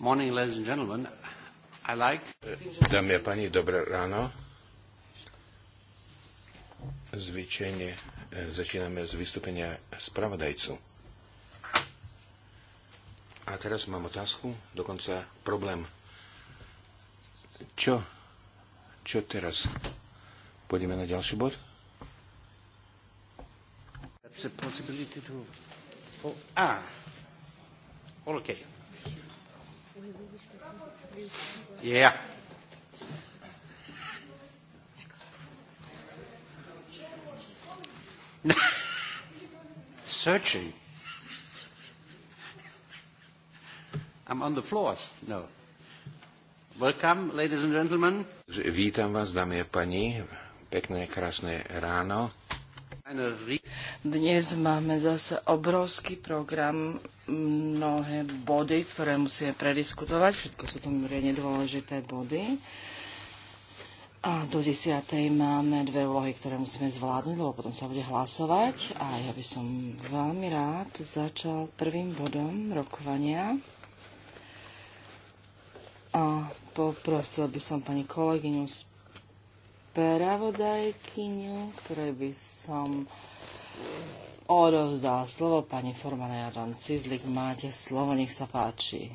Morning, ladies and gentlemen. I like... Dámy a páni, dobré ráno. Zvyčajne e, začíname z vystúpenia spravodajcu. A teraz mám otázku, dokonca problém. Čo? Čo teraz? Pôjdeme na ďalší bod? That's a possibility to... For... Oh, ah, okay. Yeah. Searching. I'm on the floors. No. Welcome, ladies and gentlemen. Vítam vás, dámy a pani. Pekné, krásne ráno. Dnes máme zase obrovský program, mnohé body, ktoré musíme prediskutovať. Všetko sú to mimoriadne dôležité body. A do desiatej máme dve úlohy, ktoré musíme zvládnuť, lebo potom sa bude hlasovať. A ja by som veľmi rád začal prvým bodom rokovania. A poprosil by som pani kolegyňu z spravodajkyňu, ktorej by som odovzdal slovo. Pani Formana Jadon Cizlik, máte slovo, nech sa páči.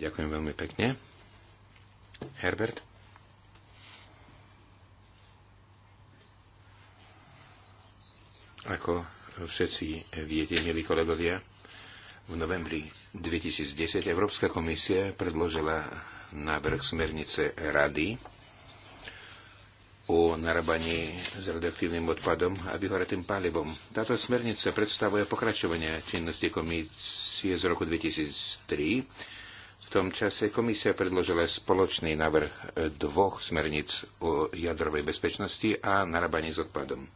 Ďakujem veľmi pekne. Herbert? Ako všetci viete, milí kolegovia, v novembri 2010 Európska komisia predložila návrh smernice Rady o narábaní s radioaktívnym odpadom a vyhoratým palivom. Táto smernica predstavuje pokračovanie činnosti komisie z roku 2003. V tom čase komisia predložila spoločný návrh dvoch smerníc o jadrovej bezpečnosti a narábaní s odpadom.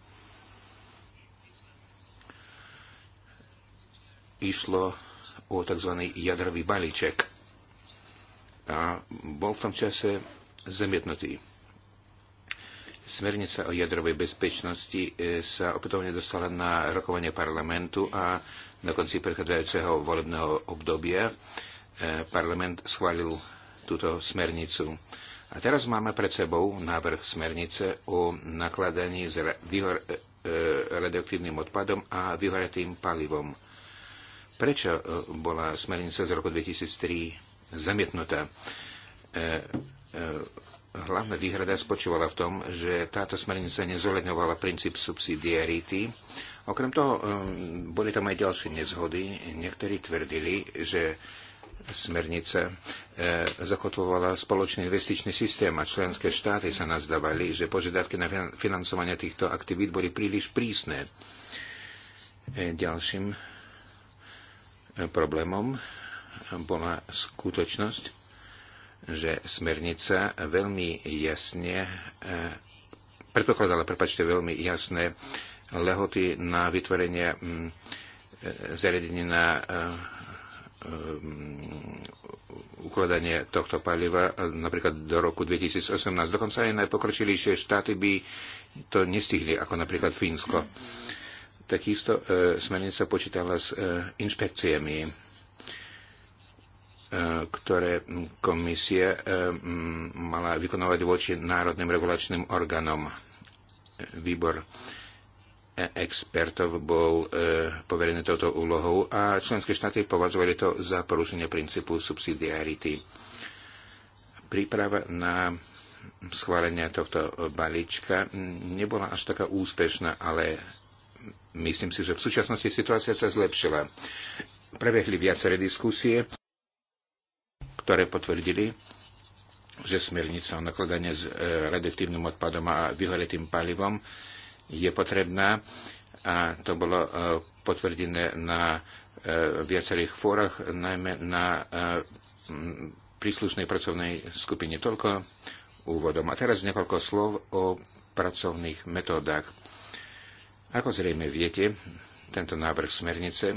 Išlo o tzv. jadrový balíček a bol v tom čase zamietnutý Smernica o jadrovej bezpečnosti e, sa opätovne dostala na rokovanie parlamentu a na konci prechádzajúceho volebného obdobia e, parlament schválil túto smernicu. A teraz máme pred sebou návrh smernice o nakladaní s e, radioaktívnym odpadom a vyhoratým palivom. Prečo bola smernica z roku 2003 zamietnutá? Hlavná výhrada spočívala v tom, že táto smernica nezohľadňovala princíp subsidiarity. Okrem toho, um, boli tam aj ďalšie nezhody. Niektorí tvrdili, že smernica eh, zakotvovala spoločný investičný systém a členské štáty sa nazdávali, že požiadavky na financovanie týchto aktivít boli príliš prísne. Eh, ďalším eh, problémom bola skutočnosť, že smernica veľmi jasne e, predpokladala, prepačte, veľmi jasné lehoty na vytvorenie mm, e, zariadení na e, mm, ukladanie tohto paliva, napríklad do roku 2018. Dokonca aj najpokročilejšie štáty by to nestihli, ako napríklad Fínsko. Takisto e, smernica počítala s e, inšpekciami E, ktoré komisia e, mala vykonovať voči národným regulačným orgánom. E, výbor expertov bol poverený touto úlohou a členské štáty považovali to za porušenie princípu subsidiarity. Príprava na schválenie tohto balíčka nebola až taká úspešná, ale myslím si, že v súčasnosti situácia sa zlepšila. Prebehli viaceré diskusie ktoré potvrdili, že smernica o nakladanie s e, radioaktívnym odpadom a vyhoretým palivom je potrebná a to bolo e, potvrdené na e, viacerých fórach, najmä na príslušnej pracovnej skupine. Toľko úvodom. A teraz niekoľko slov o pracovných metódach. Ako zrejme viete, tento návrh smernice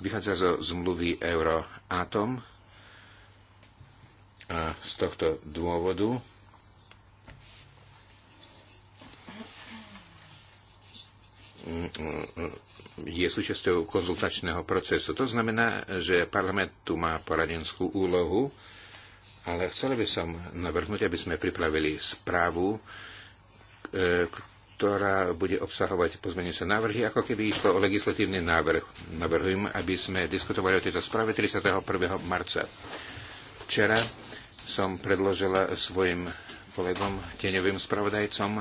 vychádza zo zmluvy Euroatom a z tohto dôvodu je súčasťou konzultačného procesu. To znamená, že parlament tu má poradenskú úlohu, ale chcel by som navrhnúť, aby sme pripravili správu, e, ktorá bude obsahovať sa návrhy, ako keby išlo o legislatívny návrh. Navrhujem, aby sme diskutovali o tejto správe 31. marca. Včera som predložila svojim kolegom, tieňovým spravodajcom, e,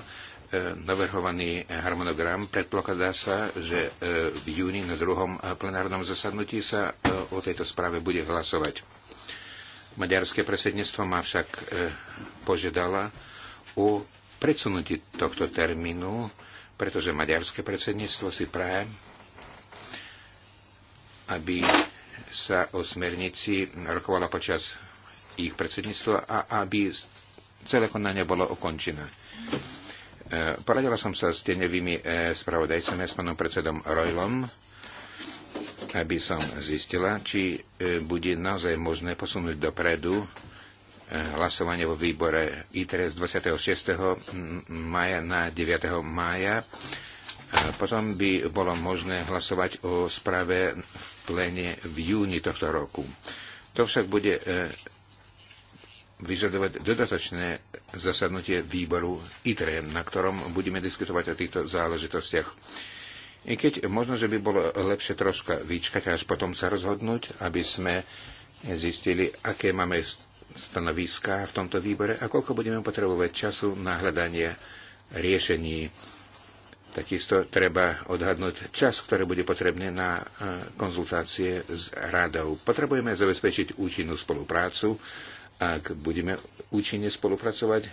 navrhovaný harmonogram. Predpokladá sa, že e, v júni na druhom e, plenárnom zasadnutí sa o tejto správe bude hlasovať. Maďarské predsedníctvo ma však požiadala o predsunutí tohto termínu, pretože maďarské predsedníctvo si praje, aby sa o smernici rokovala počas ich predsedníctvo a aby celé konanie bolo ukončené. E, poradila som sa s tenevými e, spravodajcami, s pánom predsedom Rojlom, aby som zistila, či e, bude naozaj možné posunúť dopredu hlasovanie vo výbore ITRE z 26. maja na 9. maja. Potom by bolo možné hlasovať o správe v plene v júni tohto roku. To však bude vyžadovať dodatočné zasadnutie výboru ITRE, na ktorom budeme diskutovať o týchto záležitostiach. I keď možno, že by bolo lepšie troška vyčkať až potom sa rozhodnúť, aby sme zistili, aké máme stanoviská v tomto výbore a koľko budeme potrebovať času na hľadanie riešení. Takisto treba odhadnúť čas, ktorý bude potrebný na eh, konzultácie s radou. Potrebujeme zabezpečiť účinnú spoluprácu ak budeme účinne spolupracovať,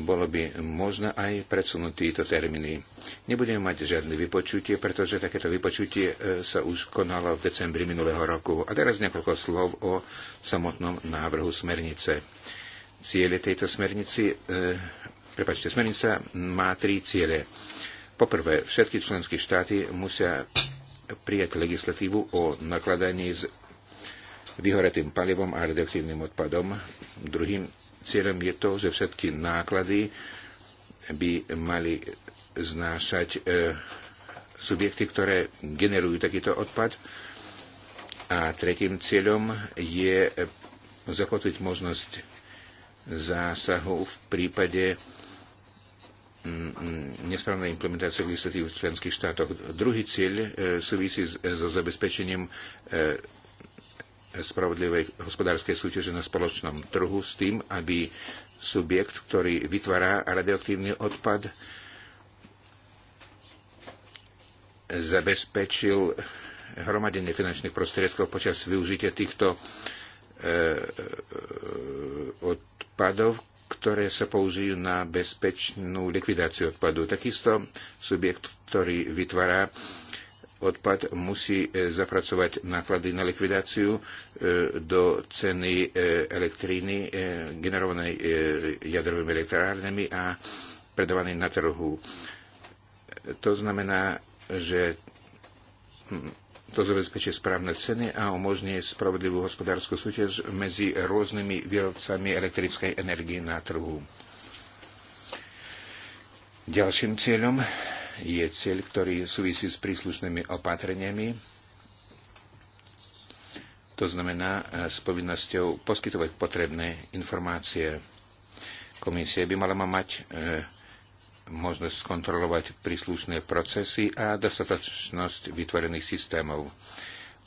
bolo by možné aj predsunúť tieto termíny. Nebudeme mať žiadne vypočutie, pretože takéto vypočutie e, sa už konalo v decembri minulého roku. A teraz niekoľko slov o samotnom návrhu smernice. Ciele tejto smernici, e, prepačte, smernica má tri ciele. Poprvé, všetky členské štáty musia prijať legislatívu o nakladaní s vyhoretým palivom a radioaktívnym odpadom. Druhým cieľom je to, že všetky náklady by mali znášať e, subjekty, ktoré generujú takýto odpad. A tretím cieľom je zakotviť možnosť zásahu v prípade mm, mm, nesprávnej implementácie legislatív v členských štátoch. Druhý cieľ e, súvisí so zabezpečením e, spravodlivej hospodárskej súťaže na spoločnom trhu s tým, aby subjekt, ktorý vytvára radioaktívny odpad, zabezpečil hromadenie finančných prostriedkov počas využitia týchto e, e, odpadov, ktoré sa použijú na bezpečnú likvidáciu odpadu. Takisto subjekt, ktorý vytvára odpad musí e, zapracovať náklady na likvidáciu e, do ceny e, elektríny generovanej jadrovými elektrárnemi a predávanej na trhu. To znamená, že hm, to zabezpečí správne ceny a umožní spravodlivú hospodárskú súťaž medzi rôznymi výrobcami elektrickej energie na trhu. Ďalším cieľom je cieľ, ktorý súvisí s príslušnými opatreniami. To znamená e, s povinnosťou poskytovať potrebné informácie. Komisie by mala mať e, možnosť skontrolovať príslušné procesy a dostatočnosť vytvorených systémov.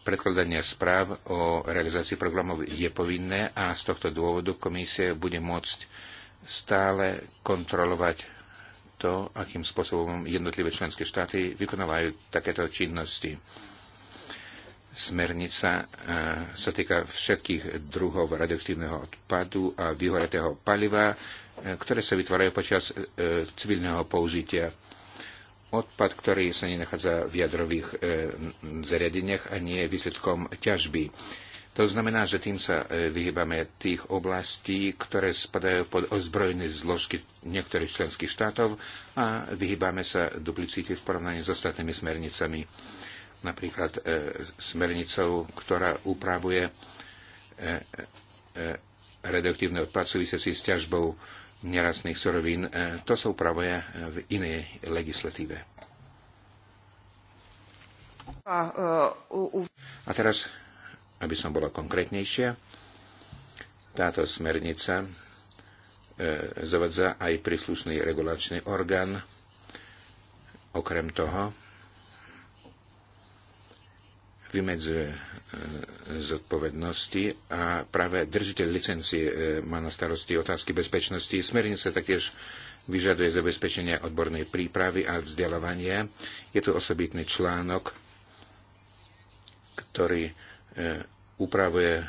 Predkladanie správ o realizácii programov je povinné a z tohto dôvodu Komisie bude môcť stále kontrolovať to, akým spôsobom jednotlivé členské štáty vykonávajú takéto činnosti. Smernica e, sa týka všetkých druhov radioaktívneho odpadu a vyhoretého paliva, e, ktoré sa vytvárajú počas e, civilného použitia. Odpad, ktorý sa nenachádza v jadrových zariadeniach a nie je výsledkom ťažby to znamená, že tým sa e, vyhýbame tých oblastí, ktoré spadajú pod ozbrojené zložky niektorých členských štátov a vyhýbame sa duplicite v porovnaní s ostatnými smernicami. Napríklad e, smernicou, ktorá upravuje e, e, e reduktívny odpad súvisiaci s ťažbou nerastných surovín. E, to sa upravuje v inej legislatíve. A, uh, u... a teraz aby som bola konkrétnejšia, táto smernica e, zavadza aj príslušný regulačný orgán. Okrem toho vymedzuje e, zodpovednosti a práve držiteľ licencie e, má na starosti otázky bezpečnosti. Smernica taktiež vyžaduje zabezpečenie odbornej prípravy a vzdelávania. Je tu osobitný článok, ktorý upravuje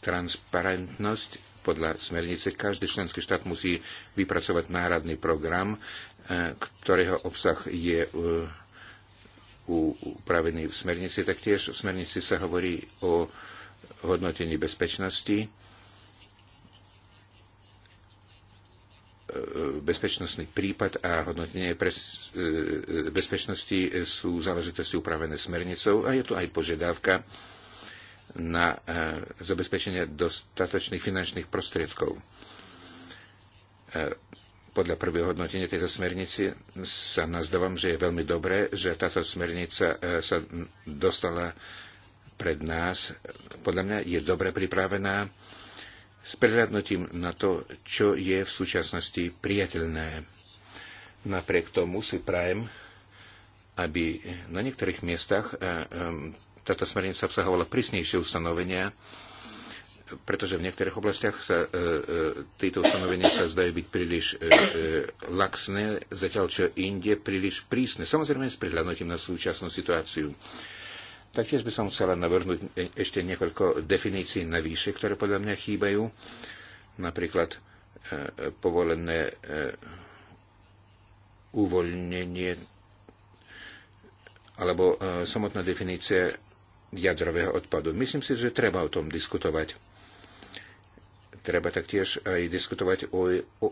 transparentnosť. Podľa smernice každý členský štát musí vypracovať náhradný program, e, ktorého obsah je e, upravený v smernici. Taktiež v smernici sa hovorí o hodnotení bezpečnosti. E, bezpečnostný prípad a hodnotenie bezpečnosti sú záležitosti upravené smernicou a je tu aj požiadavka na eh, zabezpečenie dostatočných finančných prostriedkov. Eh, podľa prvého hodnotenia tejto smernici sa nazdávam, že je veľmi dobré, že táto smernica eh, sa dostala pred nás. Podľa mňa je dobre pripravená s prehľadnutím na to, čo je v súčasnosti priateľné. Napriek tomu si prajem, aby na niektorých miestach táto smernica obsahovala prísnejšie ustanovenia, pretože v niektorých oblastiach sa e, e, tieto ustanovenia sa zdajú byť príliš e, e, laxné, zatiaľ čo inde príliš prísne. Samozrejme s prihľadnutím na súčasnú situáciu. Taktiež by som chcela navrhnúť e, ešte niekoľko definícií navýše, ktoré podľa mňa chýbajú. Napríklad e, povolené e, uvoľnenie alebo e, samotná definícia jadrového odpadu. Myslím si, že treba o tom diskutovať. Treba taktiež aj diskutovať o, o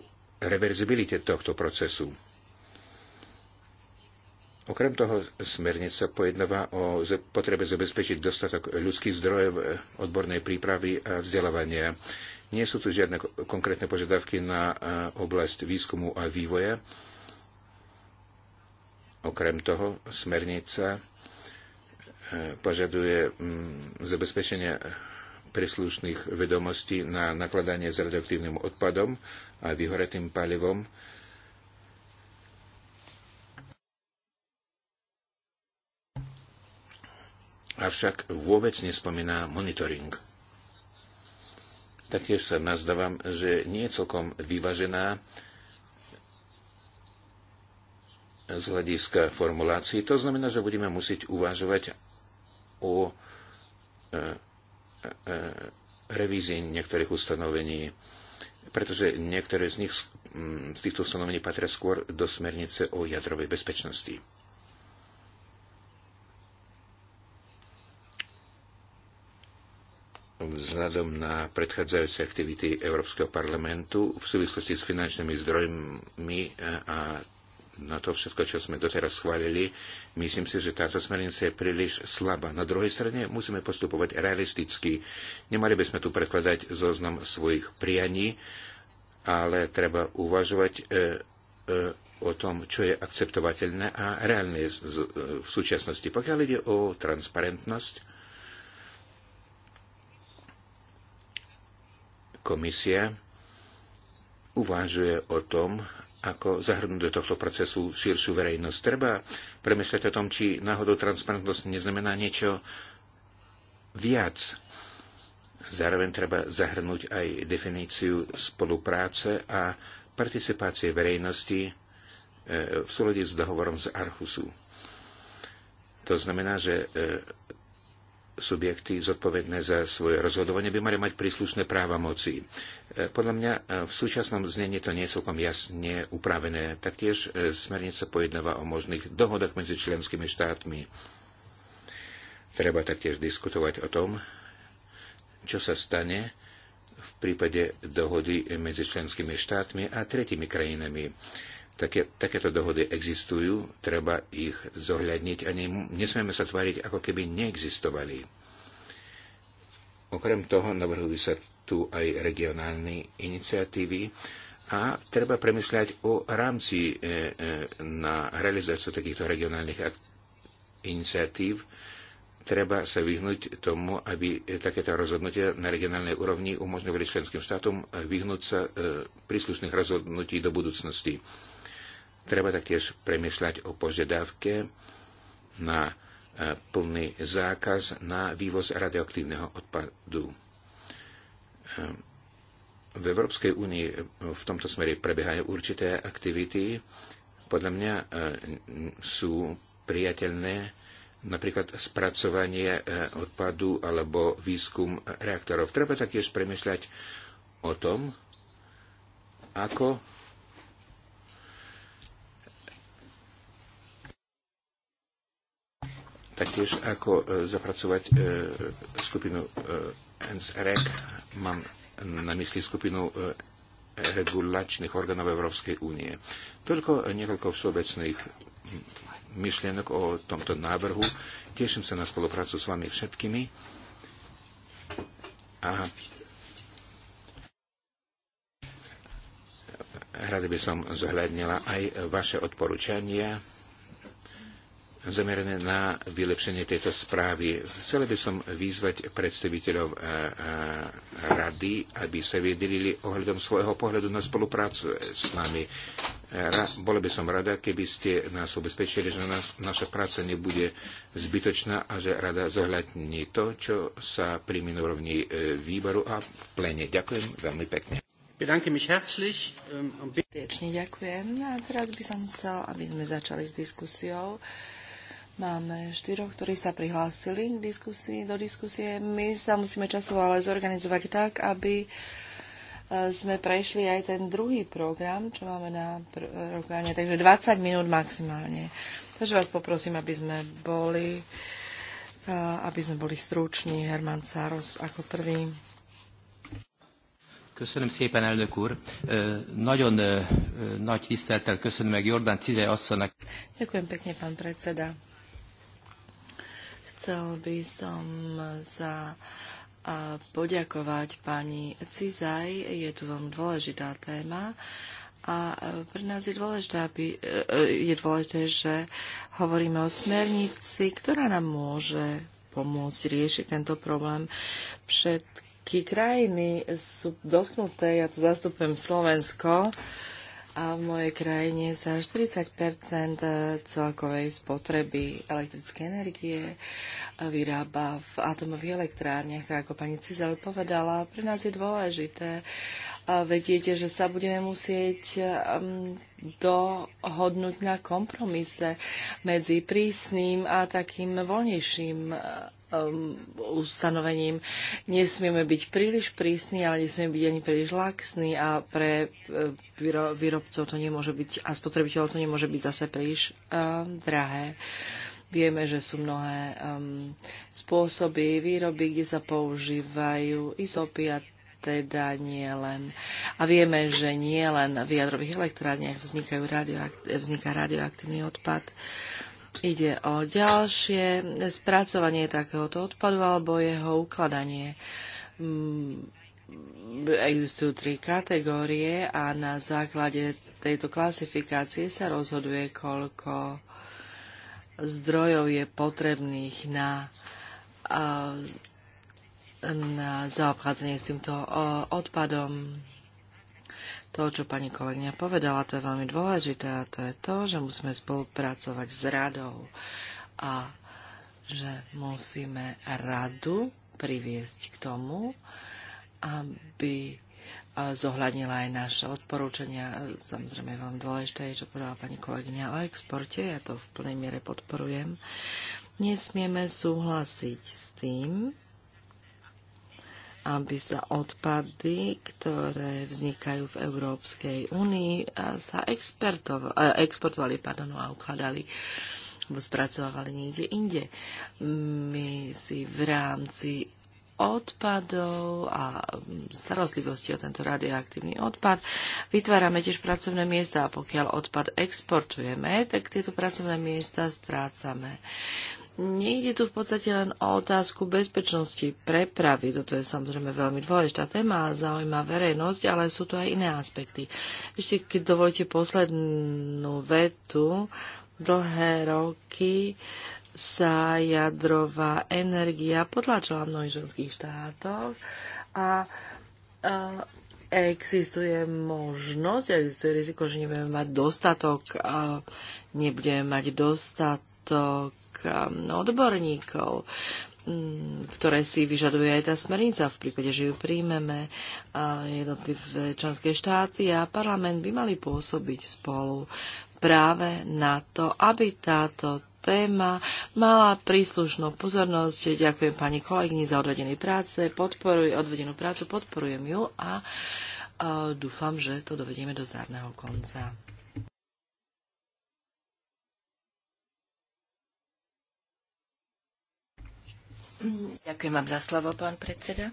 reverzibilite tohto procesu. Okrem toho smernica pojednáva o potrebe zabezpečiť dostatok ľudských zdrojov odbornej prípravy a vzdelávania. Nie sú tu žiadne konkrétne požiadavky na oblasť výskumu a vývoja. Okrem toho smernica požaduje mm, zabezpečenie príslušných vedomostí na nakladanie s radioaktívnym odpadom a vyhoretým palivom. Avšak vôbec nespomína monitoring. Taktiež sa nazdávam, že nie je celkom vyvažená z hľadiska formulácií. To znamená, že budeme musieť uvažovať o e, e, e, revízii niektorých ustanovení, pretože niektoré z nich mm, z týchto ustanovení patria skôr do smernice o jadrovej bezpečnosti. vzhľadom na predchádzajúce aktivity Európskeho parlamentu v súvislosti s finančnými zdrojmi a na to všetko, čo sme doteraz schválili. Myslím si, že táto smernica je príliš slabá. Na druhej strane musíme postupovať realisticky. Nemali by sme tu predkladať zoznam svojich prianí, ale treba uvažovať e, e, o tom, čo je akceptovateľné a reálne v súčasnosti. Pokiaľ ide o transparentnosť, komisia uvažuje o tom, ako zahrnúť do tohto procesu širšiu verejnosť. Treba premyšľať o tom, či náhodou transparentnosť neznamená niečo viac. Zároveň treba zahrnúť aj definíciu spolupráce a participácie verejnosti e, v súlade s dohovorom z Arhusu. To znamená, že e, subjekty zodpovedné za svoje rozhodovanie by mali mať príslušné práva moci. E, podľa mňa e, v súčasnom znení to nie je celkom jasne upravené. Taktiež e, smernica pojednáva o možných dohodách medzi členskými štátmi. Treba taktiež diskutovať o tom, čo sa stane v prípade dohody medzi členskými štátmi a tretimi krajinami. Také, takéto dohody existujú, treba ich zohľadniť a ne, nesmieme sa tváriť, ako keby neexistovali. Okrem toho navrhujú sa tu aj regionálne iniciatívy a treba premyšľať o rámci e, e, na realizáciu takýchto regionálnych iniciatív. Treba sa vyhnúť tomu, aby takéto rozhodnutia na regionálnej úrovni umožňovali členským štátom vyhnúť sa e, príslušných rozhodnutí do budúcnosti. Treba taktiež premyšľať o požiadavke na plný zákaz na vývoz radioaktívneho odpadu v Európskej únii v tomto smere prebiehajú určité aktivity, podľa mňa e, sú priateľné napríklad spracovanie e, odpadu alebo výskum reaktorov. Treba taktiež premyšľať o tom, ako taktiež ako e, zapracovať skupinu z REC mám na mysli skupinu e, regulačných orgánov Európskej únie. Toľko e, niekoľko všeobecných myšlienok o tomto návrhu. Teším sa na spoluprácu s vami všetkými. A rada by som zohľadnila aj vaše odporúčania zamerané na vylepšenie tejto správy. Chcel by som vyzvať predstaviteľov eh, eh, rady, aby sa vydelili ohľadom svojho pohľadu na spoluprácu s nami. Eh, bola by som rada, keby ste nás ubezpečili, že nás, naša práca nebude zbytočná a že rada zohľadní to, čo sa príjme na úrovni výboru a v plene. Ďakujem veľmi pekne. Ähm, Srdečne ďakujem. A teraz by som chcel, aby sme začali s diskusiou. Máme štyroch, ktorí sa prihlásili k diskusii, do diskusie. My sa musíme časovo ale zorganizovať tak, aby e, sme prešli aj ten druhý program, čo máme na pr- rokovanie, takže 20 minút maximálne. Takže vás poprosím, aby sme boli e, aby sme boli struční. Herman Száros ako prvý. Köszönöm szépen, elnök úr. E, nagyon nagy tisztelettel köszönöm meg Jordán Cizej asszonynak. Ďakujem pekne, pán predseda. Chcel by som sa poďakovať pani Cizaj. Je tu veľmi dôležitá téma. A e, pre nás je dôležité, aby, e, je dôležité, že hovoríme o smernici, ktorá nám môže pomôcť riešiť tento problém. Všetky krajiny sú dotknuté, ja tu zastupujem Slovensko, uh, a v mojej krajine sa 40 e, celkovej spotreby elektrickej energie e, vyrába v atomových elektrárniach. Tak ako pani Cizel povedala, pre nás je dôležité e, vedieť, že sa budeme musieť dohodnúť na kompromise medzi prísnym a takým voľnejším um, ustanovením. Nesmieme byť príliš prísni, ale nesmieme byť ani príliš laxní a pre uh, výrobcov to nemôže byť a spotrebiteľov to nemôže byť zase príliš uh, drahé. Vieme, že sú mnohé um, spôsoby výroby, kde sa používajú izopy a teda nie len. A vieme, že nie len v jadrových elektrárniach vznikajú radioakt- vzniká radioaktívny odpad. Uh, Ide o ďalšie spracovanie takéhoto odpadu alebo jeho ukladanie. Mm, existujú tri kategórie a na základe tejto klasifikácie sa rozhoduje, koľko zdrojov je potrebných na, na zaobchádzanie s týmto odpadom to, čo pani kolegyňa povedala, to je veľmi dôležité a to je to, že musíme spolupracovať s radou a že musíme radu priviesť k tomu, aby zohľadnila aj naše odporúčania. Samozrejme, je veľmi dôležité, čo povedala pani kolegyňa o exporte, ja to v plnej miere podporujem. Nesmieme súhlasiť s tým, aby sa odpady, ktoré vznikajú v Európskej únii, sa e, exportovali pardon, no a ukladali alebo spracovávali niekde inde. My si v rámci odpadov a starostlivosti o tento radioaktívny odpad. Vytvárame tiež pracovné miesta a pokiaľ odpad exportujeme, tak tieto pracovné miesta strácame. Nejde tu v podstate len o otázku bezpečnosti prepravy, toto je samozrejme veľmi dôležitá téma a zaujíma verejnosť, ale sú tu aj iné aspekty. Ešte keď dovolíte poslednú vetu, dlhé roky sa jadrová energia potlačila v mnohých ženských štátoch a, a existuje možnosť, existuje riziko, že nebudeme mať dostatok, nebudeme mať dostatok odborníkov mm, ktoré si vyžaduje aj tá smernica. V prípade, že ju príjmeme, jednotlivé členské štáty a parlament by mali pôsobiť spolu práve na to, aby táto téma mala príslušnú pozornosť. Ďakujem pani kolegyni za odvedené práce, podporuj, odvedenú prácu, podporujem ju a, a dúfam, že to dovedieme do zárneho konca. Ďakujem vám za slovo, pán predseda.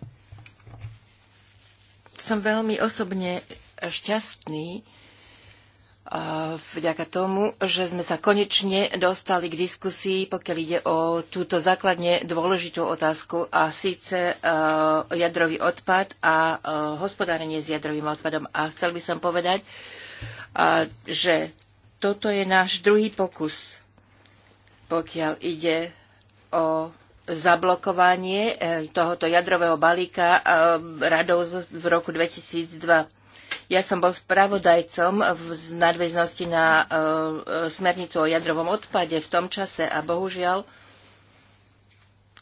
Som veľmi osobne šťastný vďaka tomu, že sme sa konečne dostali k diskusii, pokiaľ ide o túto základne dôležitú otázku, a síce jadrový odpad a hospodárenie s jadrovým odpadom. A chcel by som povedať, že toto je náš druhý pokus, pokiaľ ide o zablokovanie eh, tohoto jadrového balíka eh, radou v roku 2002. Ja som bol spravodajcom v nadväznosti na eh, smernicu o jadrovom odpade v tom čase a bohužiaľ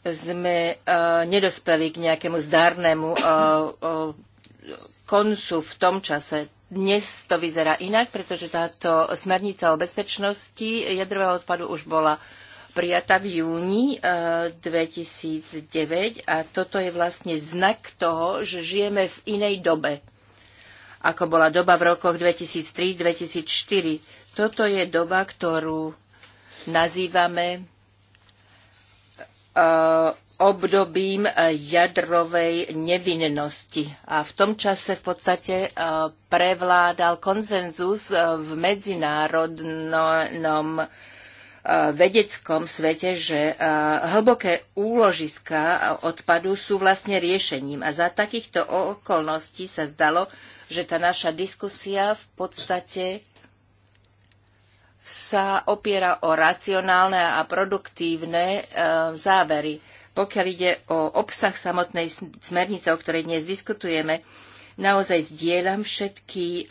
sme nedospeli k nejakému zdárnemu koncu v tom čase. Dnes to vyzerá inak, pretože táto smernica o bezpečnosti jadrového odpadu už bola prijatá v júni 2009 e, a toto je vlastne znak toho, že žijeme v inej dobe, ako bola doba v rokoch 2003-2004. Toto je doba, ktorú nazývame e, obdobím e, jadrovej nevinnosti. A v tom čase v podstate prevládal konsenzus v medzinárodnom E, vedeckom svete, že e, hlboké úložiska odpadu sú vlastne riešením. A za takýchto okolností sa zdalo, že tá naša diskusia v podstate sa opiera o racionálne a produktívne e, závery. Pokiaľ ide o obsah samotnej smernice, o ktorej dnes diskutujeme, naozaj zdieľam všetky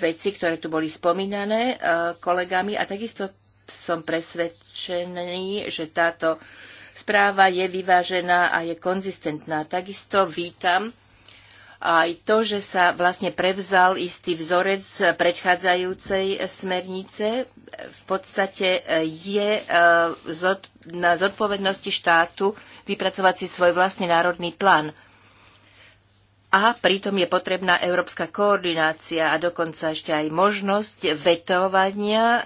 veci, ktoré tu boli spomínané kolegami a takisto som presvedčený, že táto správa je vyvážená a je konzistentná. Takisto vítam aj to, že sa vlastne prevzal istý vzorec predchádzajúcej smernice. V podstate je e, na zodpovednosti štátu vypracovať si svoj vlastný národný plán a pritom je potrebná európska koordinácia a dokonca ešte aj možnosť vetovania e,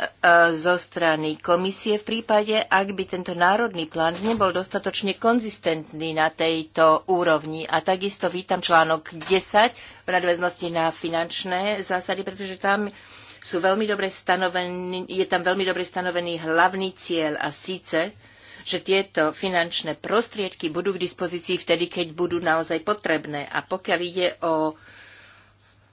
zo strany komisie v prípade, ak by tento národný plán nebol dostatočne konzistentný na tejto úrovni. A takisto vítam článok 10 v nadväznosti na finančné zásady, pretože tam sú veľmi dobre stanovený, je tam veľmi dobre stanovený hlavný cieľ a síce že tieto finančné prostriedky budú k dispozícii vtedy, keď budú naozaj potrebné. A pokiaľ ide o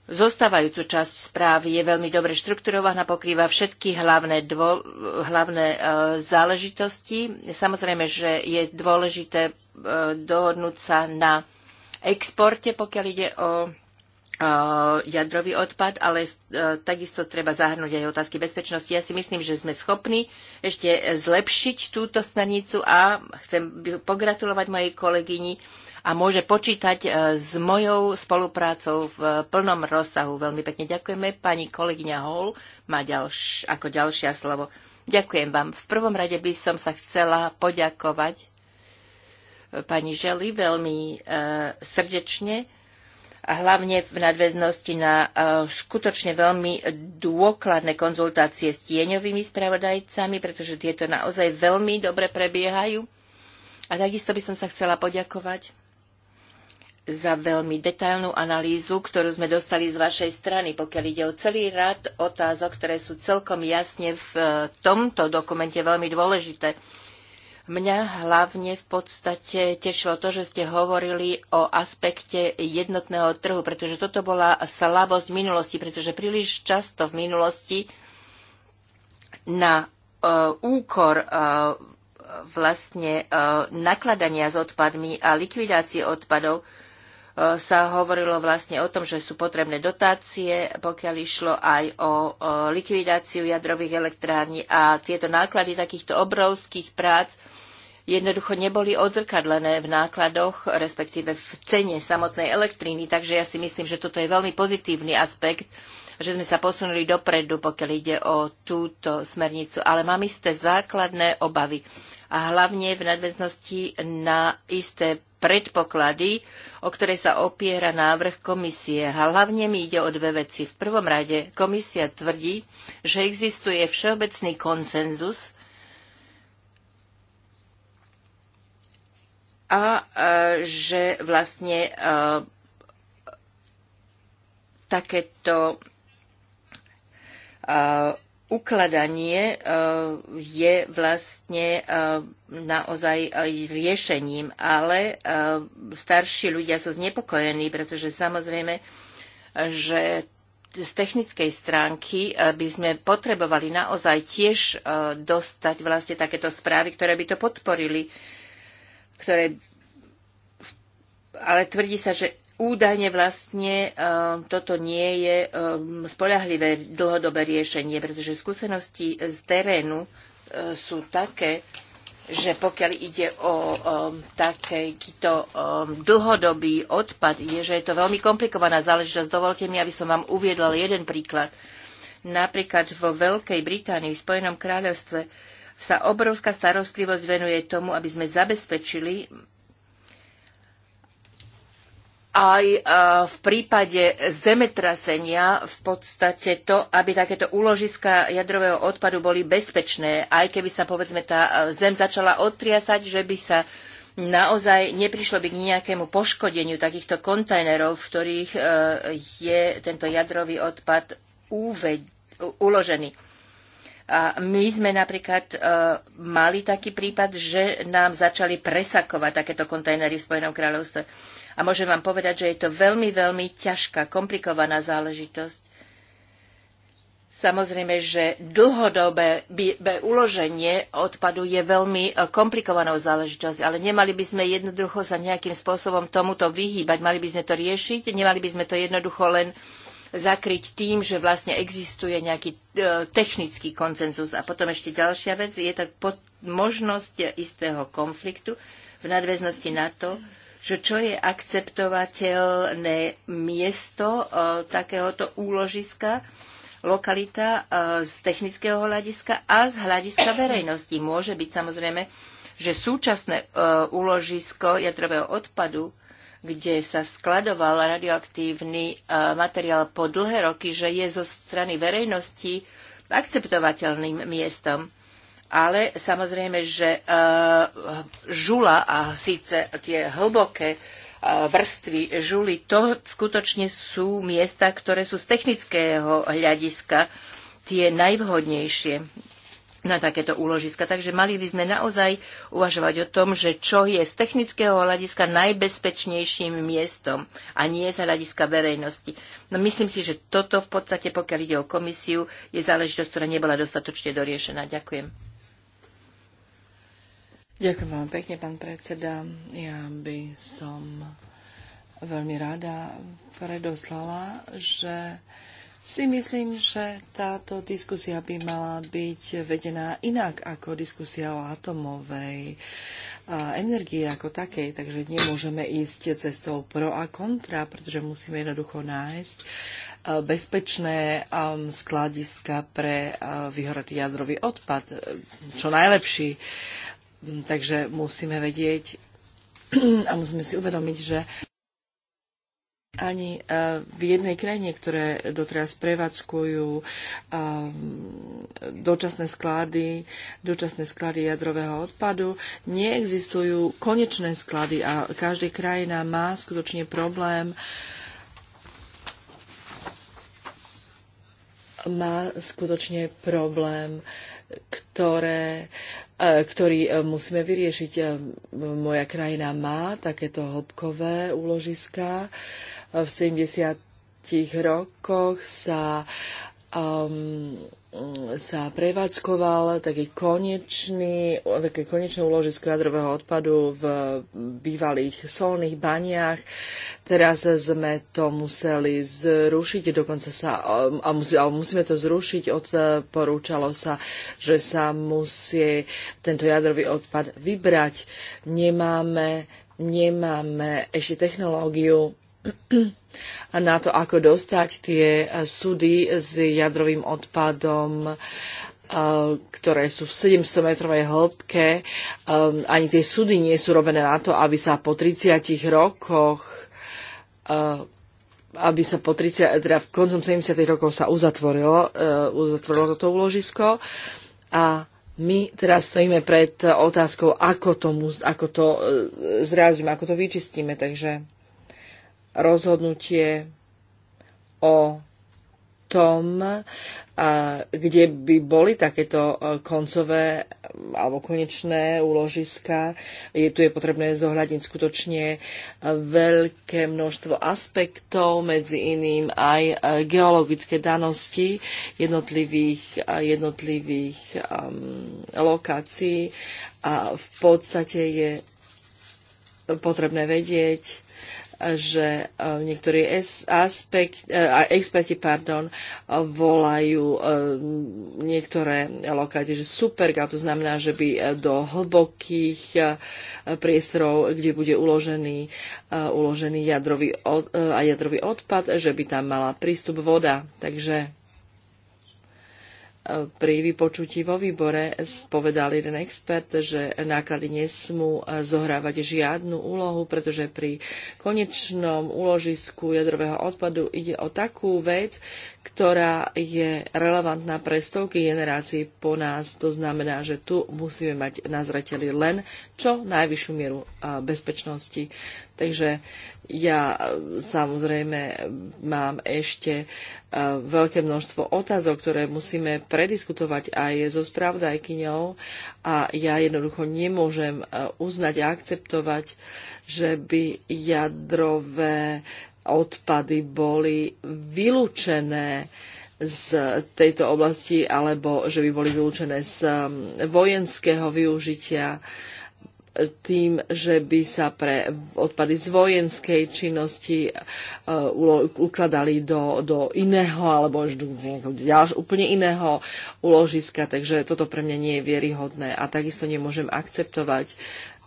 zostávajúcu časť správy, je veľmi dobre štrukturovaná, pokrýva všetky hlavné, dvo, hlavné e, záležitosti. Samozrejme, že je dôležité e, dohodnúť sa na exporte, pokiaľ ide o Eh, jadrový odpad, ale eh, takisto treba zahrnúť aj otázky bezpečnosti. Ja si myslím, že sme schopní ešte zlepšiť túto smernicu a chcem pogratulovať mojej kolegyni a môže počítať eh, s mojou spoluprácou v plnom rozsahu. Veľmi pekne ďakujeme. Pani kolegyňa Hall má ďalš, ako ďalšia slovo. Ďakujem vám. V prvom rade by som sa chcela poďakovať pani Želi veľmi e, srdečne a hlavne v nadväznosti na e, skutočne veľmi dôkladné konzultácie s tieňovými spravodajcami, pretože tieto naozaj veľmi dobre prebiehajú. A takisto by som sa chcela poďakovať za veľmi detailnú analýzu, ktorú sme dostali z vašej strany, pokiaľ ide o celý rad otázok, ktoré sú celkom jasne v e, tomto dokumente veľmi dôležité. Mňa hlavne v podstate tešilo to, že ste hovorili o aspekte jednotného trhu, pretože toto bola slabosť minulosti, pretože príliš často v minulosti na uh, úkor uh, vlastne uh, nakladania s odpadmi a likvidácie odpadov sa hovorilo vlastne o tom, že sú potrebné dotácie, pokiaľ išlo aj o likvidáciu jadrových elektrární a tieto náklady takýchto obrovských prác jednoducho neboli odzrkadlené v nákladoch, respektíve v cene samotnej elektríny. Takže ja si myslím, že toto je veľmi pozitívny aspekt, že sme sa posunuli dopredu, pokiaľ ide o túto smernicu. Ale mám isté základné obavy. A hlavne v nadväznosti na isté predpoklady, o ktoré sa opiera návrh komisie. A hlavne mi ide o dve veci. V prvom rade komisia tvrdí, že existuje všeobecný konsenzus a e, že vlastne e, takéto e, ukladanie je vlastne naozaj riešením, ale starší ľudia sú znepokojení, pretože samozrejme, že z technickej stránky by sme potrebovali naozaj tiež dostať vlastne takéto správy, ktoré by to podporili ktoré ale tvrdí sa, že údajne vlastne e, toto nie je e, spolahlivé dlhodobé riešenie, pretože skúsenosti z terénu e, sú také, že pokiaľ ide o um, takýto um, dlhodobý odpad, je, že je to veľmi komplikovaná záležitosť. Dovolte mi, aby som vám uviedla jeden príklad. Napríklad vo Veľkej Británii, v Spojenom kráľovstve, sa obrovská starostlivosť venuje tomu, aby sme zabezpečili aj e, v prípade zemetrasenia v podstate to, aby takéto úložiska jadrového odpadu boli bezpečné, aj keby sa povedzme tá e, zem začala otriasať, že by sa naozaj neprišlo by k nejakému poškodeniu takýchto kontajnerov, v ktorých e, je tento jadrový odpad uložený. A my sme napríklad e, mali taký prípad, že nám začali presakovať takéto kontajnery v Spojenom kráľovstve. A môžem vám povedať, že je to veľmi, veľmi ťažká, komplikovaná záležitosť. Samozrejme, že dlhodobé uloženie odpadu je veľmi e, komplikovanou záležitosť, ale nemali by sme jednoducho sa nejakým spôsobom tomuto vyhýbať. Mali by sme to riešiť, nemali by sme to jednoducho len uh, zakryť tým, že vlastne existuje nejaký e, technický koncenzus. A potom ešte ďalšia vec, je tak možnosť istého konfliktu v nadväznosti na to, že čo je akceptovateľné miesto e, takéhoto úložiska, lokalita e, z technického hľadiska a z hľadiska verejnosti. Môže byť samozrejme, že súčasné úložisko jadrového odpadu kde sa skladoval radioaktívny e, materiál po dlhé roky, že je zo strany verejnosti akceptovateľným miestom. Ale samozrejme, že e, žula a síce tie hlboké e, vrstvy žuly, to skutočne sú miesta, ktoré sú z technického hľadiska tie najvhodnejšie na takéto úložiska. Takže mali by sme naozaj uvažovať o tom, že čo je z technického hľadiska najbezpečnejším miestom a nie z hľadiska verejnosti. No myslím si, že toto v podstate, pokiaľ ide o komisiu, je záležitosť, ktorá nebola dostatočne doriešená. Ďakujem. Ďakujem vám pekne, pán predseda. Ja by som veľmi rada predoslala, že si myslím, že táto diskusia by mala byť vedená inak ako diskusia o atomovej energii ako takej, takže nemôžeme ísť cestou pro a kontra, pretože musíme jednoducho nájsť bezpečné skladiska pre vyhoratý jadrový odpad, e, čo najlepší. Hm, takže musíme vedieť a musíme si uvedomiť, že ani e, v jednej krajine, ktoré doteraz prevádzkujú e, dočasné sklady, dočasné sklady jadrového odpadu, neexistujú konečné sklady a každá krajina má skutočne problém má skutočne problém, ktoré, e, ktorý musíme vyriešiť. Moja krajina má takéto hĺbkové úložiská, v 70 rokoch sa um, sa prevádzkoval taký konečný, také konečné úložisko jadrového odpadu v bývalých solných baniach. Teraz sme to museli zrušiť, dokonca sa, um, a, mus, a musíme to zrušiť, odporúčalo sa, že sa musí tento jadrový odpad vybrať. Nemáme, nemáme ešte technológiu na to, ako dostať tie eh, súdy s jadrovým odpadom eh, ktoré sú v 700-metrovej hĺbke. Eh, ani tie súdy nie sú robené na to, aby sa po 30 rokoch aby sa po 30, teda v koncom 70. rokov sa uzatvorilo, uzatvorilo toto úložisko a my teraz stojíme pred otázkou, ako, tomu, ako to zrealizujeme, ako to vyčistíme. Takže rozhodnutie o tom, kde by boli takéto e, koncové e, alebo konečné úložiska. Je, tu je potrebné zohľadniť skutočne e, veľké množstvo aspektov, medzi iným aj geologické danosti jednotlivých, jednotlivých um, lokácií a v podstate je potrebné vedieť, že e, niektorí aspekt, e, experti pardon, volajú e, niektoré lokality, že supergap, to znamená, že by do hlbokých priestorov, kde bude uložený, uložený jadrový, od, a jadrový odpad, že by tam mala prístup voda. Takže pri vypočutí vo výbore povedal jeden expert, že náklady nesmú e, zohrávať žiadnu úlohu, pretože pri konečnom úložisku jadrového odpadu ide o takú vec, ktorá je relevantná pre stovky generácií po nás. To znamená, že tu musíme mať na zreteli len čo najvyššiu mieru e, bezpečnosti. Takže ja e, samozrejme mám ešte veľké množstvo otázok, ktoré musíme pre prediskutovať aj so spravdajkyňou a ja jednoducho nemôžem e, uznať a akceptovať, že by jadrové odpady boli vylúčené z tejto oblasti alebo že by boli vylúčené z vojenského využitia tým, že by sa pre odpady z vojenskej činnosti e, ukladali do, do iného alebo do ďalš, úplne iného uložiska, takže toto pre mňa nie je vieryhodné a takisto nemôžem akceptovať,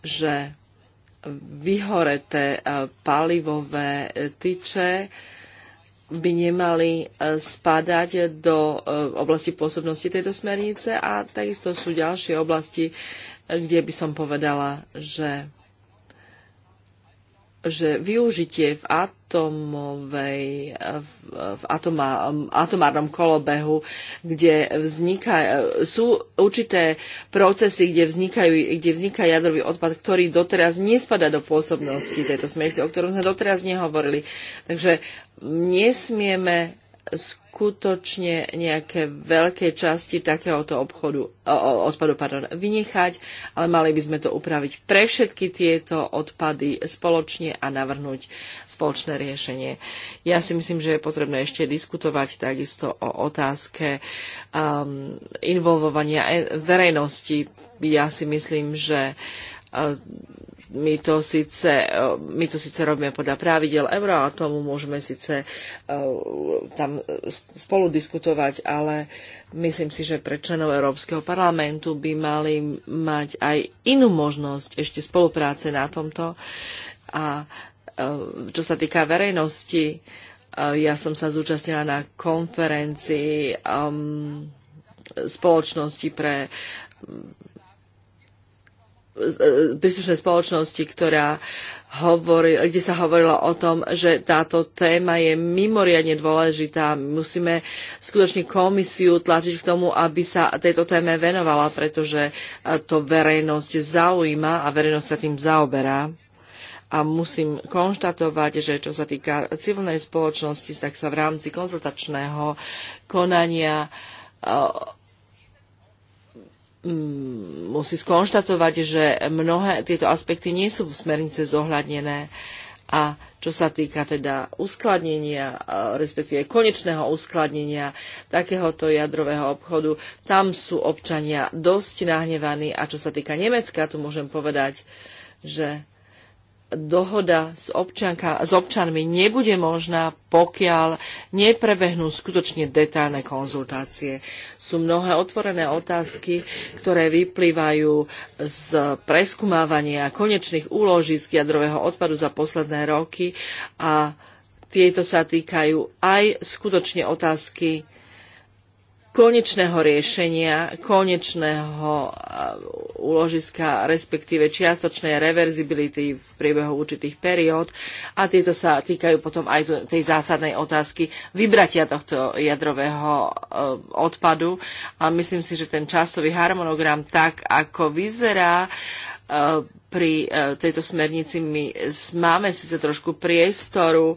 že vyhoreté e, palivové e, tyče by nemali e, spadať do e, oblasti pôsobnosti tejto smernice a takisto sú ďalšie oblasti, e, kde by som povedala, že že využitie v atomovej, v, atoma, atomárnom kolobehu, kde vzniká, sú určité procesy, kde, vznikajú, kde vzniká jadrový odpad, ktorý doteraz nespada do pôsobnosti tejto smernice, o ktorom sme doteraz nehovorili. Takže nesmieme skutočne nejaké veľké časti takéhoto obchodu, odpadu pardon, vynechať, ale mali by sme to upraviť pre všetky tieto odpady spoločne a navrhnúť spoločné riešenie. Ja si myslím, že je potrebné ešte diskutovať takisto o otázke um, involvovania e- verejnosti. Ja si myslím, že uh, my to síce, eh, my to síce robíme podľa pravidel euro a tomu môžeme síce eh, tam eh, spolu diskutovať, ale myslím si, že pre členov Európskeho parlamentu by mali mať aj inú možnosť ešte spolupráce na tomto. A čo sa týka verejnosti, ja som sa zúčastnila na konferencii um, spoločnosti pre príslušnej spoločnosti, ktorá hovorí, kde sa hovorilo o tom, že táto téma je mimoriadne dôležitá. Musíme skutočne komisiu tlačiť k tomu, aby sa tejto téme venovala, pretože e, to verejnosť zaujíma a verejnosť sa tým zaoberá. A musím konštatovať, že čo sa týka civilnej spoločnosti, tak sa v rámci konzultačného konania e, Mm, musí skonštatovať, že mnohé tieto aspekty nie sú v smernice zohľadnené a čo sa týka teda uskladnenia, respektíve konečného uskladnenia takéhoto jadrového obchodu, tam sú občania dosť nahnevaní a čo sa týka Nemecka, tu môžem povedať, že dohoda s, občanka, s občanmi nebude možná, pokiaľ neprebehnú skutočne detálne konzultácie. Sú mnohé otvorené otázky, ktoré vyplývajú z preskumávania konečných úložisk jadrového odpadu za posledné roky a tieto sa týkajú aj skutočne otázky konečného riešenia, konečného uh, úložiska, respektíve čiastočnej reverzibility v priebehu určitých periód. A tieto sa týkajú potom aj tej zásadnej otázky vybratia tohto jadrového uh, odpadu. A myslím si, že ten časový harmonogram tak, ako vyzerá, uh, pri e, tejto smernici my máme síce trošku priestoru e,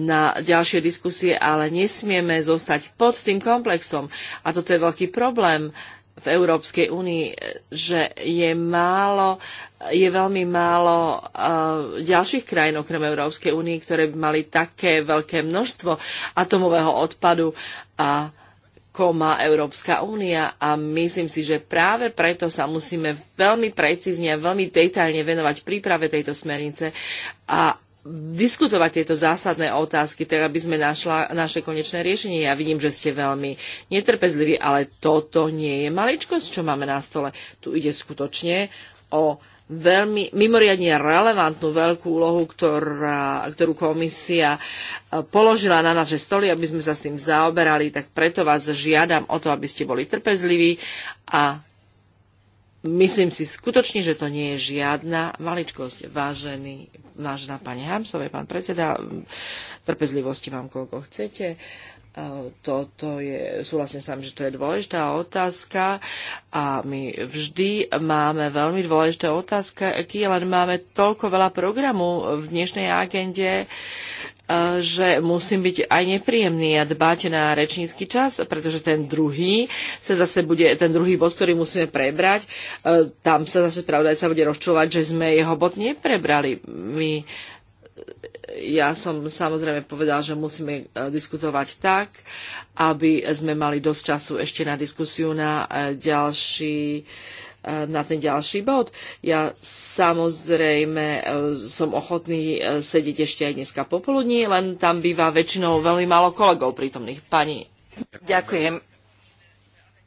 na ďalšie diskusie, ale nesmieme zostať pod tým komplexom. A toto je veľký problém v Európskej únii, e, že je málo, je veľmi málo uh, ďalších krajín okrem Európskej únie, ktoré by mali také veľké množstvo atomového odpadu a uh, ako má Európska únia a myslím si, že práve preto sa musíme veľmi precízne a veľmi detailne venovať príprave tejto smernice a diskutovať tieto zásadné otázky, tak aby sme našla naše konečné riešenie. Ja vidím, že ste veľmi netrpezliví, ale toto nie je maličkosť, čo máme na stole. Tu ide skutočne o veľmi mimoriadne relevantnú veľkú úlohu, ktorá, ktorú komisia e, položila na naše stoly, aby sme sa s tým zaoberali, tak preto vás žiadam o to, aby ste boli trpezliví a myslím si skutočne, že to nie je žiadna maličkosť. Vážený, vážená pani Hamsovej, pán predseda, trpezlivosti vám koľko chcete. Uh, toto je, súhlasím s vami, že to je dôležitá otázka a my vždy máme veľmi dôležité otázky, len máme toľko veľa programu v dnešnej agende, e, že musím byť aj nepríjemný a dbať na rečnícky čas, pretože ten druhý sa zase bude, ten druhý bod, ktorý musíme prebrať, e, tam sa zase sa bude rozčovať, že sme jeho bod neprebrali. My ja som samozrejme povedal, že musíme e, diskutovať tak, aby sme mali dosť času ešte na diskusiu na e, ďalší e, na ten ďalší bod. Ja samozrejme som ochotný sedieť ešte aj dneska popoludní, len tam býva väčšinou veľmi málo kolegov prítomných. Pani. Ďakujem.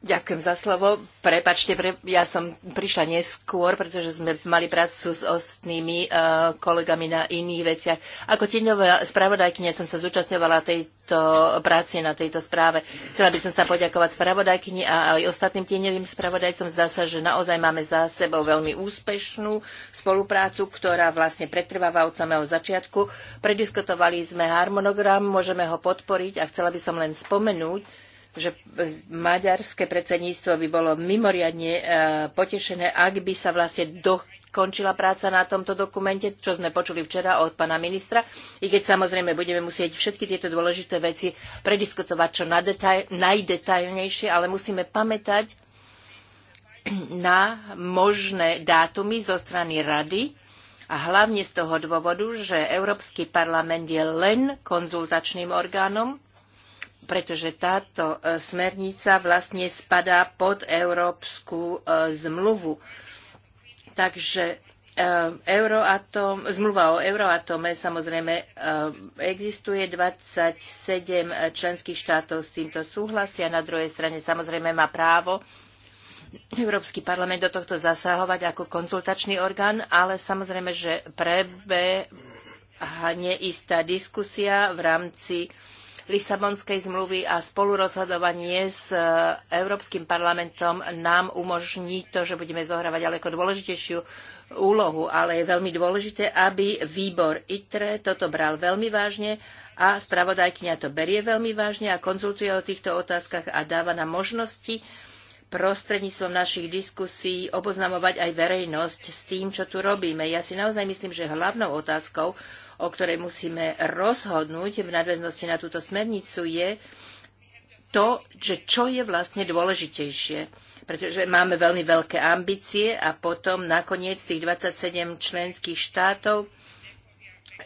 Ďakujem za slovo. Prepačte, pre, ja som prišla neskôr, pretože sme mali prácu s ostatnými eh, kolegami na iných veciach. Ako tieňová spravodajkynia som sa zúčastňovala tejto práci na tejto správe. Chcela by som sa poďakovať spravodajkyni a aj ostatným tieňovým spravodajcom. Zdá sa, že naozaj máme za sebou veľmi úspešnú spoluprácu, ktorá vlastne pretrváva od samého začiatku. Prediskutovali sme harmonogram, môžeme ho podporiť a chcela by som len spomenúť, že maďarské predsedníctvo by bolo mimoriadne e, potešené, ak by sa vlastne do končila práca na tomto dokumente, čo sme počuli včera od pána ministra, i keď samozrejme budeme musieť všetky tieto dôležité veci prediskutovať čo najdetailnejšie, ale musíme pamätať na možné dátumy zo strany rady a hlavne z toho dôvodu, že Európsky parlament je len konzultačným orgánom pretože táto e, smernica vlastne spadá pod Európsku e, zmluvu. Takže e, Euroatom, zmluva o Euroatome samozrejme existuje, 27 členských štátov s týmto súhlasia, na druhej strane samozrejme má právo Európsky parlament do tohto zasahovať ako konzultačný orgán, ale samozrejme, že prebehne istá diskusia v rámci Lisabonskej zmluvy a spolurozhodovanie s e, Európskym parlamentom nám umožní to, že budeme zohrávať ďaleko dôležitejšiu úlohu, ale je veľmi dôležité, aby výbor ITRE toto bral veľmi vážne a spravodajkyňa to berie veľmi vážne a konzultuje o týchto otázkach a dáva nám možnosti prostredníctvom našich diskusí oboznamovať aj verejnosť s tým, čo tu robíme. Ja si naozaj myslím, že hlavnou otázkou, o ktorej musíme rozhodnúť v nadväznosti na túto smernicu, je to, že čo je vlastne dôležitejšie. Pretože máme veľmi veľké ambície a potom nakoniec tých 27 členských štátov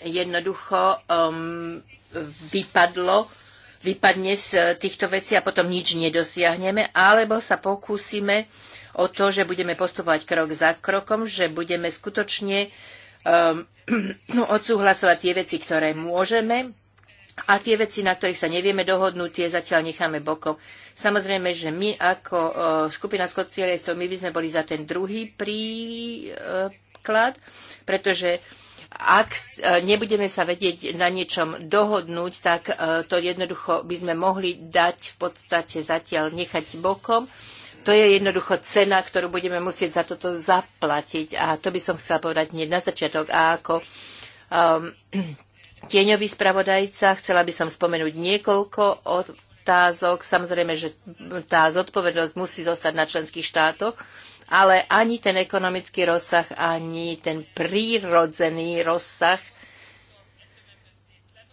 jednoducho um, vypadlo, vypadne z týchto vecí a potom nič nedosiahneme, alebo sa pokúsime o to, že budeme postupovať krok za krokom, že budeme skutočne uh, um, odsúhlasovať tie veci, ktoré môžeme a tie veci, na ktorých sa nevieme dohodnúť, tie zatiaľ necháme bokom. Samozrejme, že my ako uh, skupina socialistov, my by sme boli za ten druhý príklad, pretože ak eh, nebudeme sa vedieť na niečom dohodnúť, tak eh, to jednoducho by sme mohli dať v podstate zatiaľ nechať bokom to je jednoducho cena, ktorú budeme musieť za toto zaplatiť. A to by som chcela povedať hneď na začiatok. A ako um, tieňový spravodajca chcela by som spomenúť niekoľko otázok. Samozrejme, že tá zodpovednosť musí zostať na členských štátoch, ale ani ten ekonomický rozsah, ani ten prírodzený rozsah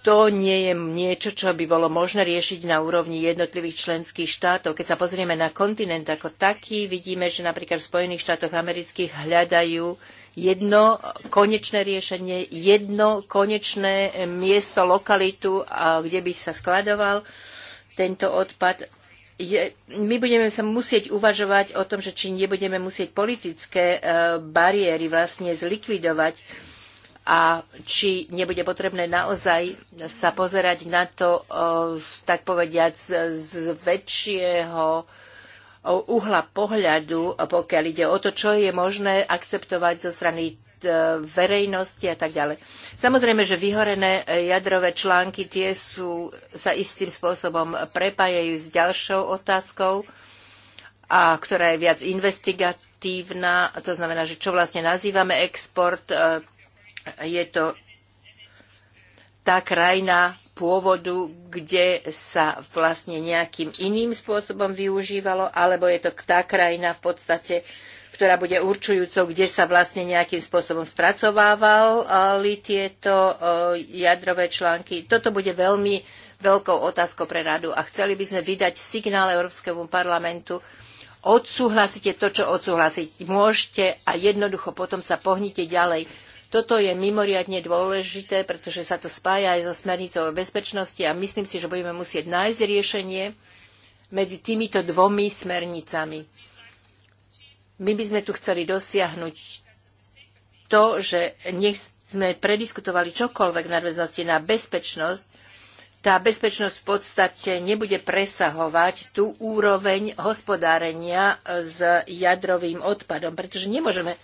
to nie je niečo, čo by bolo možné riešiť na úrovni jednotlivých členských štátov. Keď sa pozrieme na kontinent ako taký, vidíme, že napríklad v Spojených štátoch amerických hľadajú jedno konečné riešenie, jedno konečné miesto, lokalitu, kde by sa skladoval tento odpad. Je, my budeme sa musieť uvažovať o tom, že či nebudeme musieť politické e, bariéry vlastne zlikvidovať a či nebude potrebné naozaj sa pozerať na to, tak povediať, z väčšieho uhla pohľadu, pokiaľ ide o to, čo je možné akceptovať zo strany e, verejnosti a tak ďalej. Samozrejme, že vyhorené e, jadrové články tie sú, sa istým spôsobom prepájajú s ďalšou otázkou, a ktorá je viac investigatívna, to znamená, že čo vlastne nazývame export, e, je to tá krajina pôvodu, kde sa vlastne nejakým iným spôsobom využívalo, alebo je to tá krajina v podstate, ktorá bude určujúcou, kde sa vlastne nejakým spôsobom spracovávali tieto e, jadrové články. Toto bude veľmi veľkou otázkou pre radu a chceli by sme vydať signál Európskemu parlamentu, odsúhlasíte to, čo odsúhlasiť môžete a jednoducho potom sa pohnite ďalej toto je mimoriadne dôležité, pretože sa to spája aj so smernicou o bezpečnosti a myslím si, že budeme musieť nájsť riešenie medzi týmito dvomi smernicami. My by sme tu chceli dosiahnuť to, že nech sme prediskutovali čokoľvek v nadväznosti na bezpečnosť, tá bezpečnosť v podstate nebude presahovať tú úroveň hospodárenia s jadrovým odpadom, pretože nemôžeme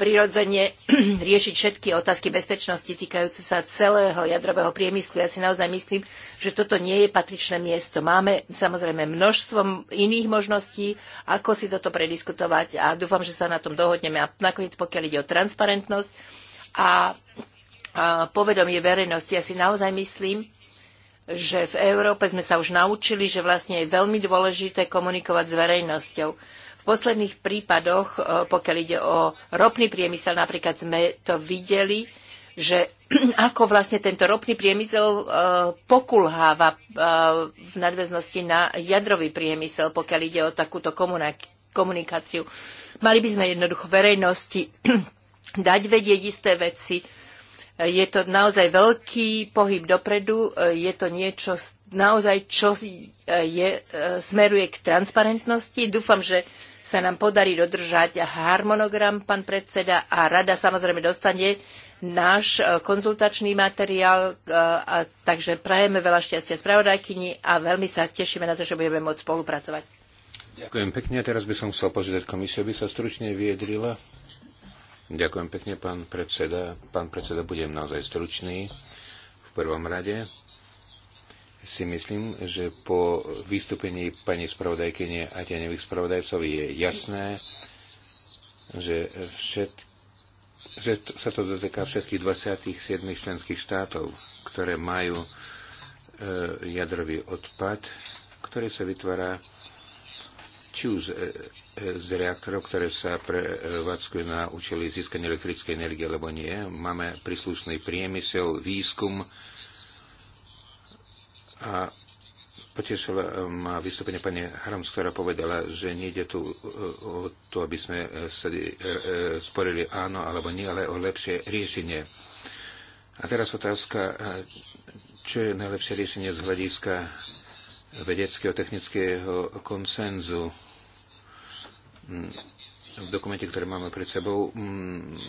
prirodzene riešiť všetky otázky bezpečnosti týkajúce sa celého jadrového priemyslu. Ja si naozaj myslím, že toto nie je patričné miesto. Máme samozrejme množstvo iných možností, ako si toto prediskutovať a dúfam, že sa na tom dohodneme. A nakoniec, pokiaľ ide o transparentnosť a, a povedomie verejnosti, ja si naozaj myslím, že v Európe sme sa už naučili, že vlastne je veľmi dôležité komunikovať s verejnosťou posledných prípadoch, e, pokiaľ ide o ropný priemysel, napríklad sme to videli, že ako vlastne tento ropný priemysel e, pokulháva e, v nadväznosti na jadrový priemysel, pokiaľ ide o takúto komunikáciu. Mali by sme jednoducho verejnosti dať vedieť isté veci. Je to naozaj veľký pohyb dopredu, je to niečo naozaj, čo je, smeruje k transparentnosti. Dúfam, že sa nám podarí dodržať harmonogram, pán predseda, a rada samozrejme dostane náš e, konzultačný materiál, e, a, takže prajeme veľa šťastia spravodajkyni a veľmi sa tešíme na to, že budeme môcť spolupracovať. Ďakujem pekne. teraz by som chcel požiadať komisiu, aby sa stručne vyjadrila. Ďakujem pekne, pán predseda. Pán predseda, budem naozaj stručný v prvom rade si myslím, že po vystúpení pani spravodajkyne a tenevých spravodajcov je jasné, že, všet, že sa to dotýka všetkých 27 členských štátov, ktoré majú e, jadrový odpad, ktorý sa vytvára či už e, z reaktorov, ktoré sa prevádzkujú na účely získania elektrickej energie, alebo nie. Máme príslušný priemysel, výskum, a potešila eh, ma vystúpenie pani Harams, ktorá povedala, že nejde tu eh, o to, aby sme eh, sa sporili áno alebo nie, ale o lepšie riešenie. A teraz otázka, čo je najlepšie riešenie z hľadiska vedeckého, technického konsenzu. Mm, v dokumente, ktoré máme pred sebou, mm,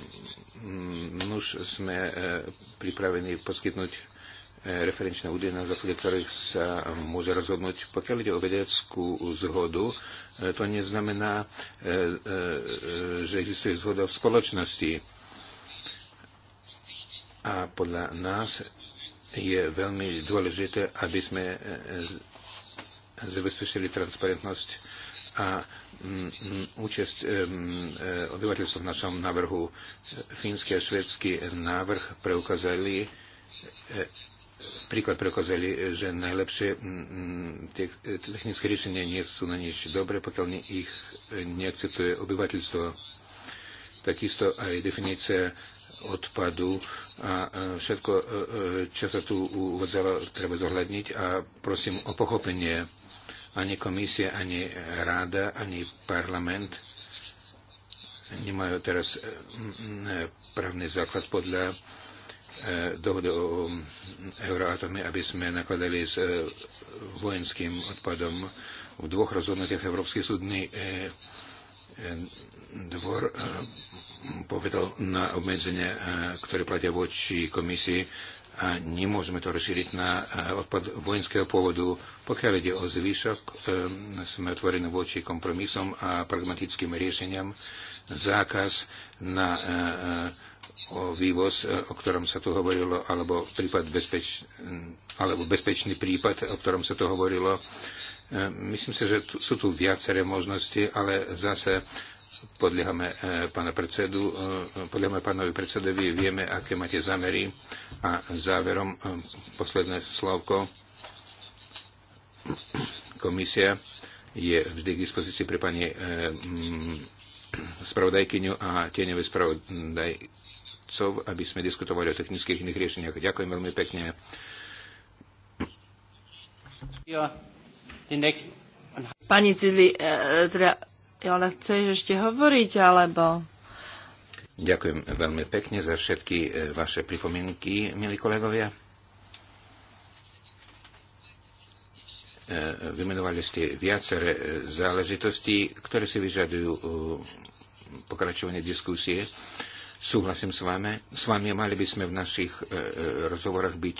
mm, už sme pripravení poskytnúť referenčné údaje, na základe ktorých sa môže rozhodnúť. Pokiaľ ide o vedeckú zhodu, e, to neznamená, e, e, že existuje zhoda v spoločnosti. A podľa nás je veľmi dôležité, aby sme zabezpečili transparentnosť a mm, mm, účasť obyvateľstva v našom návrhu. Fínsky a švedský návrh preukázali príklad preukázali, že najlepšie tie technické riešenia nie sú na nič dobré, pokiaľ ich neakceptuje obyvateľstvo. Takisto aj definícia odpadu a e, všetko, e, e, čo sa tu uvodzalo, treba zohľadniť a prosím o pochopenie. Ani komisia, ani ráda, ani parlament nemajú teraz právny základ podľa E, dohodu o euroatome, aby sme nakladali s e, vojenským odpadom. V dvoch rozhodnutiach Európsky súdny e, dvor povedal na obmedzenia, ktoré platia voči komisii a nemôžeme to rozšíriť na odpad vojenského pôvodu. Pokiaľ ide o zvyšok, sme otvorení voči kompromisom a pragmatickým riešeniam. Zákaz na o vývoz, e, o ktorom sa tu hovorilo, alebo prípad bezpeč, alebo bezpečný prípad, o ktorom sa tu hovorilo. E, myslím si, že tu, sú tu viaceré možnosti, ale zase podliehame e, pána predsedu, podliehame pánovi predsedovi, vieme, aké máte zamery. A záverom posledné slovko. Komisia je vždy k dispozícii pre pani spravodajkyňu a tieňové spravodajky spravodajcov, aby sme diskutovali o technických iných riešeniach. Ďakujem veľmi pekne. Pani Cidli, e, teda, ona chceš ešte hovoriť, alebo... Ďakujem veľmi pekne za všetky e, vaše pripomienky, milí kolegovia. E, vymenovali ste viaceré záležitosti, ktoré si vyžadujú pokračovanie diskusie. Súhlasím s vami, s vami mali by sme v našich e, e, rozhovorách byť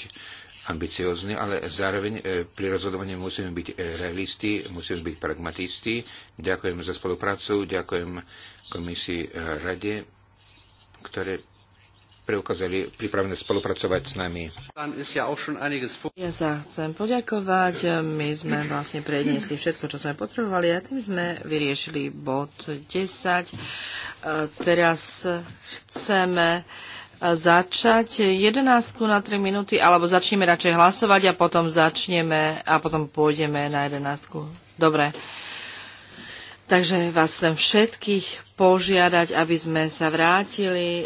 ambiciozni, ale zároveň e, pri rozhodovaní musíme byť realisti, musíme byť pragmatisti. Ďakujem za spoluprácu, ďakujem komisii rade, ktoré preukázali pripravené spolupracovať s nami. Ja sa chcem poďakovať. My sme vlastne predniesli všetko, čo sme potrebovali a tým sme vyriešili bod 10 Teraz chceme e, začať jedenástku na 3 minúty, alebo začneme radšej hlasovať a potom začneme a potom pôjdeme na jedenástku. Dobre. Takže vás chcem všetkých požiadať, aby sme sa vrátili e,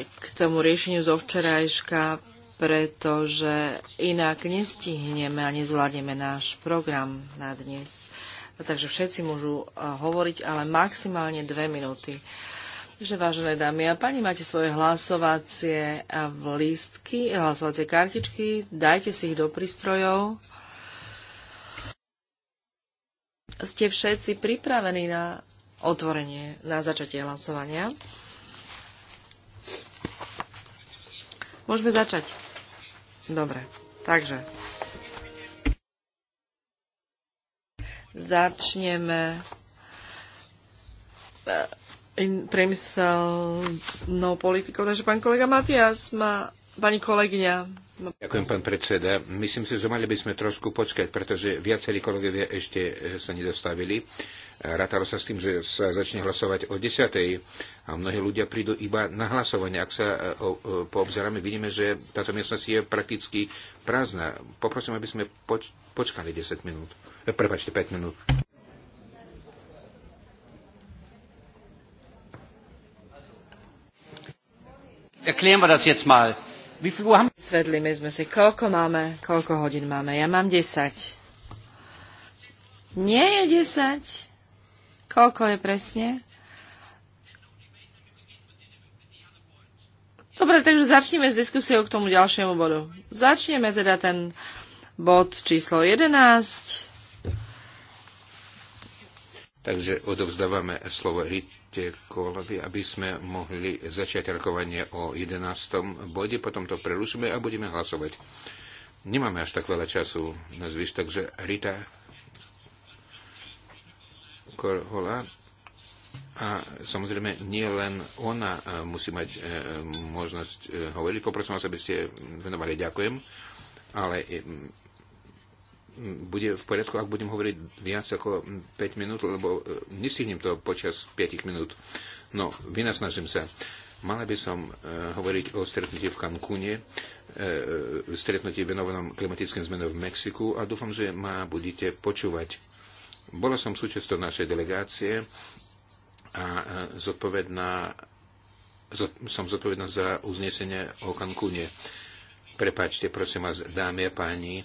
k tomu riešeniu zo včerajška, pretože inak nestihneme a nezvládneme náš program na dnes takže všetci môžu e, hovoriť, ale maximálne dve minúty. Takže vážené dámy a páni, máte svoje hlasovacie e, lístky, hlasovacie kartičky, dajte si ich do prístrojov. Ste všetci pripravení na otvorenie, na začatie hlasovania? Môžeme začať. Dobre, takže začneme eh, priemyselnou politikou. Takže pán kolega Matias má, pani kolegyňa. Ďakujem, pán predseda. Myslím si, že mali by sme trošku počkať, pretože viacerí kolegovia ešte eh, sa nedostavili. Eh, rátalo sa s tým, že sa začne hlasovať o 10. a mnohí ľudia prídu iba na hlasovanie. Ak sa poobzeráme, vidíme, že táto miestnosť je prakticky prázdna. Poprosím, aby sme počkali 10 minút. E, prepačte, 5 minút. Erklären wir das jetzt mal. Wie viel Uhr haben Svedlíme sme si, koľko máme, koľko hodín máme. Ja mám 10. Nie je 10. Koľko je presne? Dobre, takže začneme s diskusiou k tomu ďalšiemu bodu. Začneme teda ten bod číslo 11. Takže odovzdávame slovo Rite Kolovi, aby sme mohli začať rokovanie o 11. bode, potom to prerušíme a budeme hlasovať. Nemáme až tak veľa času na zvyš, takže Rita Kolola a samozrejme nie len ona e, musí mať e, možnosť e, hovoriť. Poprosím vás, aby ste venovali ďakujem, ale bude v poriadku, ak budem hovoriť viac ako 5 minút, lebo e, nestihnem to počas 5 minút. No, vynasnažím sa. Mala by som e, hovoriť o stretnutí v Cancúne, e, e stretnutí venovanom klimatickým zmenom v Mexiku a dúfam, že ma budete počúvať. Bola som súčasťou našej delegácie a e, zodpovedná, zo, som zodpovedná za uznesenie o Cancúne. Prepačte, prosím vás, dámy a páni,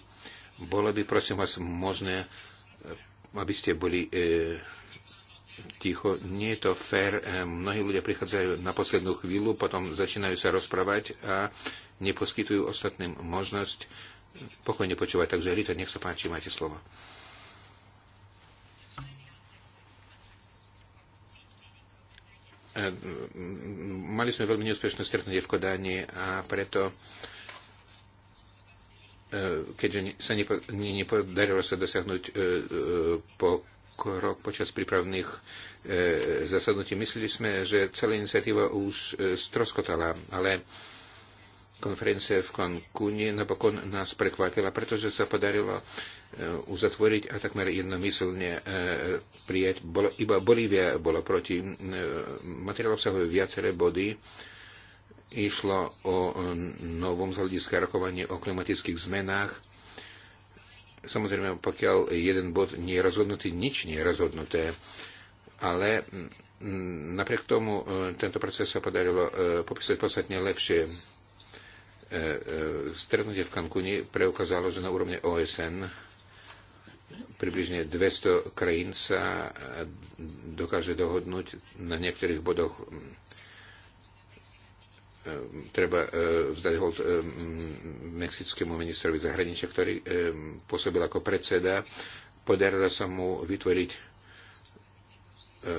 bolo by, prosím vás, možné, e, aby ste boli e, ticho. Nie je to fér. E, mnohí ľudia prichádzajú na poslednú chvíľu, potom začínajú sa rozprávať a neposkytujú ostatným možnosť pokojne počúvať. Takže Rita, nech sa páči, máte slovo. E, mali sme veľmi neúspešné stretnutie v Kodani a preto E, keďže sa nepodarilo sa dosiahnuť e, e, pokrok počas prípravných zasadnutí. Mysleli sme, že celá iniciatíva už stroskotala, ale konferencia v Cancúne napokon nás prekvapila, pretože sa podarilo uzatvoriť a takmer jednomyselne prijať. Bolo, iba Bolívia bola proti. Materiál obsahuje viaceré body, Išlo o novom z hľadiska rokovanie o klimatických zmenách. Samozrejme, pokiaľ jeden bod nie je rozhodnutý, nič nie je rozhodnuté. Ale napriek tomu e, tento proces sa podarilo e, popísať podstatne lepšie. E, stretnutie v Cancúni preukázalo, že na úrovne OSN približne 200 krajín sa dokáže dohodnúť na niektorých bodoch Ehm, treba ehm, vzdať hold ehm, mexickému ministrovi zahraničia, ktorý pôsobil ako predseda. Podarilo sa mu vytvoriť e, e,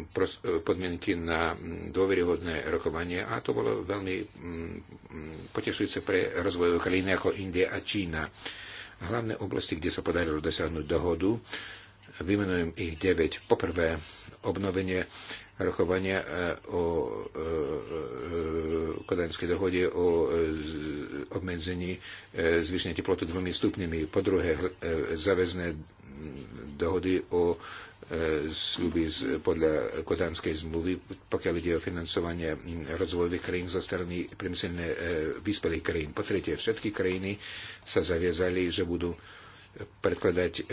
e, podmienky na mm, dôveryhodné rokovanie a to bolo veľmi mm, potešujúce pre rozvoj krajiny ako India a Čína. Hlavné oblasti, kde sa podarilo dosiahnuť dohodu, vymenujem ich 9. Poprvé, obnovenie rokovania e, o e, e, kodanskej dohode o obmedzení zvýšenia teploty dvomi stupňami. Po druhé, záväzné dohody o sľuby podľa kodanskej zmluvy, pokiaľ ide o financovanie rozvojových krajín zo strany priemyselne vyspelých krajín. Po tretie, všetky krajiny sa zaviazali, že budú predkladať eh,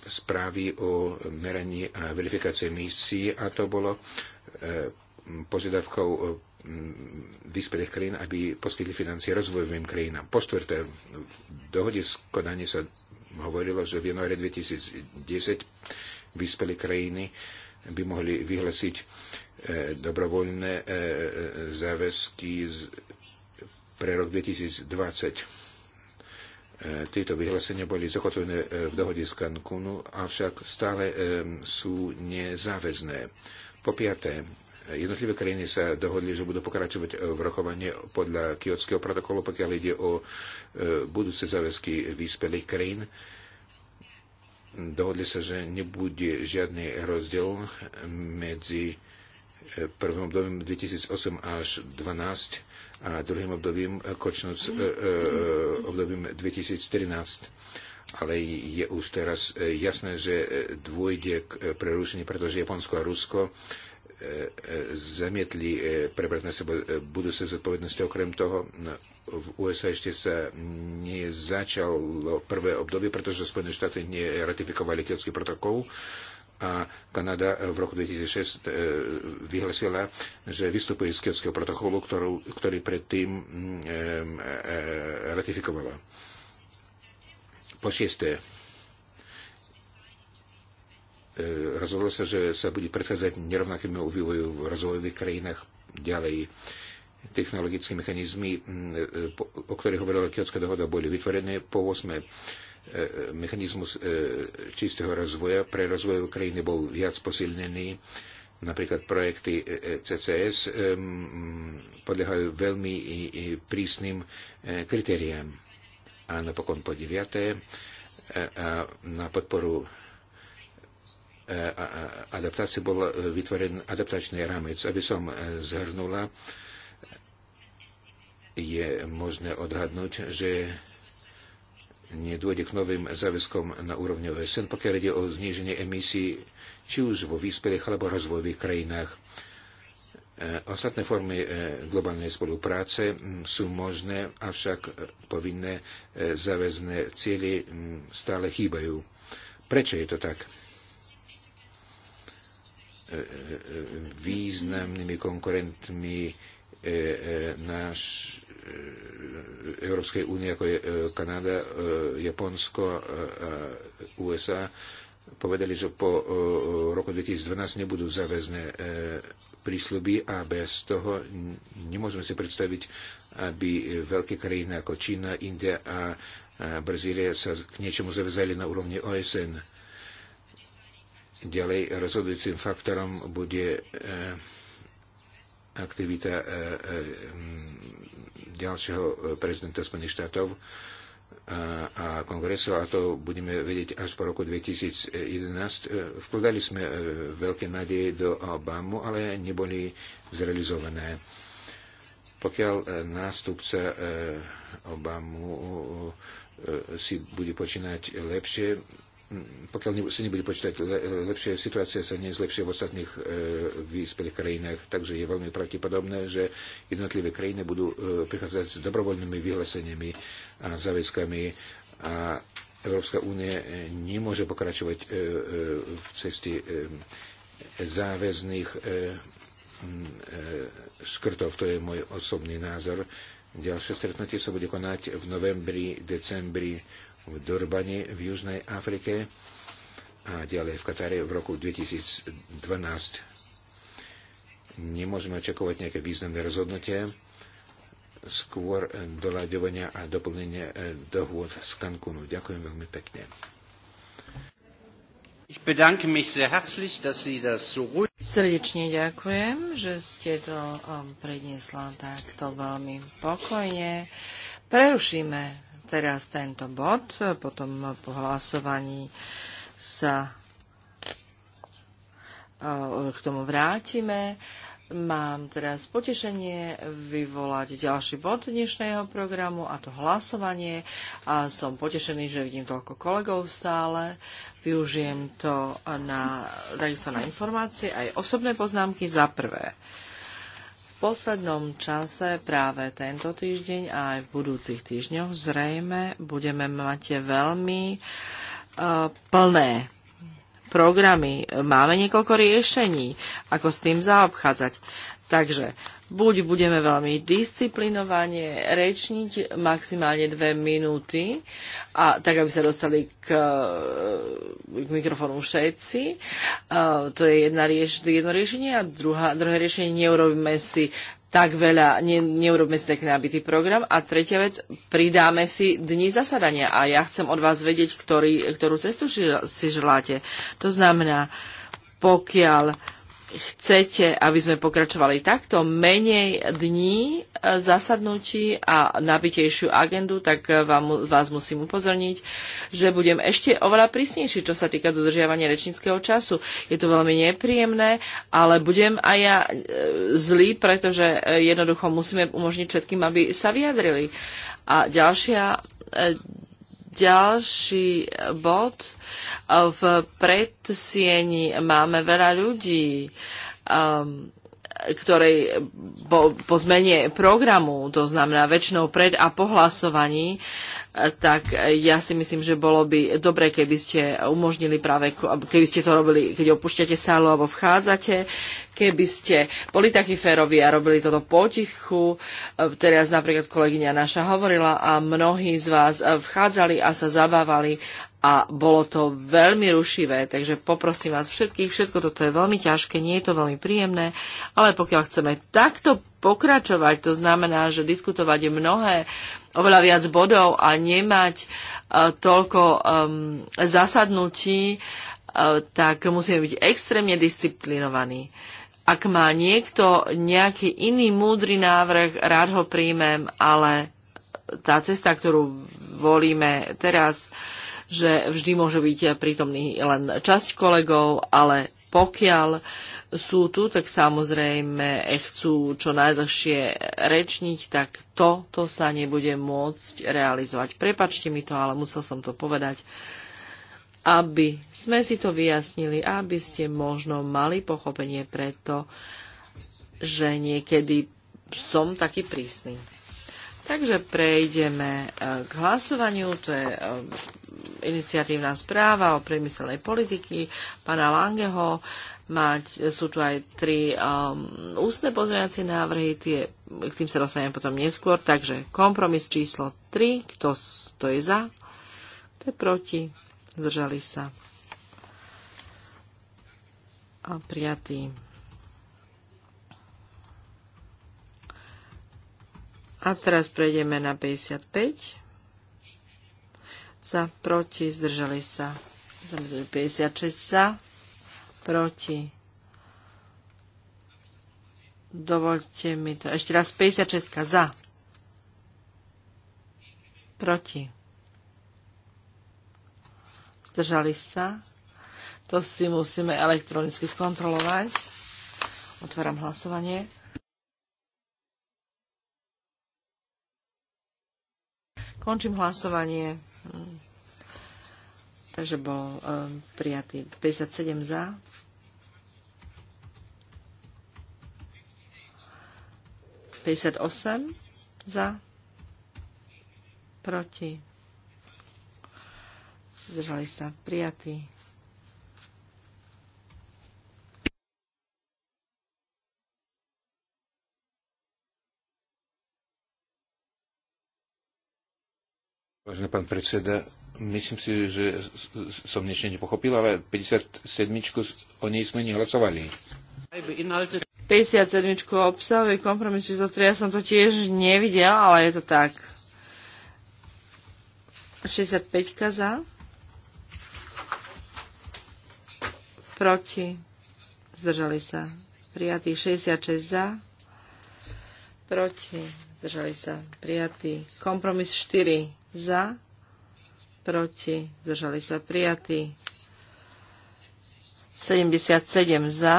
správy o meraní a verifikácii misií a to bolo eh, požiadavkou eh, vyspelých krajín, aby poskytli financie rozvojovým krajinám. Po štvrté, v dohode s Kodani sa hovorilo, že v januári 2010 vyspelé krajiny by mohli vyhlasiť dobrovoľné záväzky pre rok 2020 E, tieto vyhlásenia boli zakotvené e, v dohode z Cancúnu, avšak stále e, sú nezáväzné. Po piaté, jednotlivé krajiny sa dohodli, že budú pokračovať v rokovanie podľa kiotského protokolu, pokiaľ ide o budúce záväzky vyspelých krajín. Dohodli sa, že nebude žiadny rozdiel medzi prvom obdobím 2008 až 2012 a druhým obdobím, e, kočnúc e, e, obdobím 2013. Ale je už teraz e, jasné, že e, dôjde k prerušení, pretože Japonsko a Rusko zamietli prebrať na seba budúce zodpovednosti. Okrem toho, no, v USA ešte sa nezačalo prvé obdobie, pretože Spojené štáty neratifikovali Kielský protokol a Kanada v roku 2006 e, vyhlasila, že vystupuje z Kielského protokolu, ktorú, ktorý predtým mm, e, e, ratifikovala. Po šiesté, rozhodlo sa, že sa bude predchádzať nerovnakému vývoju v rozvojových krajinách ďalej technologické mechanizmy, mm, o ktorých hovorila Kiotská dohoda, boli vytvorené po 8. E, mechanizmus e, čistého rozvoja pre rozvoj Ukrajiny bol viac posilnený. Napríklad projekty e, CCS podľahajú veľmi prísnym kritériám. A napokon po deviaté, na podporu adaptácie bol vytvorený adaptačný rámec. Aby som zhrnula, je možné odhadnúť, že nedôjde k novým záväzkom na úrovni OSN, pokiaľ ide o zníženie emisí, či už vo výspelých alebo rozvojových krajinách. E, ostatné formy e, globálnej spolupráce sú možné, avšak e, povinné záväzné cieľy stále chýbajú. Prečo je to tak? Významnými konkurentmi náš Európskej únie, ako je e, Kanada, e, Japonsko, USA, povedali, že po e, roku 2012 nebudú záväzné prísľuby a bez toho nemôžeme si predstaviť, aby veľké krajiny ako Čína, India a Brazília sa k niečomu zavezali na úrovni OSN. Ďalej rozhodujúcim faktorom bude aktivita e, e, ďalšieho e, prezidenta Spojených štátov a, a kongresu, a to budeme vedieť až po roku 2011. Vkladali sme veľké nádeje do Obamu, ale neboli zrealizované. Pokiaľ nástupca Obamu si bude počínať lepšie, pokiaľ si nebude počítať lepšie, situácia sa nezlepšie v ostatných e, vyspelých krajinách, takže je veľmi pravdepodobné, že jednotlivé krajiny budú e, prichádzať s dobrovoľnými vyhláseniami a záväzkami a Európska únie e, nemôže pokračovať e, e, v cesti e, záväzných e, e, škrtov. To je môj osobný názor. Ďalšie stretnutie sa bude konať v novembri, decembri v Durbane v Južnej Afrike a ďalej v Katare v roku 2012. Nemôžeme očakovať nejaké významné rozhodnutie, skôr doľaďovania a doplnenie eh, dohôd z Cancúnu. Ďakujem veľmi pekne. Srdečne ďakujem, že ste to eh, predniesla takto veľmi pokojne. Prerušíme teraz tento bod, potom po hlasovaní sa e, k tomu vrátime. Mám teraz potešenie vyvolať ďalší bod dnešného programu, a to hlasovanie. A som potešený, že vidím toľko kolegov v sále. Využijem to na, sa na informácie aj osobné poznámky za prvé. Uh, poslednom čase práve tento týždeň a aj v budúcich týždňoch zrejme budeme mať veľmi uh, plné programy. Máme niekoľko riešení, ako s tým zaobchádzať. Takže Buď budeme veľmi disciplinovane rečniť maximálne dve minúty, a tak aby sa dostali k, k mikrofónu všetci. A, e, to je jedna rieš, jedno riešenie a druhá, druhé riešenie neurobíme si tak veľa, ne, neurobme si tak nabitý program. A tretia vec, pridáme si dni zasadania. A ja chcem od vás vedieť, ktorý, ktorú cestu si želáte. To znamená, pokiaľ chcete, aby sme pokračovali takto, menej dní e, zasadnutí a nabitejšiu agendu, tak e, vám, vás musím upozorniť, že budem ešte oveľa prísnejší, čo sa týka dodržiavania rečníckého času. Je to veľmi nepríjemné, ale budem aj ja e, zlý, pretože jednoducho musíme umožniť všetkým, aby sa vyjadrili. A ďalšia ďalší bod. V predsieni máme veľa ľudí. Ehm, ktorej po, po zmene programu, to znamená väčšinou pred a po hlasovaní, e, tak ja si myslím, že bolo by dobre, keby ste umožnili práve, keby ste to robili, keď opúšťate sálu alebo vchádzate, keby ste boli takí férovi a robili toto potichu. E, teraz napríklad kolegyňa naša hovorila a mnohí z vás vchádzali a sa zabávali a bolo to veľmi rušivé, takže poprosím vás všetkých, všetko toto je veľmi ťažké, nie je to veľmi príjemné, ale pokiaľ chceme takto pokračovať, to znamená, že diskutovať je mnohé, oveľa viac bodov a nemať uh, toľko um, zasadnutí, uh, tak musíme byť extrémne disciplinovaní. Ak má niekto nejaký iný múdry návrh, rád ho príjmem, ale tá cesta, ktorú volíme teraz, uh, že vždy môže byť prítomný len časť kolegov, ale pokiaľ sú tu, tak samozrejme eh, chcú čo najdlhšie rečniť, tak toto sa nebude môcť realizovať. Prepačte mi to, ale musel som to povedať aby sme si to vyjasnili, aby ste možno mali pochopenie preto, že niekedy som taký prísny. Takže prejdeme e, k hlasovaniu. To je e, iniciatívna správa o priemyselnej politiky pána Langeho. Mať, sú tu aj tri um, ústne pozmeňovacie návrhy, tie, k tým sa dostaneme potom neskôr. Takže kompromis číslo 3, kto, to je za, kto je proti, zdržali sa. A prijatý A teraz prejdeme na 55. Za, proti, zdržali sa. Zamietli 56 za, proti. Dovolte mi to. Ešte raz 56 za. Proti. Zdržali sa. To si musíme elektronicky skontrolovať. Otváram hlasovanie. Končím hlasovanie. Mm. Takže bol um, prijatý 57 za. Päťdesiatosem za, proti, zdržali sa, prijatí. Vážený pán predseda, myslím si, že som niečo nepochopil, ale 57. o nej sme nehlasovali. 57. obsahuje kompromis číslo 3, ja som to tiež nevidel, ale je to tak. 65 za. Proti. Zdržali sa. Prijatý 66 za. Proti. Zdržali sa. Prijatý. Kompromis 4 za, proti, zdržali sa prijatí. 77 za,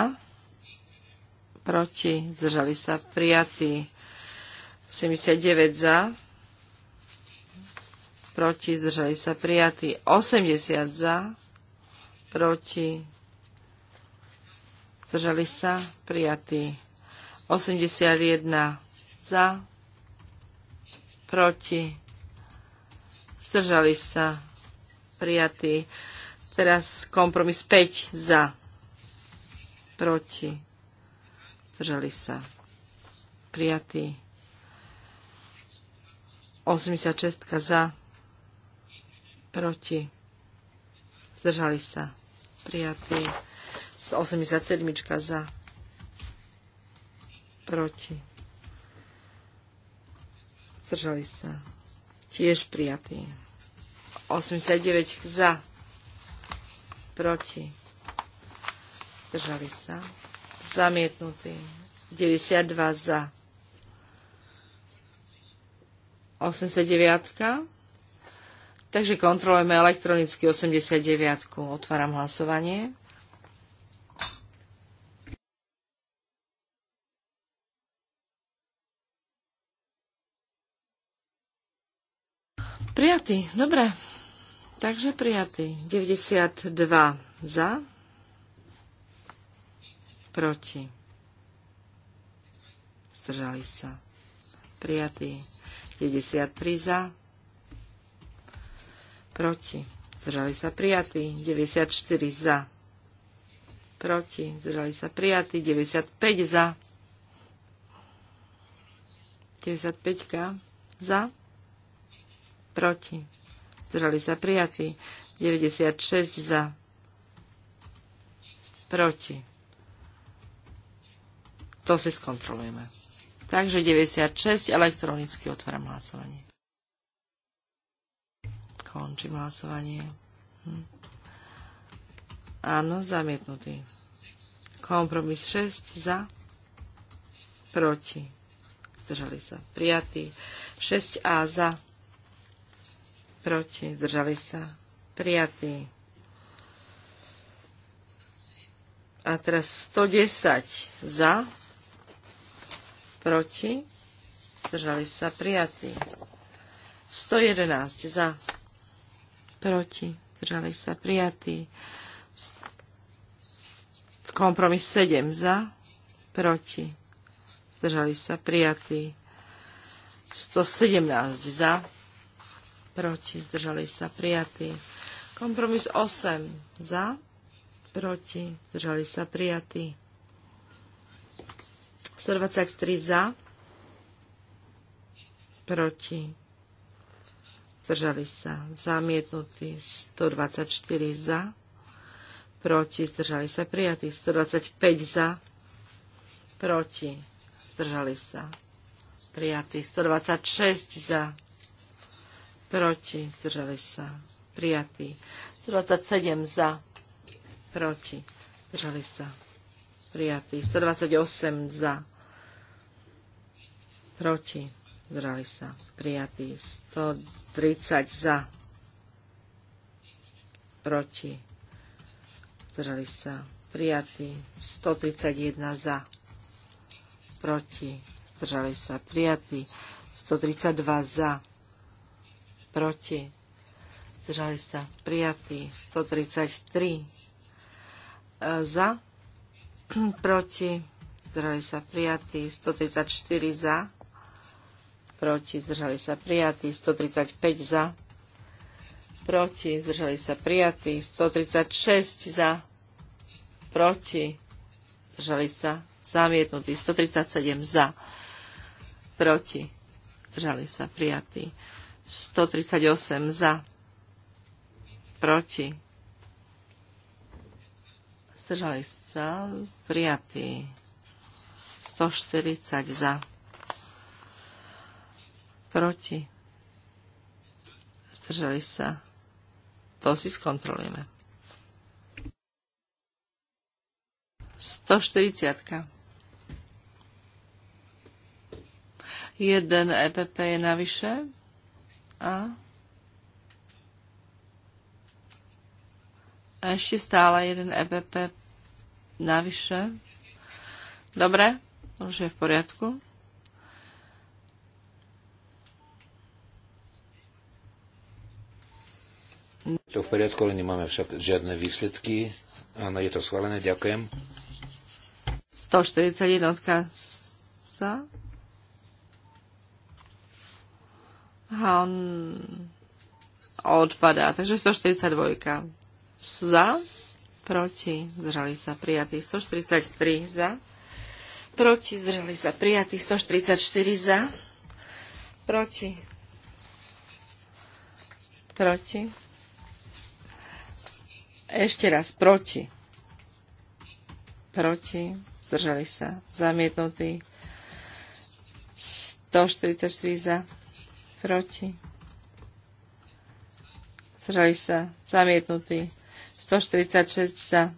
proti, zdržali sa prijatí. 79 za, proti, zdržali sa prijatí. 80 za, proti, zdržali sa prijatí. 81 za, proti, zdržali sa, prijatý. Teraz kompromis 5 za, proti, zdržali sa, prijatý. 86 za, proti, zdržali sa, prijatý. 87 za, proti, zdržali sa, Tiež prijatý. 89 za. Proti. Držali sa. Zamietnutý. 92 za. 89. -ka. Takže kontrolujeme elektronicky 89. -ku. Otváram hlasovanie. prijatý. Dobre. Takže prijatý. 92 za. Proti. Zdržali sa. Prijatý. 93 za. Proti. Zdržali sa prijatý, 94 za. Proti. Zdržali sa prijatý, 95 za. 95 za proti, zdržali sa prijatí, 96 za, proti. To si skontrolujeme. Takže 96 elektronicky otváram hlasovanie. Končím hlasovanie. Hm. Áno, zamietnutý. Kompromis 6 za, proti. Zdržali sa. Prijatý. 6A za, proti, zdržali sa, prijatí. A teraz 110 za, proti, zdržali sa, prijatí. 111 za, proti, zdržali sa, prijatí. Kompromis 7 za, proti, zdržali sa, prijatí. 117 za, proti, zdržali sa prijatí. Kompromis 8 za, proti, zdržali sa prijatí. 123 za, proti, zdržali sa zamietnutý. 124 za, proti, zdržali sa prijatý. 125 za, proti, zdržali sa prijatí. 126 za, proti, zdržali sa, prijatí. 127 za, proti, zdržali sa, prijatý. 128 za, proti, zdržali sa, prijatí. 130 za, proti, zdržali sa, prijatí. 131 za, proti, zdržali sa, prijatí. 132 za, proti, zdržali sa prijatí 133 e, za, proti, zdržali sa prijatí 134 za, proti, zdržali sa prijatí 135 za, proti, zdržali sa prijatí 136 za, proti, zdržali sa zamietnutí 137 za, proti, zdržali sa prijatí 138 za, proti, zdržali sa, Prijatý. 140 za, proti, zdržali sa, to si skontrolujeme. 140. -ka. Jeden EPP je navyše. A A ešte stále jeden EBP navyše. Dobre, už je v poriadku. To v poriadku, ale nemáme však žiadne výsledky. Áno, je to schválené, ďakujem. 141 sa Han odpadá. Takže 142 za, proti, zdržali sa prijatí. 143 za, proti, zdržali sa prijatí. 144 za, proti, proti. Ešte raz proti. Proti. Zdržali sa. Zamietnutí. 144 za proti. Zdržali sa zamietnutí. 146 za,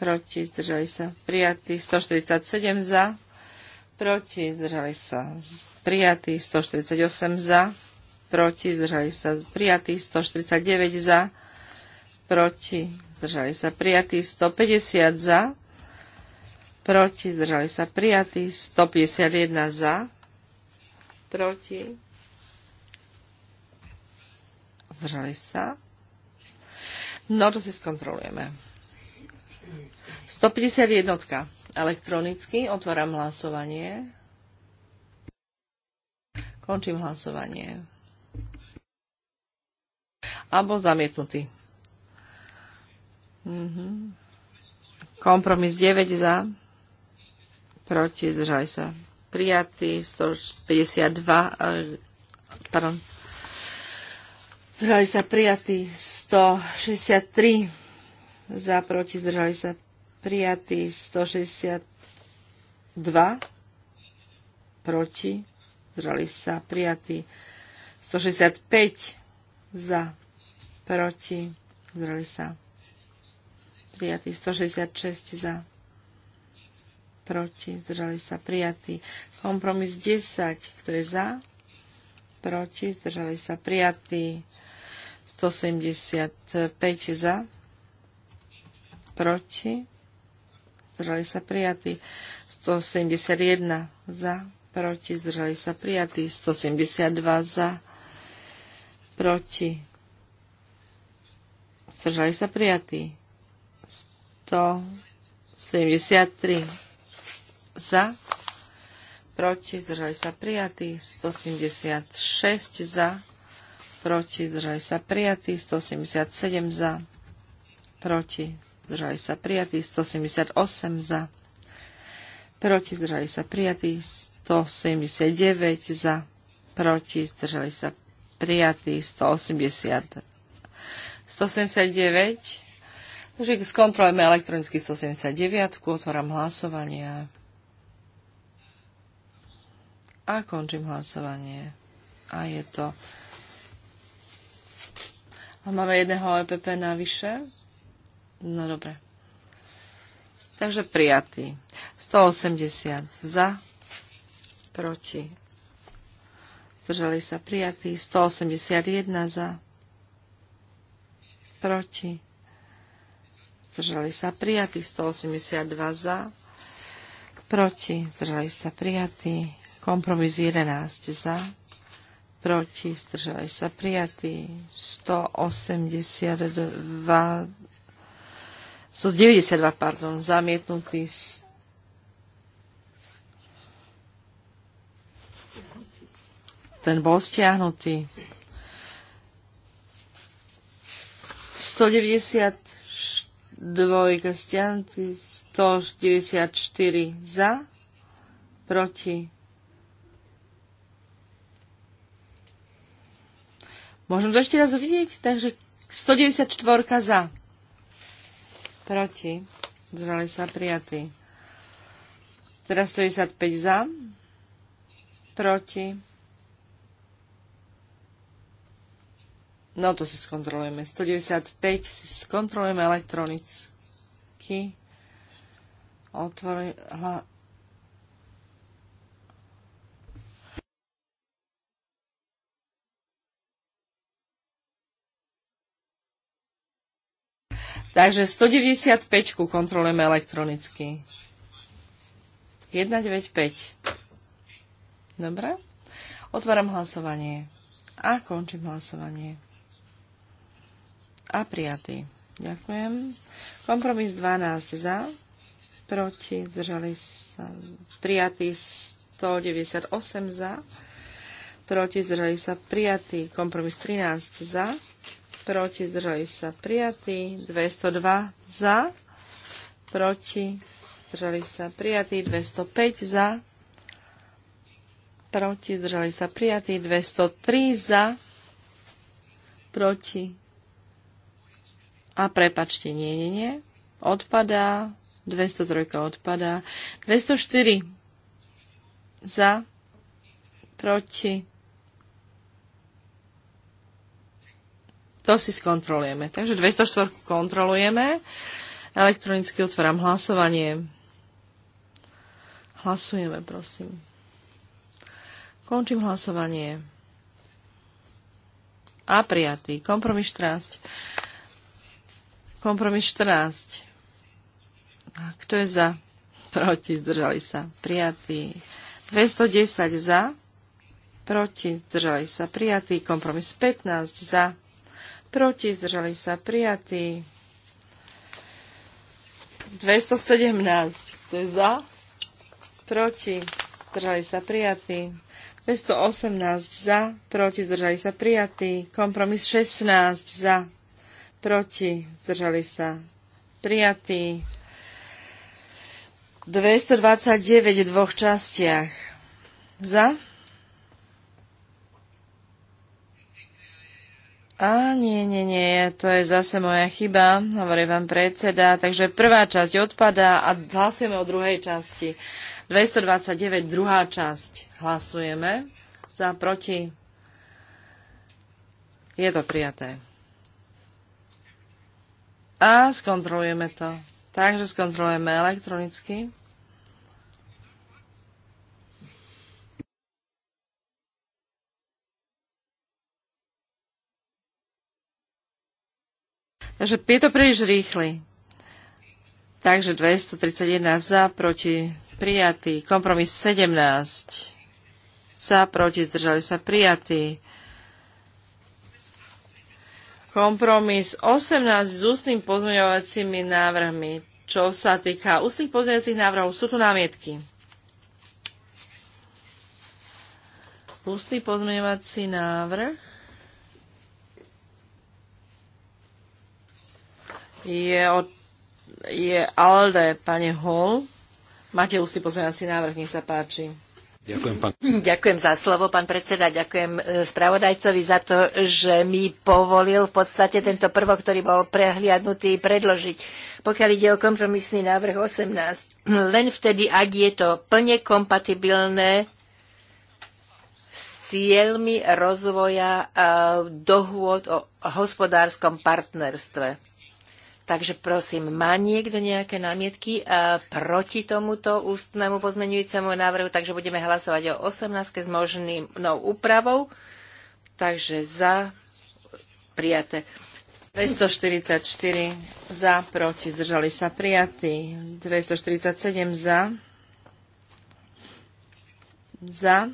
proti, zdržali sa prijatí. 147 za, proti, zdržali sa prijatí. 148 za, proti, zdržali sa prijatí. 149 za, proti, zdržali sa prijatí. 150 za, proti, zdržali sa prijatí. 151 za, proti, Zdržali sa? No to si skontrolujeme. 151. Elektronicky otváram hlasovanie. Končím hlasovanie. Abo zamietnutý. Mhm. Kompromis 9 za. Proti, zdržali sa. Prijatý 152. Pardon, zdržali sa prijatí 163 za proti, zdržali sa prijatí 162 proti, zdržali sa prijatí 165 za proti, zdržali sa prijatí 166 za proti, zdržali sa prijatí. Kompromis 10, kto je za, proti, zdržali sa prijatí. 185 za, proti, zdržali sa prijatí. 171 za, proti, zdržali sa prijatí. 172 za, proti, zdržali sa prijatí. 173 za, proti, zdržali sa prijatí. 176 za, proti, zdržali sa prijatí, 177 za, proti, zdržali sa prijatí, 178 za, proti, zdržali sa prijatí, 179 za, proti, zdržali sa prijatí, 180. 179, takže skontrolujeme elektronicky 179, otváram hlasovanie a končím hlasovanie. A je to Máme jedného EPP navyše. No dobre. Takže prijatý. 180 za, proti. Zdržali sa prijatí. 181 za, proti. Zdržali sa prijatí. 182 za, proti. Zdržali sa prijatí. Kompromis 11 za, proti, zdržali sa prijatí, 182, 192, pardon, zamietnutí, ten bol stiahnutý. 192 stiahnutý, 194 za, proti, Môžem to ešte raz uvidieť? Takže 194 za. Proti. Zdržali sa prijatí. Teraz 195 za. Proti. No to si skontrolujeme. 195 si skontrolujeme elektronicky. Otvor, Takže 195 kontrolujeme elektronicky. 195. Dobre? Otváram hlasovanie. A končím hlasovanie. A prijatý. Ďakujem. Kompromis 12 za, proti, zdržali sa prijatý 198 za, proti, zdržali sa prijatý kompromis 13 za, proti, zdržali sa prijatí, 202 za, proti, zdržali sa prijatí, 205 za, proti, zdržali sa prijatí, 203 za, proti. A prepačte, nie, nie, nie. Odpadá, 203 odpadá, 204 za, proti, To si skontrolujeme. Takže 204 kontrolujeme. Elektronicky otváram hlasovanie. Hlasujeme, prosím. Končím hlasovanie. A prijatý. Kompromis 14. Kompromis 14. Kto je za? Proti, zdržali sa. Prijatý. 210 za. Proti, zdržali sa. Prijatý. Kompromis 15 za proti, zdržali sa prijatí. 217, to je za, proti, zdržali sa prijatí. 218 za, proti, zdržali sa prijatí. Kompromis 16 za, proti, zdržali sa prijatí. 229 v dvoch častiach. Za, A nie, nie, nie, to je zase moja chyba, hovorí vám predseda. Takže prvá časť odpadá a hlasujeme o druhej časti. 229, druhá časť. Hlasujeme za proti. Je to prijaté. A skontrolujeme to. Takže skontrolujeme elektronicky. Takže je to príliš rýchly. Takže 231 za, proti prijatý. Kompromis 17 za, proti zdržali sa prijatý. Kompromis 18 s ústnym pozmeňovacími návrhmi. Čo sa týka ústnych pozmeňovacích návrhov, sú tu námietky. Ústny pozmeňovací návrh je, od, je ALDE, pane Hall. Máte ústy pozmeňovací návrh, nech sa páči. Ďakujem, pán... ďakujem za slovo, pán predseda. Ďakujem e, spravodajcovi za to, že mi povolil v podstate tento prvok, ktorý bol prehliadnutý, predložiť. Pokiaľ ide o kompromisný návrh 18, len vtedy, ak je to plne kompatibilné s cieľmi rozvoja e, dohôd o hospodárskom partnerstve. Takže prosím, má niekto nejaké námietky e, proti tomuto ústnemu pozmenujúcemu návrhu? Takže budeme hlasovať o 18 s možnou úpravou. Takže za prijaté. 244 za, proti, zdržali sa prijatí. 247 za, za,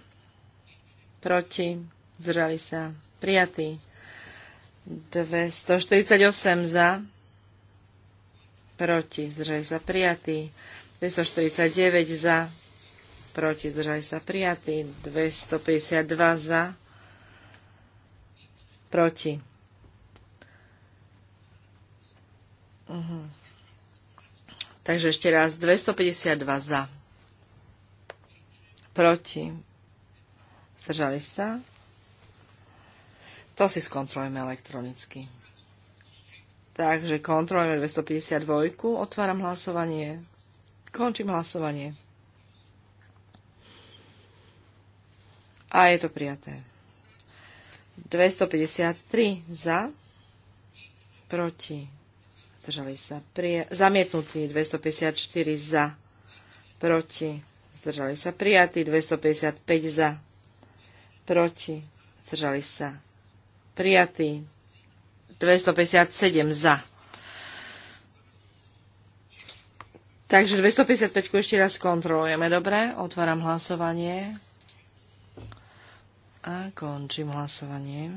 proti, zdržali sa prijatí. 248 za, proti, zdržali sa prijatí. 249 za, proti, zdržali sa prijatí. 252 za, proti. Uh-huh. Takže ešte raz, 252 za, proti, zdržali sa. To si skontrolujeme elektronicky. Takže kontrolujeme 252. Otváram hlasovanie. Končím hlasovanie. A je to prijaté. 253 za, proti, zdržali sa, prija- zamietnutí, 254 za, proti, zdržali sa, prijatí, 255 za, proti, zdržali sa, prijatí, 257 za. Takže 255 ešte raz kontrolujeme, dobre? Otváram hlasovanie. A končím hlasovanie.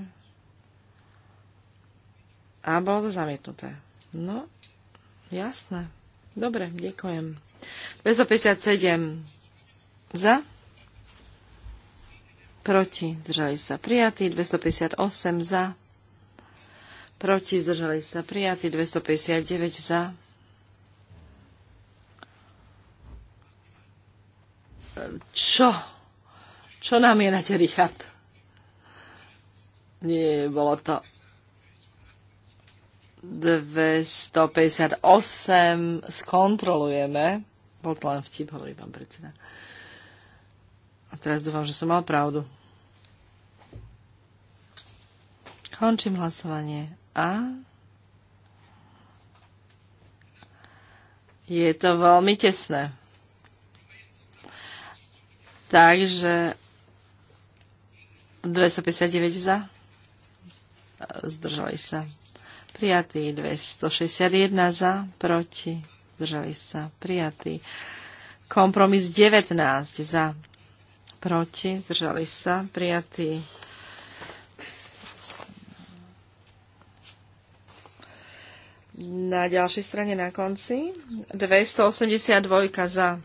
A bolo to zamietnuté. No, jasné. Dobre, ďakujem. 257 za. Proti. Držali sa prijatí. 258 za proti, zdržali sa prijatí, 259 za, Čo? Čo nám je te, Richard? Nie, bolo to 258. Skontrolujeme. Bol to len vtip, hovorí pán predseda. A teraz dúfam, že som mal pravdu. Končím hlasovanie. A je to veľmi tesné. Takže 259 za. Zdržali sa. Prijatý 261 za. Proti. Zdržali sa. Prijatý. Kompromis 19 za. Proti. Zdržali sa. Prijatý na ďalšej strane na konci. 282 za,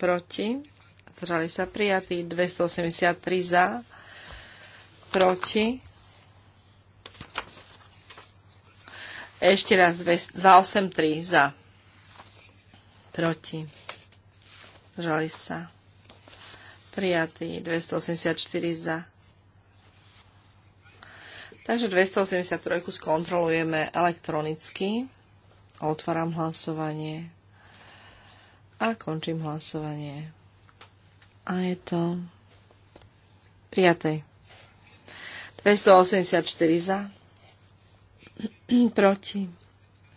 proti, zdržali sa prijatí. 283 za, proti. Ešte raz 283 za, proti, zdržali sa prijatí. 284 za, Takže 283 skontrolujeme elektronicky. Otváram hlasovanie a končím hlasovanie. A je to prijaté. 284 za, proti,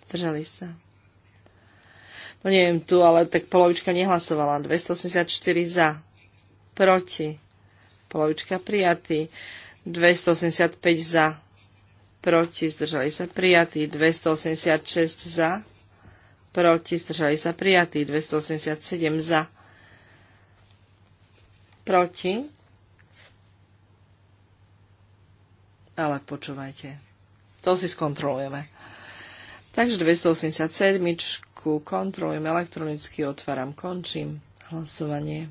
zdržali sa. No neviem tu, ale tak polovička nehlasovala. 284 za, proti, polovička prijatý. 285 za, proti, zdržali sa prijatí, 286 za, proti, zdržali sa prijatí, 287 za, proti, ale počúvajte, to si skontrolujeme. Takže 287 kontrolujem elektronicky, otváram, končím hlasovanie.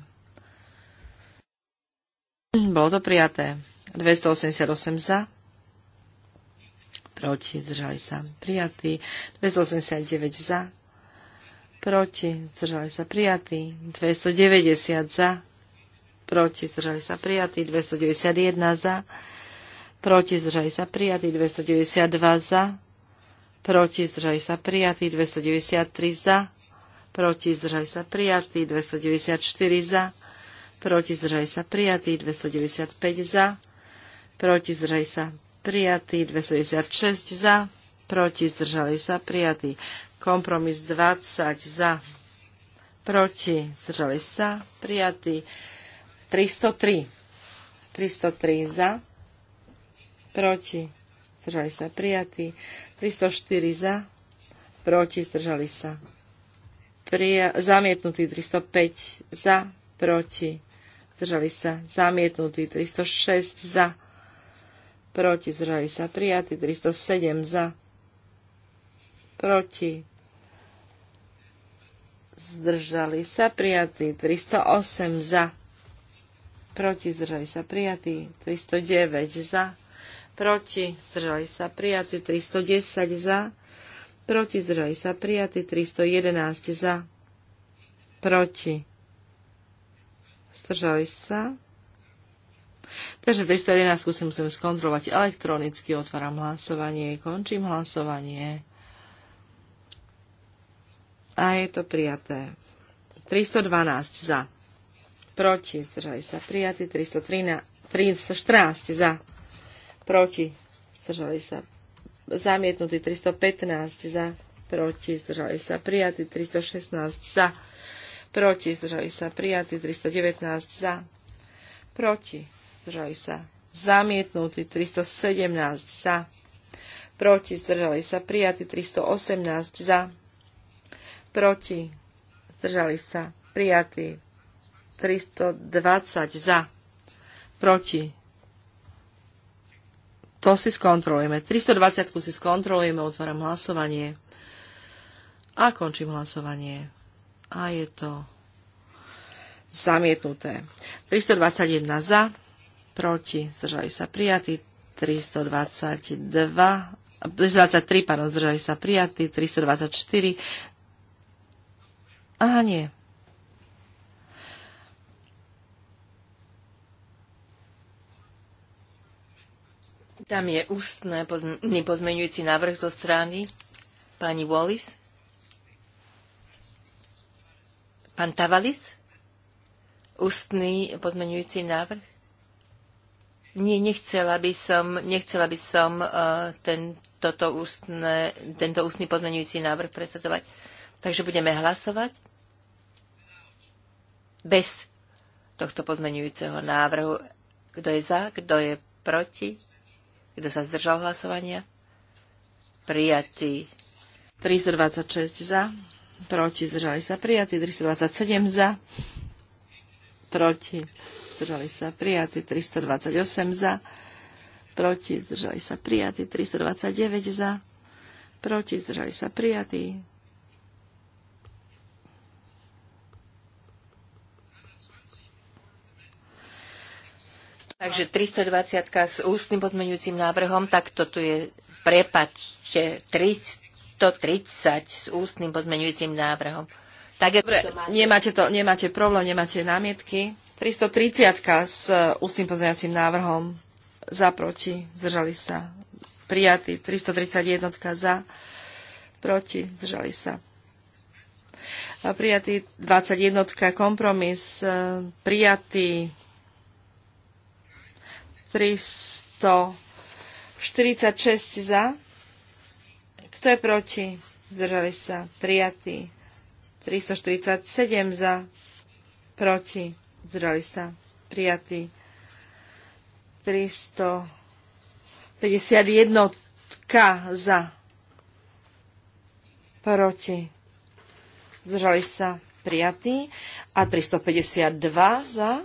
Bolo to prijaté. 288 za, proti, zdržali sa prijatí, 289 za, proti, zdržali sa prijatí, 290 za, proti, zdržali sa prijatí, 291 za, proti, zdržali sa prijatí, 292 za, proti, zdržali sa prijatí, 293 za, proti, zdržali sa prijatí, 294 za, proti, zdržali sa prijatí, 295 za, proti zdržali sa prijatý, 296 za, proti zdržali sa prijatý, kompromis 20 za, proti zdržali sa prijatý, 303, 303 za, proti zdržali sa prijatý, 304 za, proti zdržali sa prija- zamietnutý 305 za, proti zdržali sa zamietnutý 306 za, proti, zdržali sa prijatí, 307 za, proti, zdržali sa prijatí, 308 za, proti, zdržali sa prijatí, 309 za, proti, zdržali sa prijatí, 310 za, proti, zdržali sa prijatí, 311 za, proti, zdržali sa Takže 311 skúsim musím skontrolovať elektronicky. Otváram hlasovanie, končím hlasovanie. A je to prijaté. 312 za. Proti. Zdržali sa prijatí. 314 za. Proti. Zdržali sa zamietnutí. 315 za. Proti. Zdržali sa prijatí. 316 za. Proti. Zdržali sa prijatí. 319 za. Proti zdržali sa zamietnutí, 317 za, proti, zdržali sa prijatí, 318 za, proti, zdržali sa prijatí, 320 za, proti. To si skontrolujeme. 320 si skontrolujeme, otváram hlasovanie a končím hlasovanie. A je to zamietnuté. 321 za, proti, zdržali sa prijatí, 322, 323, pardon, zdržali sa prijatí, 324. Aha, nie. Tam je ústny pozmeňujúci návrh zo strany pani Wallis. Pán Tavalis? Ústny pozmeňujúci návrh? Nie, nechcela by som, nechcela by som uh, ten, toto ústne, tento ústny pozmenujúci návrh presadzovať. Takže budeme hlasovať bez tohto pozmenujúceho návrhu. Kto je za, kto je proti, kto sa zdržal hlasovania? Prijatý. 326 za, proti zdržali sa prijatí, 327 za, proti, zdržali sa prijatí 328 za, proti, zdržali sa prijatí 329 za, proti, zdržali sa prijatí Takže 320 s ústnym podmenujúcim návrhom, tak toto je, prepačte, 330 s ústnym podmenujúcim návrhom. Tak je... Dobre, nemáte, to, nemáte problém, nemáte námietky. 330 s e, ústnym pozmeňovacím návrhom za proti, zdržali sa prijatí. 331 za proti, zdržali sa prijatý 21 kompromis, e, prijatý 346 za. Kto je proti? Zdržali sa. Prijatý 347 za, proti, zdržali sa, prijatí. 351 za, proti, zdržali sa, prijatí. A 352 za,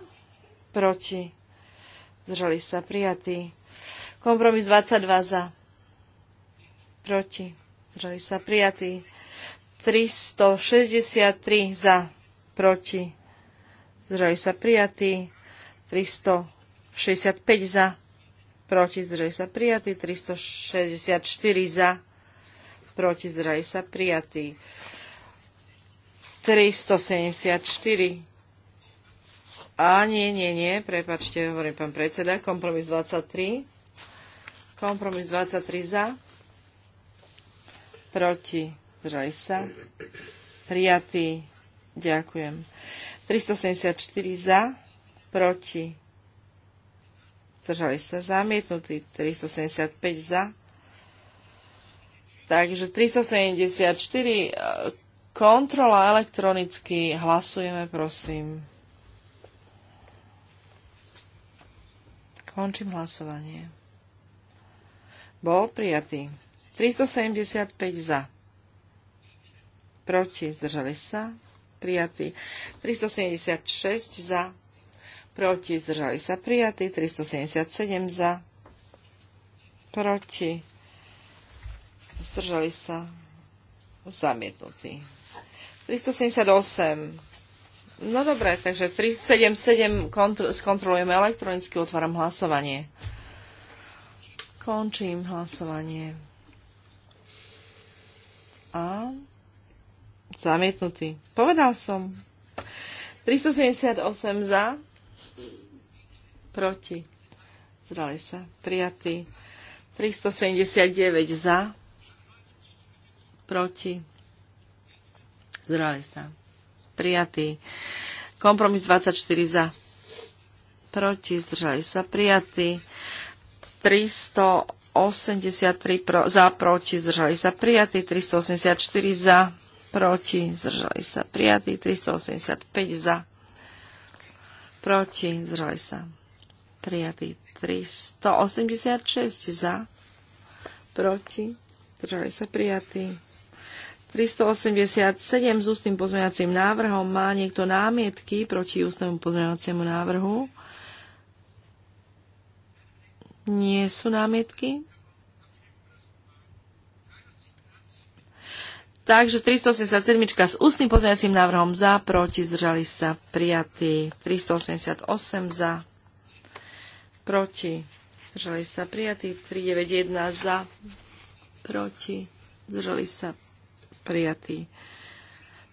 proti, zdržali sa, prijatí. Kompromis 22 za, proti, zdržali sa, prijatí. 363 za, proti, zdržali sa prijatí, 365 za, proti, zdržali sa prijatí, 364 za, proti, zdržali sa prijatí, 374 a nie, nie, nie, prepačte, hovorím pán predseda, kompromis 23. Kompromis 23 za, proti, Zdržali sa? Prijatý. Ďakujem. 374 za, proti. Zdržali sa zamietnutí. 375 za. Takže 374 e, kontrola elektronicky. Hlasujeme, prosím. Končím hlasovanie. Bol prijatý. 375 za proti, zdržali sa, prijatí. 376 za, proti, zdržali sa, prijatí. 377 za, proti, zdržali sa, zamietnutí. 378 No dobre, takže 377 kontr- skontrolujeme elektronicky, otváram hlasovanie. Končím hlasovanie. A Zamietnutý. Povedal som. 378 za. Proti. Zdrali sa. Prijatý. 379 za. Proti. Zdrali sa. Prijatý. Kompromis 24 za. Proti. Zdržali sa. Prijatý. 383 pro, za. Proti. Zdržali sa. Prijatý. 384 za proti, zdržali sa prijatí, 385 za, proti, zdržali sa prijatí, 386 za, proti, zdržali sa prijatí. 387 s ústnym pozmeňovacím návrhom. Má niekto námietky proti ústnemu pozmeňovaciemu návrhu? Nie sú námietky? Takže 387 s ústnym pozmeňacím návrhom za, proti, zdržali sa, prijatí. 388 za, proti, zdržali sa, prijatí. 391 za, proti, zdržali sa, prijatí.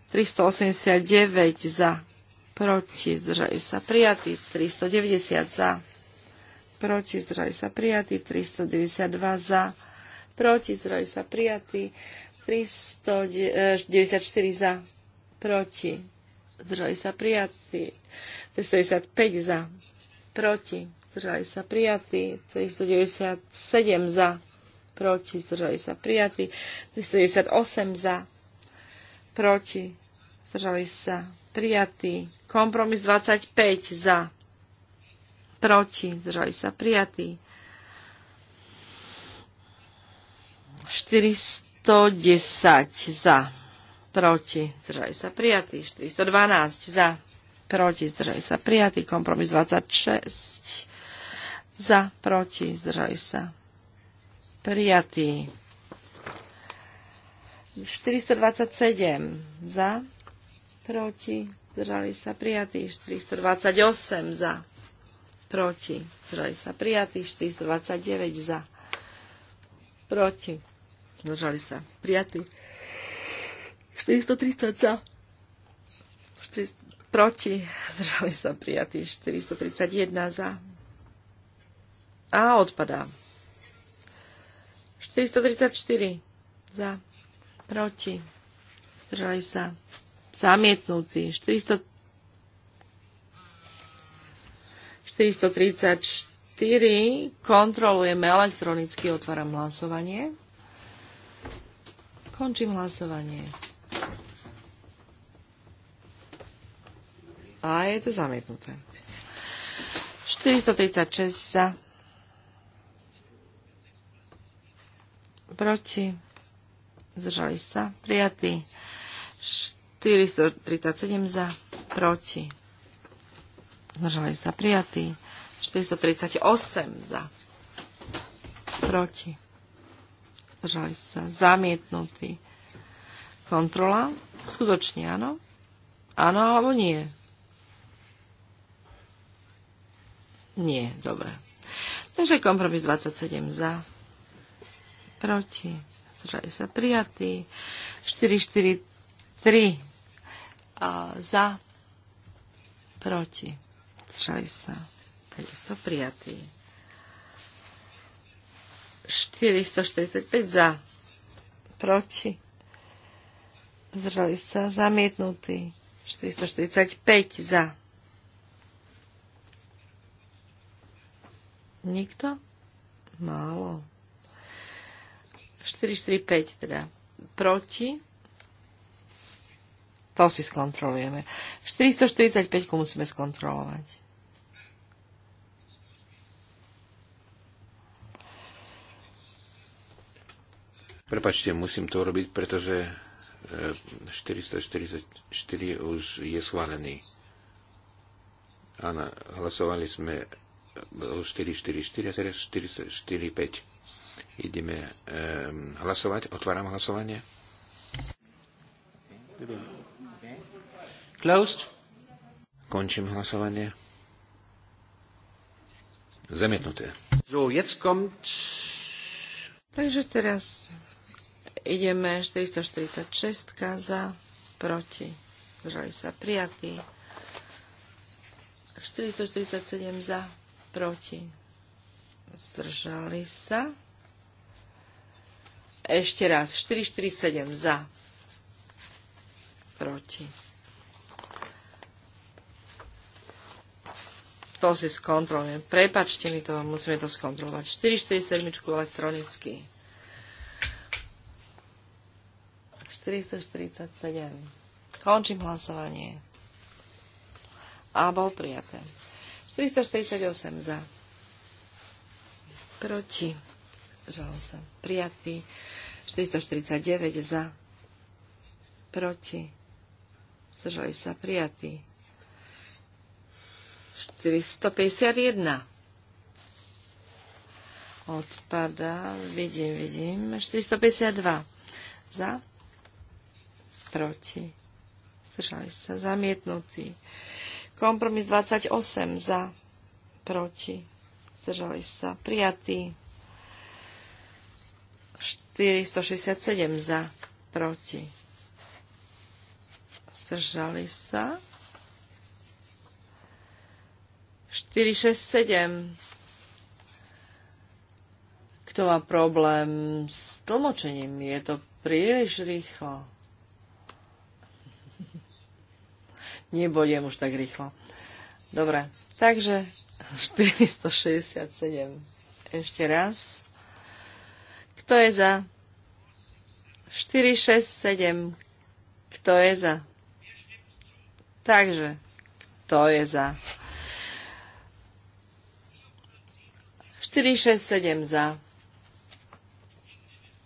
389 za, proti, zdržali sa, prijatí. 390 za, proti, zdržali sa, prijatí. 392 za, proti, zdržali sa, prijatí. 394 eh, za, proti, zdržali sa prijatí, 395 za, proti, zdržali sa prijatí, 397 za, proti, zdržali sa prijatí, 398 za, proti, zdržali sa prijatí, kompromis 25 za, proti, zdržali sa prijatí, 400 410 za, proti, zdržali sa prijatí, 412 za, proti, zdržali sa prijatí, kompromis 26 za, proti, zdržali sa prijatí. 427 za, proti, zdržali sa prijatí, 428 za, proti, zdržali sa prijatí, 429 za, proti, Zdržali sa. Prijatí. 430 za. 4... Proti. Zdržali sa. prijatí 431 za. A odpadá. 434 za. Proti. Zdržali sa. Zamietnutý. 434 kontrolujeme elektronicky, otváram hlasovanie. Končím hlasovanie. A je to zamietnuté. 436 za. Proti. Zdržali sa. Prijatý. 437 za. Proti. Zdržali sa. Prijatý. 438 za. Proti zdržali sa, zamietnutý. Kontrola? Skutočne áno? Áno alebo nie? Nie, dobre. Takže kompromis 27 za, proti, zdržali sa prijatí, 4, 4, 3 a za, proti, zdržali sa, takisto prijatí. 445 za. Proti. Zdržali sa. Zamietnutí. 445 za. Nikto? Málo. 445 teda. Proti. To si skontrolujeme. 445 musíme skontrolovať. Prepačte, musím to robiť, pretože 444 e, už je schválený. Áno, hlasovali sme o 444 a teraz 445. Ideme um, hlasovať. Otváram hlasovanie. Closed. Končím hlasovanie. Zamietnuté. So, jetzt kommt... Takže teraz Ideme 446 za, proti, zdržali sa prijatí. 447 za, proti, zdržali sa. Ešte raz, 447 za, proti. To si skontrolujem. Prepačte mi to, musíme to skontrolovať. 447 elektronicky. 447. Končím hlasovanie. A bol prijaté. 448 za. Proti. Žal sa. Prijatý. 449 za. Proti. Zdržali sa. Prijatý. 451 odpada. Vidím, vidím. 452 za proti, zdržali sa zamietnutí. Kompromis 28 za, proti, zdržali sa prijatí. 467 za, proti, zdržali sa. 467. Kto má problém s tlmočením? Je to príliš rýchlo. nebudem už tak rýchlo. Dobre, takže 467. Ešte raz. Kto je za? 467. Kto je za? Takže, kto je za? 467 za.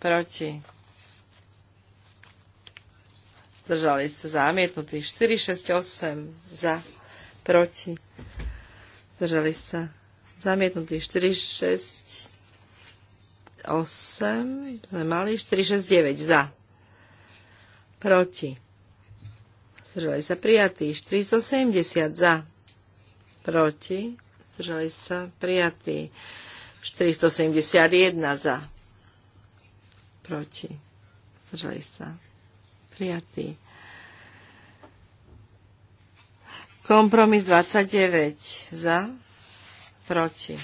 Proti zdržali ste zamietnutí. 4, 6, 8 za, proti, zdržali sa zamietnutí. 4, 6, 8 sme mali, 4, 6, 9 za, proti, zdržali sa prijatí. 480 za, proti, zdržali sa prijatí. 471 za, proti, zdržali sa prijatý. Kompromis 29 za, proti.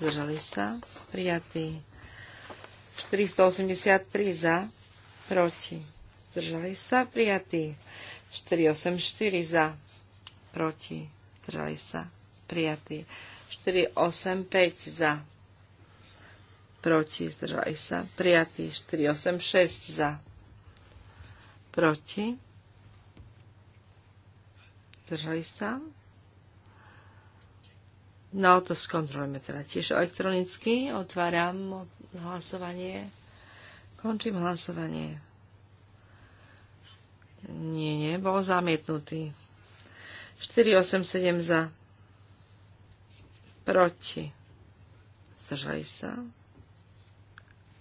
Zdržali sa, prijatý. 483 za, proti. Zdržali sa, prijatý. 484 za, proti. Zdržali sa, prijatý. 485 za, proti. Zdržali sa, prijatý. 486 za, proti, zdržali sa. No, to skontrolujeme teda tiež elektronicky. Otváram hlasovanie. Končím hlasovanie. Nie, nie, bol zamietnutý. 487 za. Proti. Zdržali sa.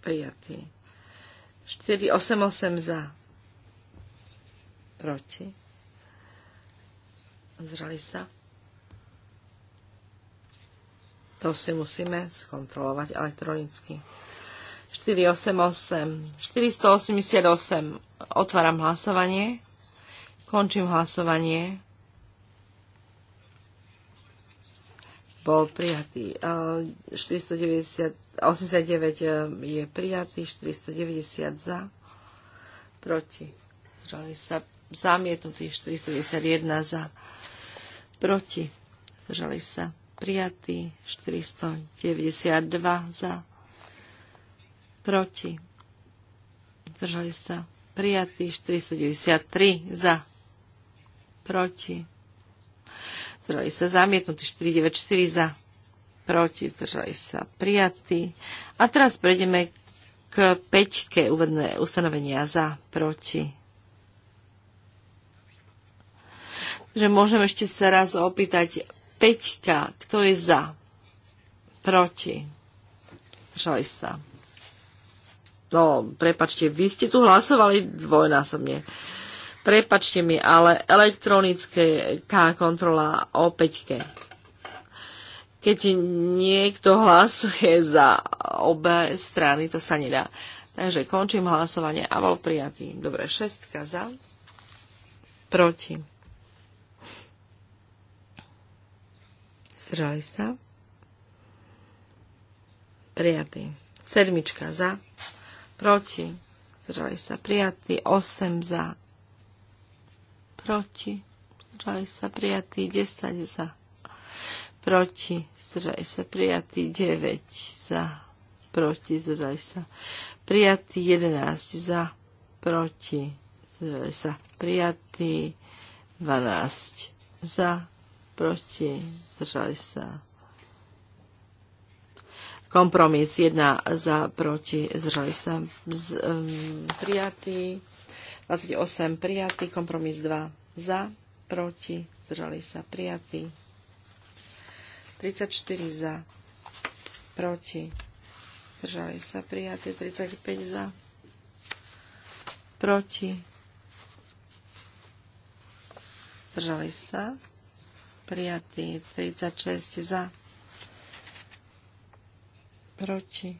Prijatý. 488 za proti, zdržali sa. To si musíme skontrolovať elektronicky. 488, 488. Otváram hlasovanie. Končím hlasovanie. Bol prijatý. 489 e, e, je prijatý, 490 za, proti. Zdržali sa zamietnutý 491 za, proti, zdržali sa prijatí 492 za, proti, zdržali sa prijatí 493 za, proti, zdržali sa zamietnutí 494 za, proti, zdržali sa prijatí. A teraz prejdeme k peťke uvedné ustanovenia za, proti, že môžem ešte sa raz opýtať. Peťka, kto je za? Proti? Žali sa. No, prepačte, vy ste tu hlasovali dvojnásobne. Prepačte mi, ale elektronické kontrola o peťke. Keď niekto hlasuje za obe strany, to sa nedá. Takže končím hlasovanie a bol prijatý. Dobre, šestka za, proti zdržali sa, prijatý. Sedmička za, proti, zdržali sa, prijatý. Osem za, proti, zdržali sa, prijatý. Desať za, proti, zdržali sa, prijatý. Deveť za, proti, zdržali sa, prijatý. Jedenáct za, proti, zdržali sa, prijatý. Dvanáct za, proti, zdržali sa. Kompromis 1 za, proti, zdržali sa. Z, um, prijatý, 28 prijatý, kompromis 2 za, proti, zdržali sa. Prijatý, 34 za, proti, zdržali sa. Prijatý, 35 za, proti, zdržali sa prijatý. 36 za, proti,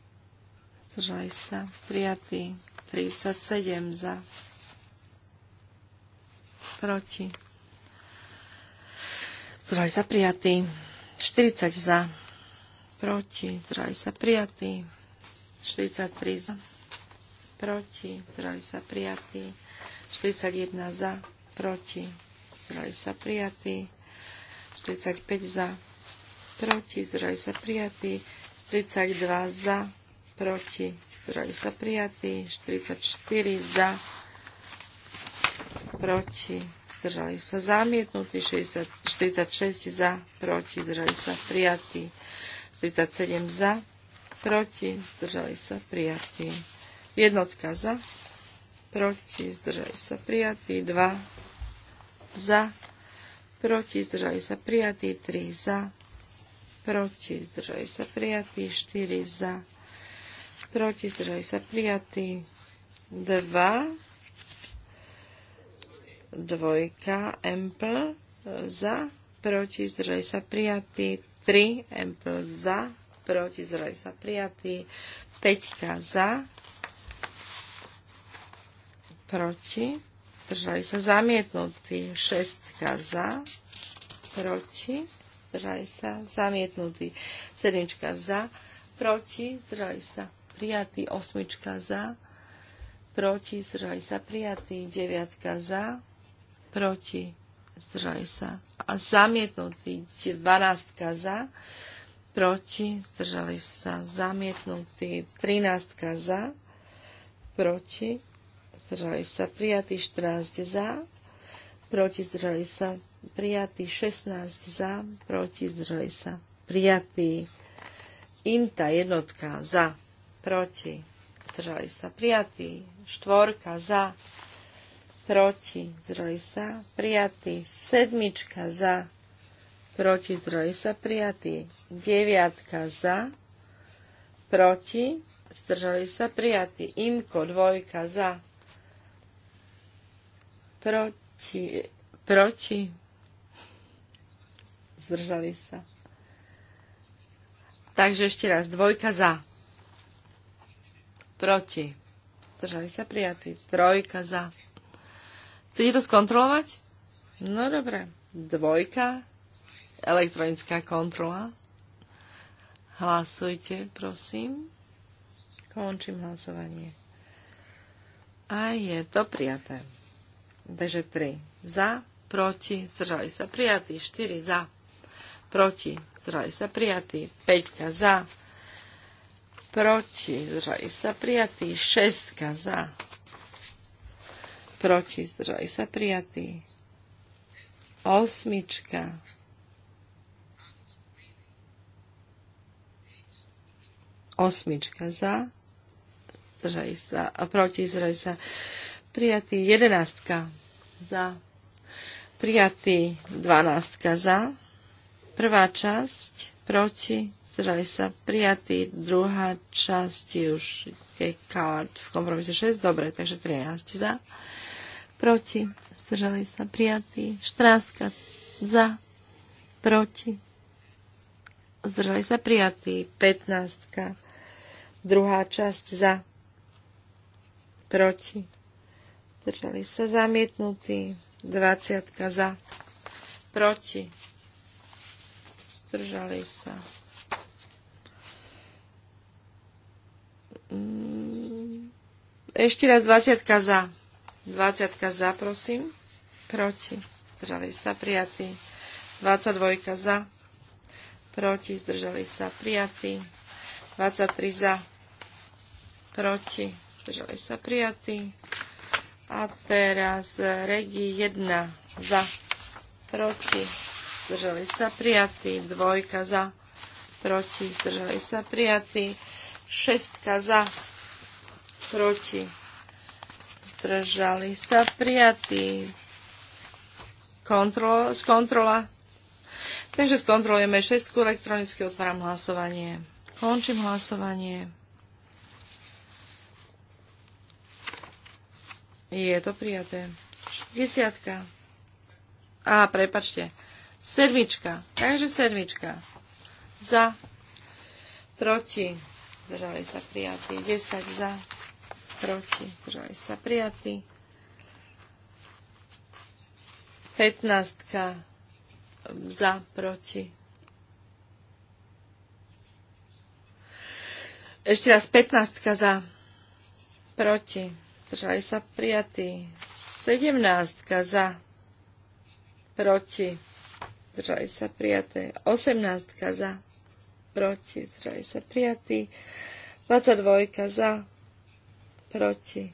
zdržali sa, prijatý. 37 za, proti, zdržali sa, prijatý. 40 za, proti, zdržali sa, prijatý. 43 za, proti, zdržali sa, prijatý. 41 za, proti, zdržali sa, prijatý. 45 za, proti, zdroj sa prijatý, 32 za, proti, zdroj sa prijatý, 44 za, proti, zdržali sa zamietnutí, 46 za, proti, zdržali sa prijatí, 47 za, proti, zdržali sa prijatí, jednotka za, proti, zdržali sa prijatí, 2 za, proti, zdržali sa prijatí, 3 za, proti, zdržali sa prijatí, 4 za, proti, zdržali sa prijatí, 2, dvojka, empl, za, proti, zdržali sa prijatí, 3, empl, za, proti, zdržali sa prijatí, 5 za, proti, zdržali sa zamietnutí. Šestka za, proti, zdržali sa zamietnutí. Sedmička za, proti, zdržali sa prijatí. Osmička za, proti, zdržali sa prijatí. 9 za, proti, zdržali sa. A zamietnutí. 12 za, proti, zdržali sa. Zamietnutí. 13 za, proti, zdržali sa prijatí, 14 za, proti zdržali sa prijatí, 16 za, proti zdržali sa prijatí. Inta jednotka za, proti, zdržali sa prijatí, štvorka za, proti, zdržali sa prijatí, sedmička za, proti, zdržali sa prijatí, deviatka za, proti, zdržali sa prijatí, imko dvojka za, Proti. Proti. Zdržali sa. Takže ešte raz. Dvojka za. Proti. Zdržali sa prijatí. Trojka za. Chcete to skontrolovať? No dobre. Dvojka. Elektronická kontrola. Hlasujte, prosím. Končím hlasovanie. A je to prijaté. Takže 3 za, proti, zdržali sa prijatí, 4 za, proti, zdržali sa prijatí, 5 za, proti, zdržali sa prijatí, 6 za, proti, zdržali sa prijatí, 8 osmička za, zdržali sa, proti, zdržali sa prijatý 11 za, prijatý 12 za, prvá časť proti, zdržali sa prijatý, druhá časť už je card v kompromise 6, dobre, takže 13 za, proti, zdržali sa prijatý, 14 za, proti, zdržali sa prijatý. Petnáctka, druhá časť za, proti, zdržali sa zamietnutí, 20 za, proti, zdržali sa. Mm, ešte raz 20 za. 20 za, prosím. Proti. Zdržali sa prijatí. 22 za. Proti. Zdržali sa prijatí. 23 za. Proti. Zdržali sa prijatí. A teraz eh, regi 1 za, proti, zdržali sa prijatí, dvojka za, proti, zdržali sa prijatí, šestka za, proti, zdržali sa prijatí. Kontrola, skontrola. Takže skontrolujeme šestku elektronicky, otváram hlasovanie. Končím hlasovanie. Je to prijaté. Desiatka. Á, prepačte. Sedmička. Takže sedmička. Za. Proti. Zdržali sa prijatí. 10 za. Proti. Zdržali sa prijatí. 15 za, proti. Ešte raz 15 za, proti. Zdržali sa prijatí. 17 za. Proti. Zdržali sa prijaté. 18 za. Proti. Zdržali sa prijatí. 22 za. Proti.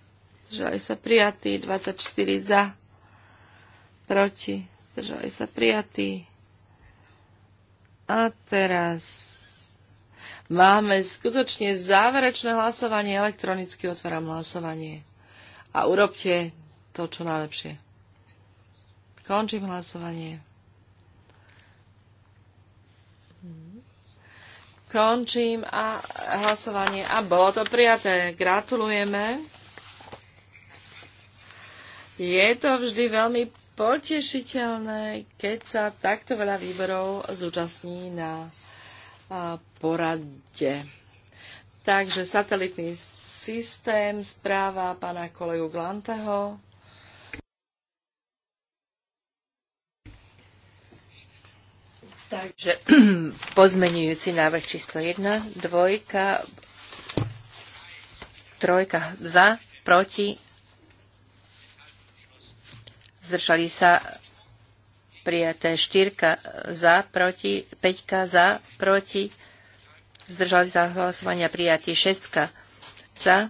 Zdržali sa prijatí. 24 za. Proti. Zdržali sa prijatí. A teraz Máme skutočne záverečné hlasovanie. Elektronicky otváram hlasovanie a urobte to, čo najlepšie. Končím hlasovanie. Končím a hlasovanie a bolo to prijaté. Gratulujeme. Je to vždy veľmi potešiteľné, keď sa takto veľa výborov zúčastní na porade. Takže satelitný systém, správa pána kolegu Glanteho. Takže pozmenujúci návrh číslo 1, 2, 3 za, proti, zdržali sa prijaté 4 za, proti, 5 za, proti, zdržali sa hlasovania prijatí 6 za,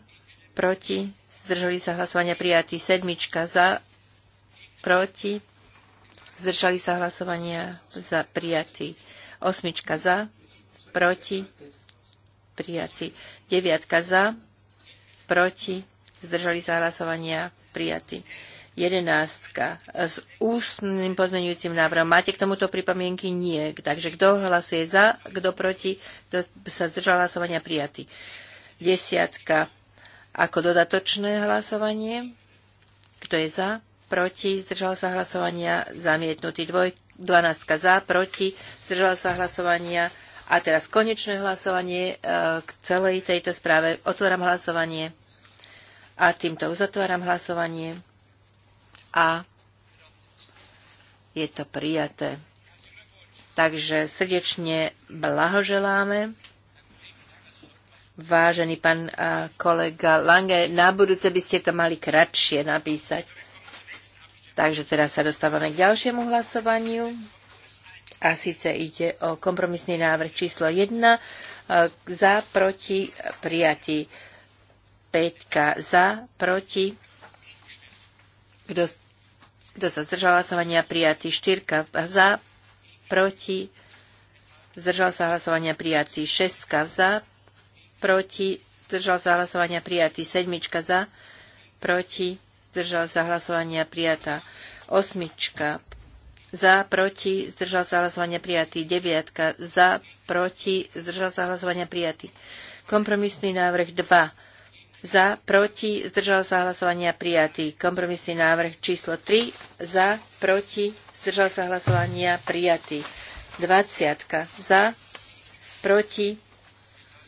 proti, zdržali sa hlasovania prijatí. Sedmička za, proti, zdržali sa hlasovania za prijatí. Osmička za, proti, prijatí. Deviatka za, proti, zdržali sa hlasovania prijatí. Jedenástka. S ústnym pozmeňujúcim návrhom. Máte k tomuto pripomienky? Nie. Takže kto hlasuje za, kto proti, kto sa zdržal hlasovania prijatý. Desiatka ako dodatočné hlasovanie. Kto je za? Proti? Zdržal sa hlasovania? Zamietnutý dvoj. dvanáctka za, proti, zdržal sa hlasovania. A teraz konečné hlasovanie e, k celej tejto správe. Otváram hlasovanie a týmto uzatváram hlasovanie a je to prijaté. Takže srdečne blahoželáme Vážený pán eh, kolega Lange, na budúce by ste to mali kratšie napísať. Takže teraz sa dostávame k ďalšiemu hlasovaniu. A síce ide o kompromisný návrh číslo 1 eh, za, proti, prijatí 5 za, proti. Kto, kto sa zdržal hlasovania, prijatý. 4 za, proti. Zdržal sa hlasovania, prijatý. 6 za, proti, zdržal sa hlasovania prijatý. Sedmička za, proti, zdržal sa hlasovania prijatá. Osmička za, proti, zdržal sa hlasovania prijatý. Deviatka za, proti, zdržal sa hlasovania prijatý. Kompromisný návrh 2. Za, proti, zdržal sa hlasovania prijatý. Kompromisný návrh číslo 3. Za, proti, zdržal sa hlasovania prijatý. 20. Za, proti,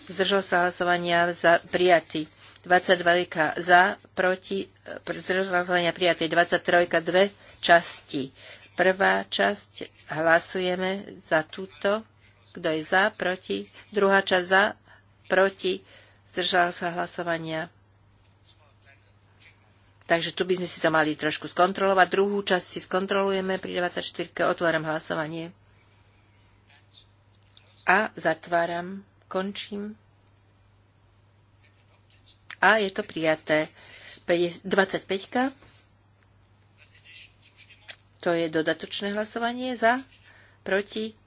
zdržal sa hlasovania za prijatý. 22 za, proti, zdržal sa hlasovania prijatý. 23 dve časti. Prvá časť hlasujeme za túto, kto je za, proti. Druhá časť za, proti, zdržal sa hlasovania. Takže tu by sme si to mali trošku skontrolovať. Druhú časť si skontrolujeme pri 24. Otváram hlasovanie. A zatváram. Končím. A je to prijaté. 25. To je dodatočné hlasovanie za, proti,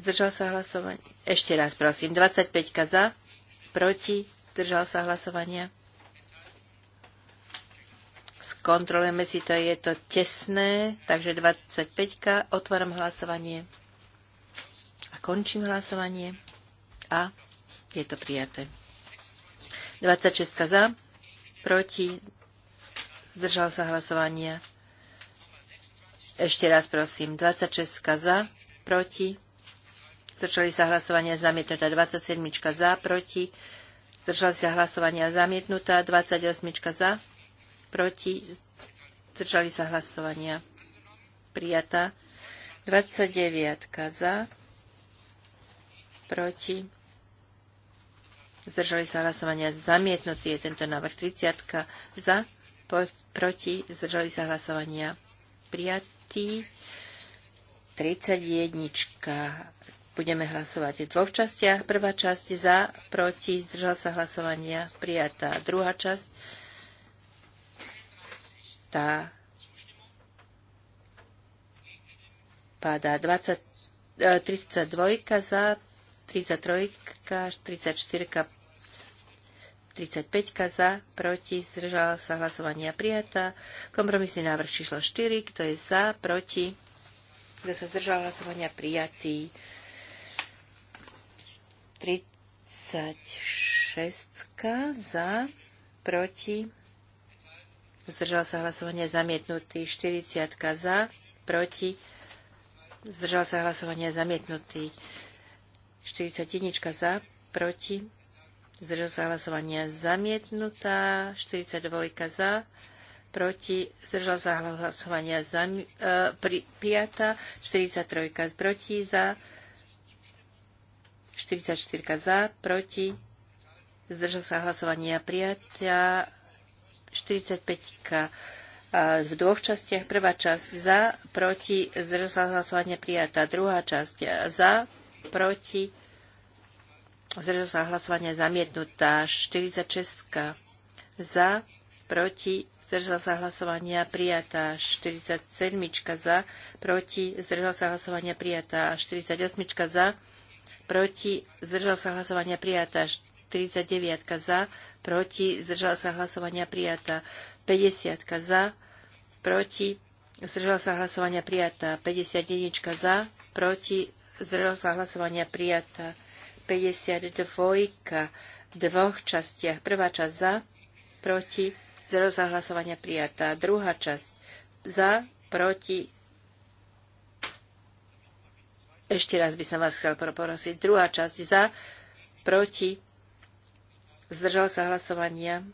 zdržal sa hlasovanie. Ešte raz prosím, 25 za, proti, zdržal sa hlasovania. Skontrolujeme si to, je to tesné, takže 25 otváram hlasovanie a končím hlasovanie a je to prijaté. 26 za, proti, zdržal sa hlasovania. Ešte raz prosím, 26 za, proti, zdržali sa hlasovania zamietnutá, 27 za, proti, zdržali sa hlasovania zamietnutá, 28 za, proti, zdržali sa hlasovania prijatá, 29 za, proti, zdržali sa hlasovania zamietnutý je tento návrh 30 za, po, proti, zdržali sa hlasovania prijatý 31. Budeme hlasovať v dvoch častiach. Prvá časť za, proti, zdržal sa hlasovania prijatá. Druhá časť tá páda 20, 32 za, 33, 34, 35 za, proti, zdržala sa hlasovania prijatá. Kompromisný návrh číslo 4, kto je za, proti, kto sa zdržal hlasovania prijatý. 36 za, proti, zdržal sa hlasovania zamietnutý. 40 za, proti, zdržal sa hlasovania zamietnutý. 41 za, proti, zdržal sa hlasovania zamietnutá, 42 za, proti, zdržal sa hlasovania zami, uh, pri, prijatá, 43 proti, za, 44 za, proti, zdržal sa hlasovania prijatá, 45 e, v dvoch častiach. Prvá časť za, proti, zdržal sa hlasovania prijatá. Druhá časť za, proti, zdržal sa hlasovania zamietnutá, 46 za, proti, zdržal sa hlasovania prijatá, 47 za, proti, zdržal sa hlasovania prijatá, 48 za, proti, zdržal sa hlasovania prijatá, 49 za, proti, zdržal sa hlasovania prijatá, 50 za, proti, zdržal sa hlasovania prijatá, 51 za, proti, zdržal sa hlasovania prijatá. 52 v dvoch častiach. Prvá časť za, proti, zdržal sa hlasovania prijatá. Druhá časť za, proti. Ešte raz by som vás chcel poprosiť. Druhá časť za, proti, zdržal sa hlasovania.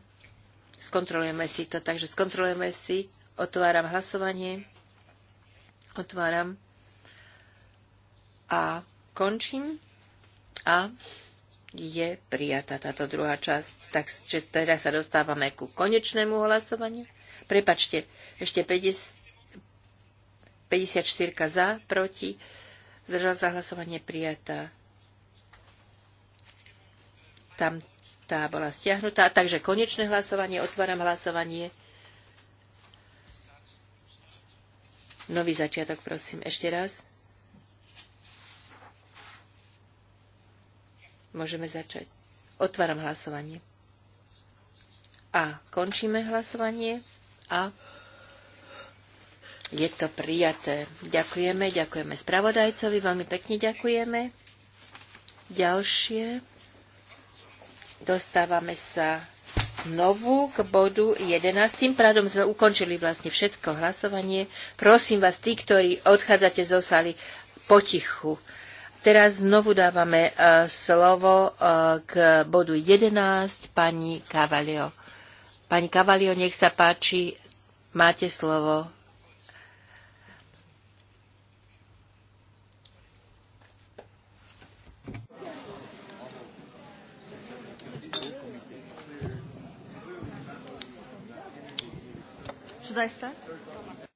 Skontrolujeme si to, takže skontrolujeme si. Otváram hlasovanie. Otváram a končím a je prijatá táto druhá časť. Takže teraz sa dostávame ku konečnému hlasovaniu. Prepačte, ešte 50, 54 za, proti. Zdržal sa hlasovanie prijatá. Tam tá bola stiahnutá. Takže konečné hlasovanie, otváram hlasovanie. Nový začiatok, prosím, ešte raz. Môžeme začať. Otváram hlasovanie. A končíme hlasovanie. A je to prijaté. Ďakujeme, ďakujeme spravodajcovi, veľmi pekne ďakujeme. Ďalšie. Dostávame sa znovu k bodu 11. Tým pádom sme ukončili vlastne všetko hlasovanie. Prosím vás, tí, ktorí odchádzate zo sály, potichu. Teraz znovu dávame uh, slovo uh, k bodu 11 pani Cavalio. Pani Cavalio, nech sa páči, máte slovo.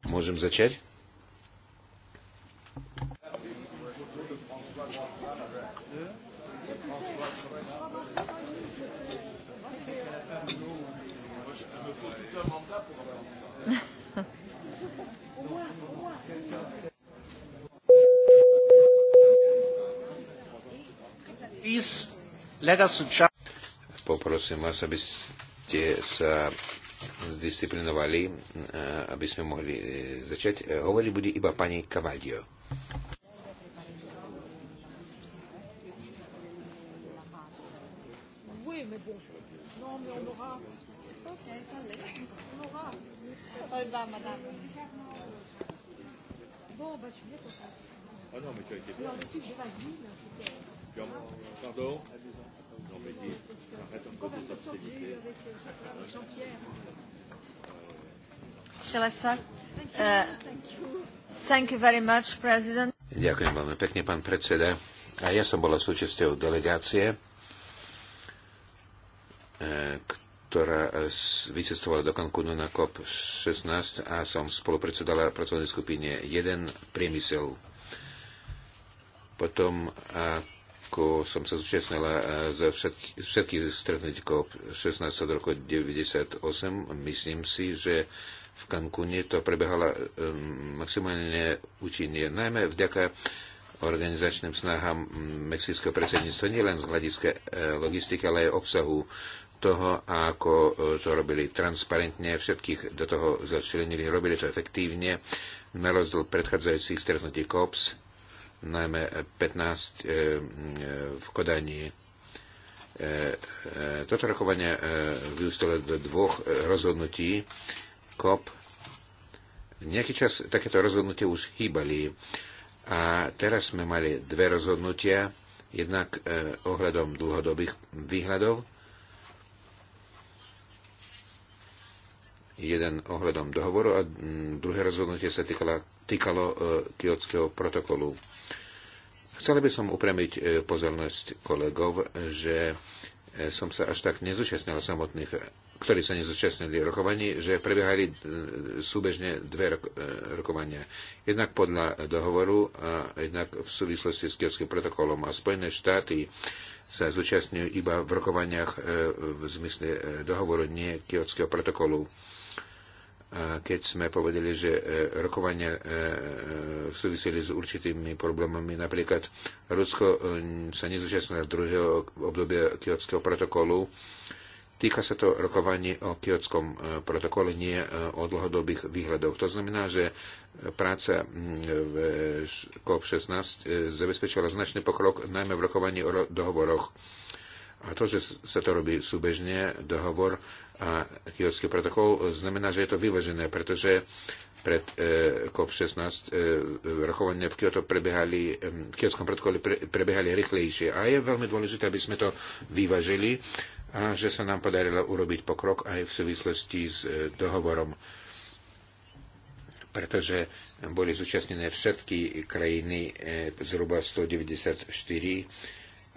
Môžem začať? Poprosím vás, aby ste sa zdisciplinovali, eh, aby sme mohli eh, začať. Eh, Hovoriť bude iba pani Cavaldio. parole va madame. Bon, bah, oh, je suis bien contente. non, mais tu as été bonne. Non, depuis que j'ai pas vu, c'était... Euh, pardon Non, mais dis, arrête un peu tes obscénités. Euh, euh, Shall I uh, thank you very much, President. Ďakujem veľmi pekne, pán predseda. A ja som bola súčasťou delegácie, eh, ktorá e, vycestovala do Cancúnu na COP16 a som spolupredsedala pracovnej skupine 1 priemysel. Potom ako som sa zúčastnila e, za všetky, všetkých stretnutí COP16 od roku 1998, myslím si, že v Cancúne to prebehalo e, maximálne účinne, najmä vďaka organizačným snahám mexického predsedníctva nielen z hľadiska logistiky, ale aj obsahu toho, ako e, to robili transparentne, všetkých do toho začlenili, robili to efektívne, na rozdiel predchádzajúcich stretnutí COPS, najmä 15 e, e, v Kodani. Toto rokovanie vyústilo do dvoch rozhodnutí COP. Nejaký čas takéto rozhodnutie už chýbali a teraz sme mali dve rozhodnutia, jednak ohľadom dlhodobých výhľadov Jeden ohľadom dohovoru a mm, druhé rozhodnutie sa týkala, týkalo e, kiotského protokolu. Chcel by som upremiť e, pozornosť kolegov, že e, som sa až tak nezúčastnil samotných ktorí sa nezúčastnili rokovaní, že prebiehali e, súbežne dve e, rokovania. Jednak podľa dohovoru a jednak v súvislosti s Kielským protokolom. A Spojené štáty sa zúčastňujú iba v rokovaniach e, v zmysle dohovoru, nie Kielského protokolu. A keď sme povedali, že rokovania súviseli s určitými problémami, napríklad Rusko sa nezúčastnilo druhého obdobia Kielského protokolu, Týka sa to rokovanie o kiotskom e, protokole, nie e, o dlhodobých výhľadoch. To znamená, že e, práca v COP16 zabezpečila značný pokrok, najmä v rokovaní o dohovoroch. A to, že sa to robí súbežne, dohovor a kiotský protokol, znamená, že je to vyvážené, pretože pred COP16 rokovania v Kyoto prebiehali, v kiotskom protokole prebiehali rýchlejšie. A je veľmi dôležité, aby sme to vyvážili a že sa nám podarilo urobiť pokrok aj v súvislosti s e, dohovorom, pretože boli zúčastnené všetky krajiny, e, zhruba 194,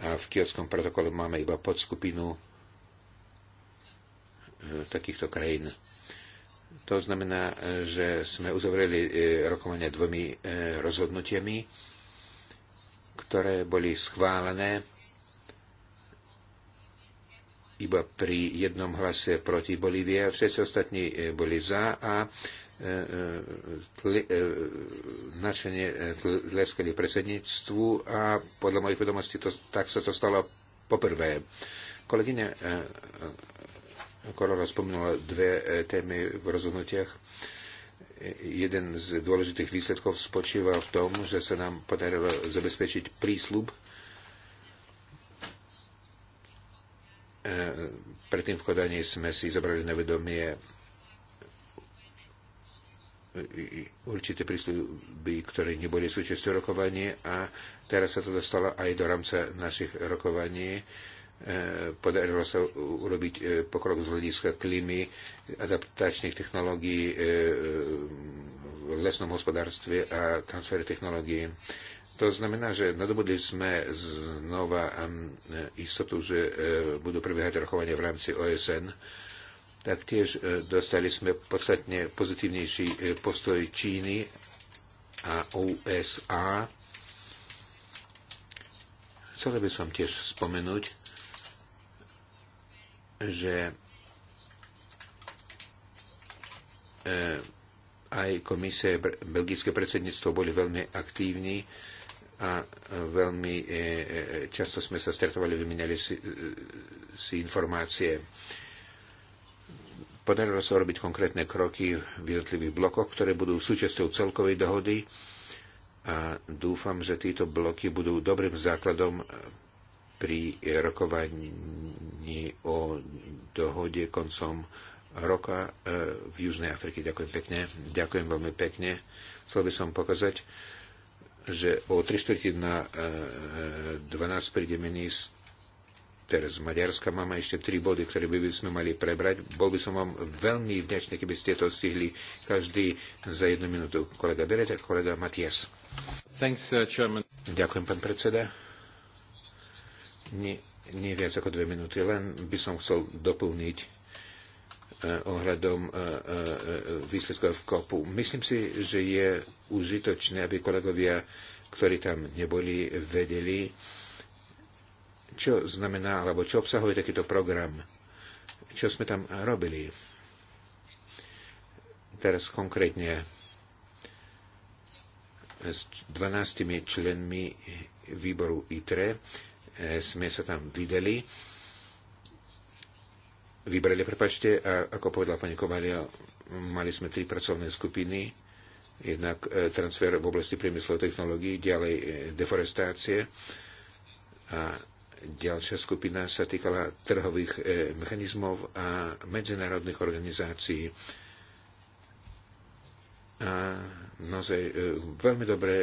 a v kiotskom protokole máme iba podskupinu e, takýchto krajín. To znamená, že sme uzavreli rokovania dvomi rozhodnutiami, ktoré boli schválené iba pri jednom hlase proti Bolívie a všetci ostatní e, boli za a e, e, načenie tleskali predsedníctvu a podľa mojich vedomostí to, tak sa to stalo poprvé. Kolegyňa Korola spomínala dve témy v rozhodnutiach. Jeden z dôležitých výsledkov spočíval v tom, že sa nám podarilo zabezpečiť prísľub E, predtým v Kodani sme si zobrali na vedomie určité prísľuby, ktoré neboli súčasťou rokovanie a teraz sa to dostalo aj do rámca našich rokovaní. E, podarilo sa urobiť e, pokrok z hľadiska klímy, adaptačných technológií v lesnom hospodárstve a transfery technológií. To znamená, že nadobudli sme znova eh, istotu, že eh, budú prebiehať rokovania v rámci OSN. Taktiež eh, dostali sme podstatne pozitívnejší postoj Číny a USA. Chcel by som tiež spomenúť, že aj komisie, belgické predsedníctvo boli veľmi aktívni a e, veľmi e, e, často sme sa stretovali, vymenali si, si informácie. Podarilo sa robiť konkrétne kroky v jednotlivých blokoch, ktoré budú súčasťou celkovej dohody a dúfam, že títo bloky budú dobrým základom pri rokovaní o dohode koncom roka v Južnej Afrike. Ďakujem pekne. Ďakujem veľmi pekne. Chcel by som pokazať, že o 3 na 12 príde minister z Maďarska. Máme ešte 3 body, ktoré by sme mali prebrať. Bol by som vám veľmi vďačný, keby ste to stihli každý za jednu minútu. Kolega Beret a kolega Matias. Thanks, uh, Ďakujem, pán predseda. Nie, nie viac ako dve minúty, len by som chcel doplniť E, ohľadom e, e, výsledkov v kopu. Myslím si, že je užitočné, aby kolegovia, ktorí tam neboli, vedeli, čo znamená, alebo čo obsahuje takýto program, čo sme tam robili. Teraz konkrétne s 12 členmi výboru ITRE sme sa tam videli vybrali, prepačte, a ako povedala pani Kovalia, mali sme tri pracovné skupiny, jednak e, transfer v oblasti priemyslu technológií, ďalej e, deforestácie a ďalšia skupina sa týkala trhových e, mechanizmov a medzinárodných organizácií. A naozaj veľmi dobre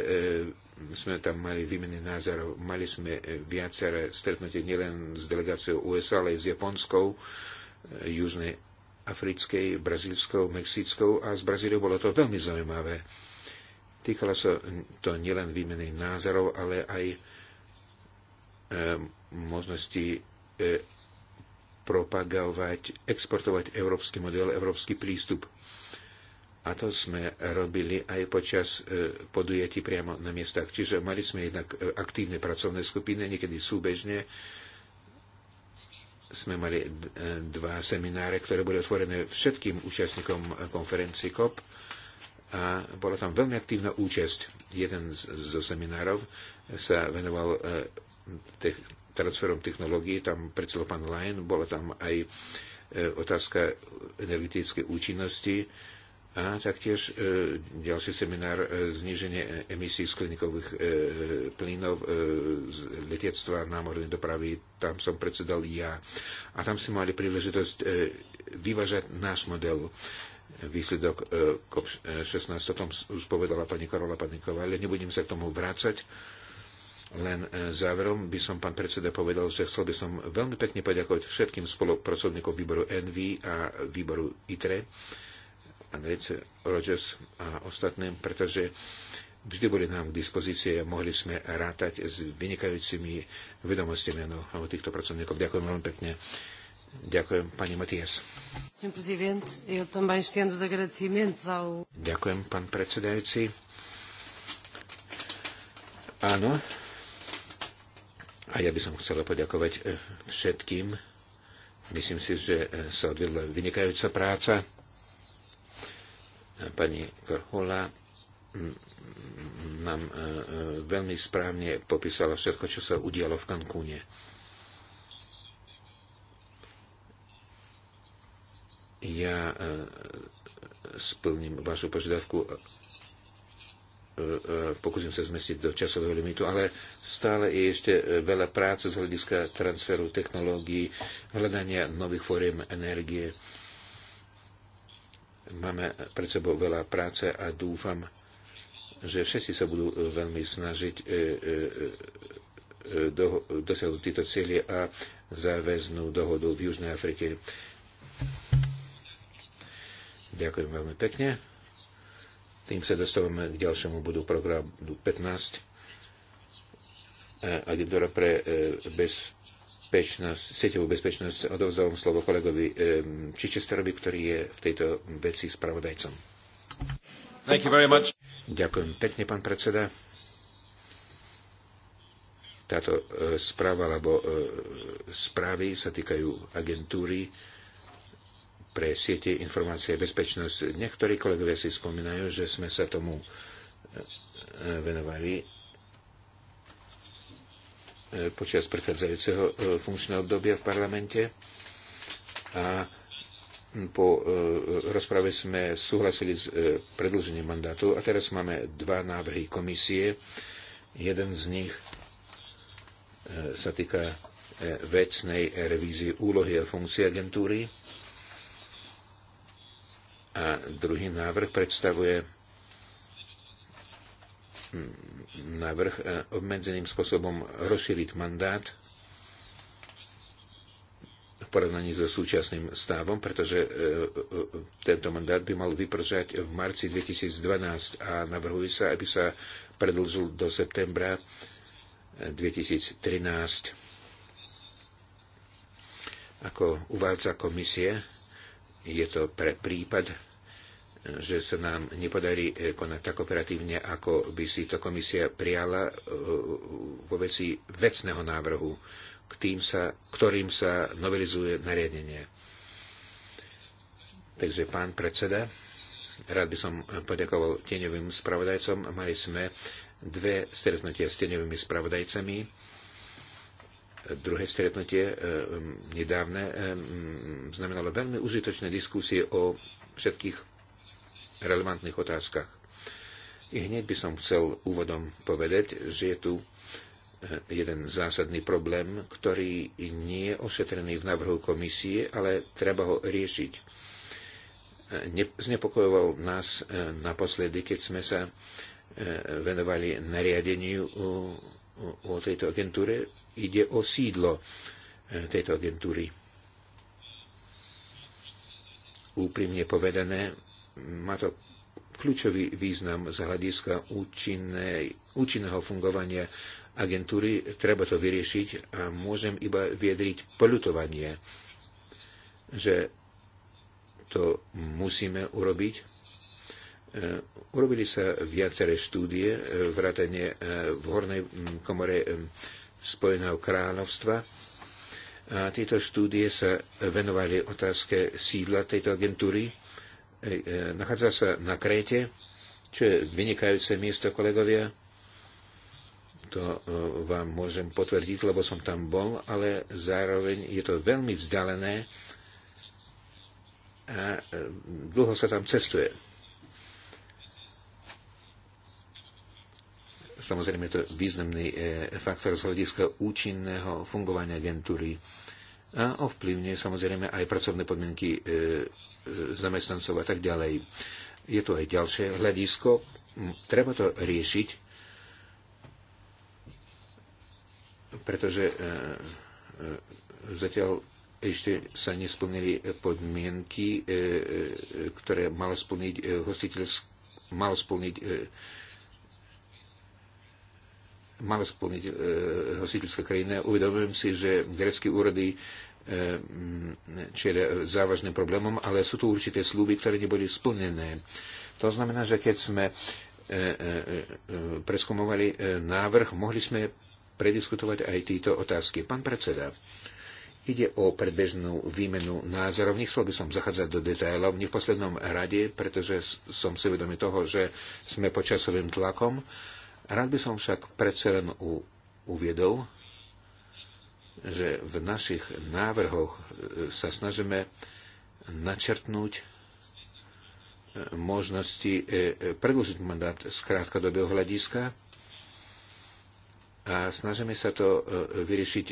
sme tam mali výmeny názorov. Mali sme viaceré stretnutie nielen s delegáciou USA, ale aj s Japonskou Južnej Africkej, Brazílskou, Mexickou a s Brazíliou bolo to veľmi zaujímavé. Týkalo sa to nielen výmeny názorov, ale aj e, možnosti e, propagovať, exportovať európsky model, európsky prístup. A to sme robili aj počas e, podujatí priamo na miestach. Čiže mali sme jednak aktívne pracovné skupiny, niekedy súbežne, sme mali e, dva semináre, ktoré boli otvorené všetkým účastníkom konferencii COP a bola tam veľmi aktívna účasť. Jeden zo seminárov sa venoval e, te- transferom technológií, tam predsedol pán Lyon, bola tam aj e, otázka energetickej účinnosti, a taktiež e, ďalší seminár e, zniženie emisí skleníkových e, plynov z letectva námornej dopravy. Tam som predsedal ja. A tam si mali príležitosť vyvažať náš model. Výsledok COP16 o tom už povedala pani Karola Padníková, ale nebudem sa k tomu vrácať. Len záverom by som, pán predseda, povedal, že chcel by som veľmi pekne poďakovať všetkým spolupracovníkom výboru NV a výboru ITRE Andrej Rogers a ostatným, pretože vždy boli nám k dispozícii a mohli sme rátať s vynikajúcimi vedomostiami no, o týchto pracovníkov. Ďakujem veľmi pekne. Ďakujem, pani Matias. Ďakujem, pán predsedajúci. Áno. A ja by som chcela poďakovať eh, všetkým. Myslím si, že eh, sa odvedla vynikajúca práca. Pani Korhola nám e, e, veľmi správne popísala všetko, čo sa udialo v Cancúne. Ja e, splním vašu požiadavku pokúsim sa zmestiť do časového limitu, ale stále je ešte veľa práce z hľadiska transferu technológií, hľadania nových fóriem energie. Máme pred sebou veľa práce a dúfam, že všetci sa budú veľmi snažiť e, e, e, do, dosiahnuť tieto cieľe a záväznú dohodu v Južnej Afrike. Ďakujem veľmi pekne. Tým sa dostávame k ďalšiemu bodu programu 15. Agentúra pre bez bezpečnosť, sieťovú bezpečnosť, odovzdávam slovo kolegovi Čičesterovi, ktorý je v tejto veci spravodajcom. Thank you very much. Ďakujem pekne, pán predseda. Táto e, správa alebo e, správy sa týkajú agentúry pre siete informácie a bezpečnosť. Niektorí kolegovia si spomínajú, že sme sa tomu e, venovali E, počas prechádzajúceho e, funkčného obdobia v parlamente a po e, rozprave sme súhlasili s predlžením mandátu a teraz máme dva návrhy komisie. Jeden z nich sa týka vecnej revízie úlohy a funkcie agentúry a druhý návrh predstavuje návrh e, obmedzeným spôsobom rozšíriť mandát v porovnaní so súčasným stavom, pretože e, e, tento mandát by mal vypržať v marci 2012 a navrhuje sa, aby sa predlžil do septembra 2013 ako uvádza komisie, je to pre prípad, že sa nám nepodarí eh, konať tak operatívne, ako by si to komisia prijala eh, vo veci vecného návrhu, k tým sa, ktorým sa novelizuje nariadenie. Takže pán predseda, rád by som poďakoval tieňovým spravodajcom. Mali sme dve stretnutia s tieňovými spravodajcami. Druhé stretnutie, eh, nedávne, znamenalo veľmi užitočné diskusie o všetkých relevantných otázkach. I hneď by som chcel úvodom povedať, že je tu eh, jeden zásadný problém, ktorý nie je ošetrený v návrhu komisie, ale treba ho riešiť. Eh, znepokojoval nás eh, naposledy, keď sme sa venovali nariadeniu o tejto agentúre. Ide o sídlo tejto agentúry. Úprimne povedané, má to kľúčový význam z hľadiska účinnej, účinného fungovania agentúry. Treba to vyriešiť a môžem iba viedriť polutovanie, že to musíme urobiť. E, urobili sa viaceré štúdie, e, vrátane e, v hornej komore Spojeného kráľovstva. A tieto štúdie sa venovali otázke sídla tejto agentúry E, nachádza sa na Kréte, čo je vynikajúce miesto, kolegovia. To e, vám môžem potvrdiť, lebo som tam bol, ale zároveň je to veľmi vzdialené a e, dlho sa tam cestuje. Samozrejme, je to významný faktor z hľadiska účinného fungovania agentúry a ovplyvňuje samozrejme aj pracovné podmienky zamestnancov a tak ďalej. Je to aj ďalšie hľadisko. Treba to riešiť, pretože e, e, zatiaľ ešte sa nesplnili podmienky, e, ktoré mal splniť hostiteľský mal splniť mal splniť e, hostiteľská krajina. Uvedomujem si, že grecké úrady E, čili závažným problémom, ale sú tu určité slúby, ktoré neboli splnené. To znamená, že keď sme e, e, preskumovali návrh, mohli sme prediskutovať aj tieto otázky. Pán predseda, Ide o predbežnú výmenu názorov. Nechcel by som zachádzať do detailov, nie v poslednom rade, pretože som si vedomý toho, že sme pod časovým tlakom. Rád by som však predsa len uviedol, že v našich návrhoch e, sa snažíme načrtnúť e, možnosti e, predlžiť mandát z krátkodobého hľadiska a snažíme sa to vyriešiť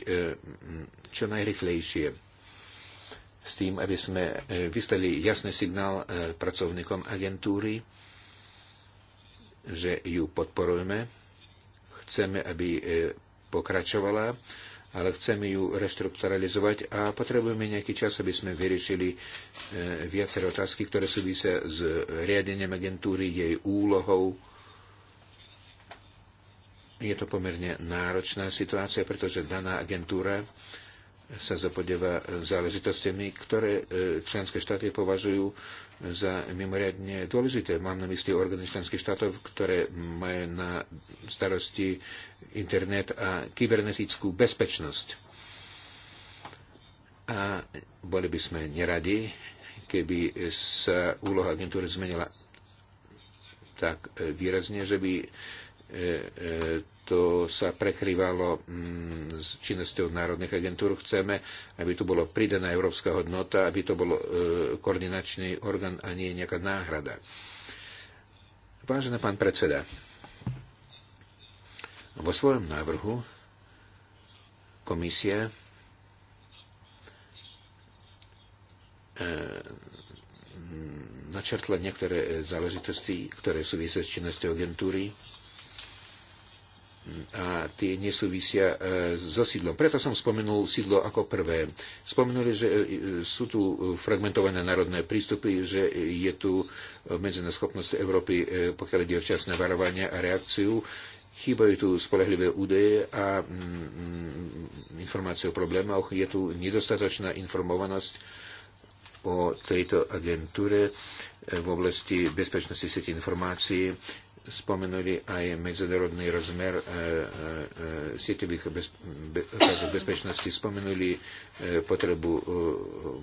čo najrychlejšie s tým, aby sme vyslali jasný signál pracovníkom agentúry, že ju podporujeme, chceme, aby pokračovala ale chceme ju reštrukturalizovať a potrebujeme nejaký čas, aby sme vyriešili e, viaceré otázky, ktoré súvisia s riadením agentúry, jej úlohou. Je to pomerne náročná situácia, pretože daná agentúra sa zapodieva záležitostiami, ktoré e, členské štáty považujú za mimoriadne dôležité. Mám na mysli orgány členských štátov, ktoré majú na starosti internet a kybernetickú bezpečnosť. A boli by sme neradi, keby sa úloha agentúry zmenila tak výrazne, že by E, e, to sa prekrývalo mm, s činnosťou národných agentúr. Chceme, aby tu bolo pridaná európska hodnota, aby to bol e, koordinačný orgán a nie nejaká náhrada. Vážený pán predseda, vo svojom návrhu komisia načrtla niektoré záležitosti, ktoré súvisia s činnosťou agentúry a tie nesúvisia e, so sídlom. Preto som spomenul sídlo ako prvé. Spomenuli, že e, sú tu fragmentované národné prístupy, že je tu medzená schopnosť Európy, e, pokiaľ ide včasné varovanie a reakciu. Chýbajú tu spolehlivé údaje a mm, mm, informácie o problémoch. Je tu nedostatočná informovanosť o tejto agentúre v oblasti bezpečnosti siete informácií spomenuli aj medzinárodný rozmer e, e, e, sieťových bez, bezpečnosti, spomenuli potrebu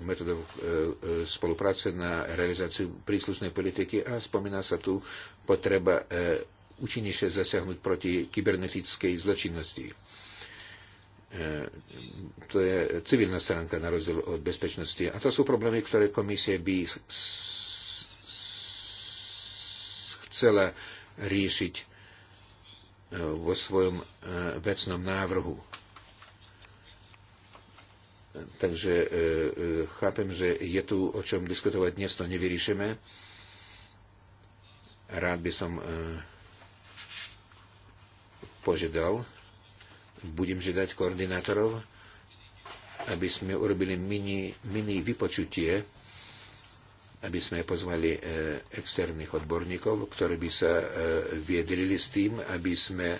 metodov spolupráce na realizáciu príslušnej politiky a spomína sa tu potreba účinnejšie zasiahnuť proti kybernetickej zločinnosti. To je civilná stránka na rozdiel od bezpečnosti. A to sú problémy, ktoré komisie by chcela riešiť e, vo svojom e, vecnom návrhu. Takže e, chápem, že je tu o čom diskutovať. Dnes to nevyriešime. Rád by som požiadal, budem žiadať koordinátorov, aby sme urobili mini, mini vypočutie aby sme pozvali e, externých odborníkov, ktorí by sa e, viedrili s tým, aby sme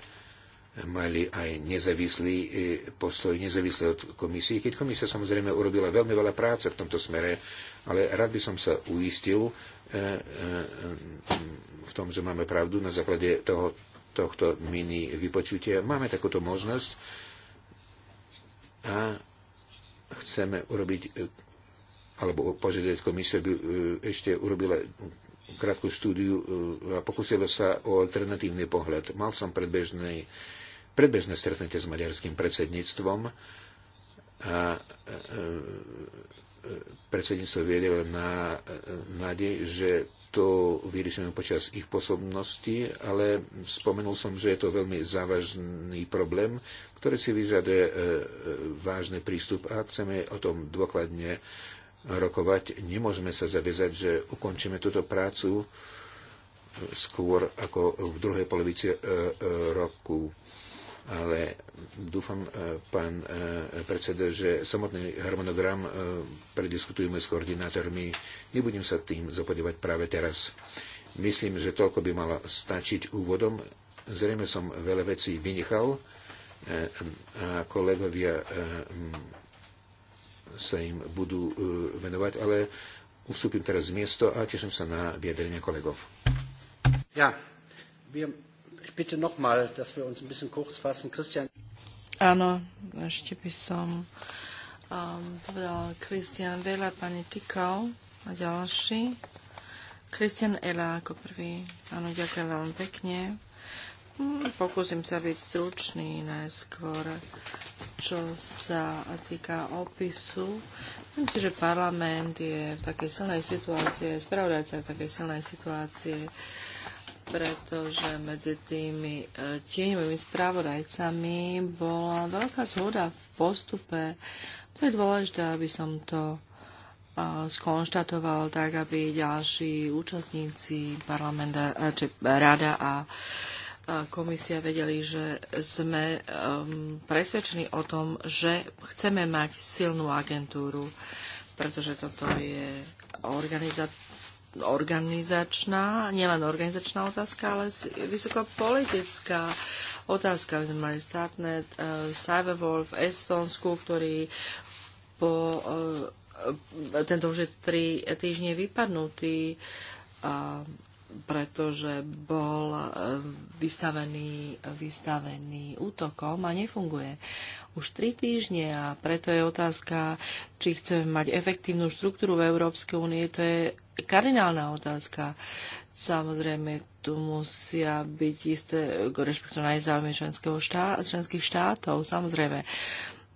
mali aj nezávislý e, postoj, nezávislý od komisie, keď komisia samozrejme urobila veľmi veľa práce v tomto smere, ale rád by som sa uistil v tom, že máme pravdu na základe toho, tohto mini vypočutia. Máme takúto možnosť a chceme urobiť alebo požiadať komisiu, aby e, ešte urobila krátku štúdiu e, a pokúsila sa o alternatívny pohľad. Mal som predbežné, predbežné stretnutie s maďarským predsedníctvom a e, predsedníctvo viedelo na nádej, že to vyriešime počas ich posobnosti, ale spomenul som, že je to veľmi závažný problém, ktorý si vyžaduje vážny prístup a chceme o tom dôkladne rokovať. Nemôžeme sa zaviazať, že ukončíme túto prácu skôr ako v druhej polovici e, e, roku. Ale dúfam, e, pán predseda, že samotný harmonogram prediskutujeme s koordinátormi. Nebudem sa tým zapodívať práve teraz. Myslím, že toľko by malo stačiť úvodom. Zrejme som veľa vecí vynechal a kolegovia sa im budú e, venovať, ale ustúpim teraz z miesto a teším sa na vyjadrenia kolegov. Ja, wir, ich bitte nochmal, dass wir uns ein bisschen kurz fassen. Christian. Áno, ešte by som um, povedal Christian Vela, pani Tikal a ďalší. Christian Ela ako prvý. Áno, ďakujem veľmi pekne. Mm, pokúsim sa byť stručný najskôr čo sa týka opisu, myslím si, že parlament je v takej silnej situácie, spravodajca je v takej silnej situácii, pretože medzi tými e, tieňovými spravodajcami bola veľká zhoda v postupe. To je dôležité, aby som to e, skonštatoval tak, aby ďalší účastníci parlamenta, e, či rada a komisia vedeli, že sme um, presvedčení o tom, že chceme mať silnú agentúru, pretože toto je organiza- organizačná, nielen organizačná otázka, ale vysokopolitická otázka. My sme mali Statnet, uh, Cyberwolf v Estonsku, ktorý po uh, tento už je tri týždne vypadnutý. Uh, pretože bol eh, vystavený, vystavený útokom a nefunguje už tri týždne a preto je otázka, či chceme mať efektívnu štruktúru v Európskej únie, to je kardinálna otázka. Samozrejme, tu musia byť isté, rešpektu štát, členských štátov, samozrejme.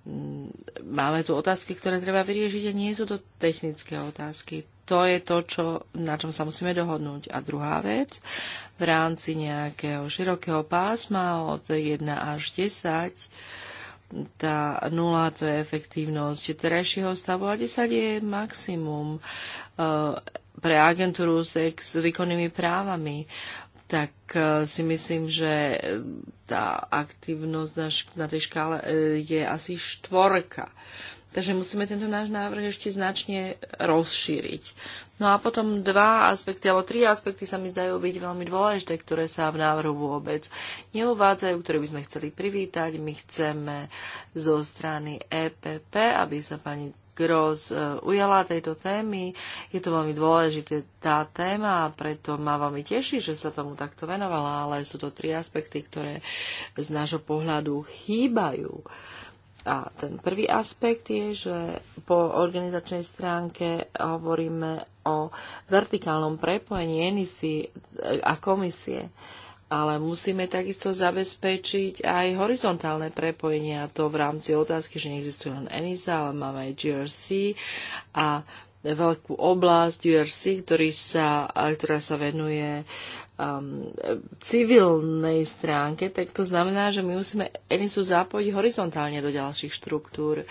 Mm, máme tu otázky, ktoré treba vyriešiť a nie sú to technické otázky. To je to, čo, na čom sa musíme dohodnúť. A druhá vec, v rámci nejakého širokého pásma od 1 až 10, tá 0 to je efektívnosť terajšieho stavu a 10 je maximum eh, pre agentúru s výkonnými právami tak e, si myslím, že tá aktivnosť na, tej škále e, je asi štvorka. Takže musíme tento náš návrh ešte značne rozšíriť. No a potom dva aspekty, alebo tri aspekty sa mi zdajú byť veľmi dôležité, ktoré sa v návrhu vôbec neuvádzajú, ktoré by sme chceli privítať. My chceme zo strany EPP, aby sa pani Gross e, ujala tejto témy. Je to veľmi dôležité tá téma preto ma veľmi teší, že sa tomu takto venovala, ale sú to tri aspekty, ktoré z nášho pohľadu chýbajú. A ten prvý aspekt je, že po organizačnej stránke hovoríme o vertikálnom prepojení ENISY e, a komisie. Uh, ale musíme takisto zabezpečiť aj horizontálne prepojenia. To v rámci otázky, že neexistuje len ENISA, ale máme aj GRC a veľkú oblasť URC, ktorý sa, ktorá sa venuje um, civilnej stránke, tak to znamená, že my musíme ENISu zapojiť horizontálne do ďalších štruktúr.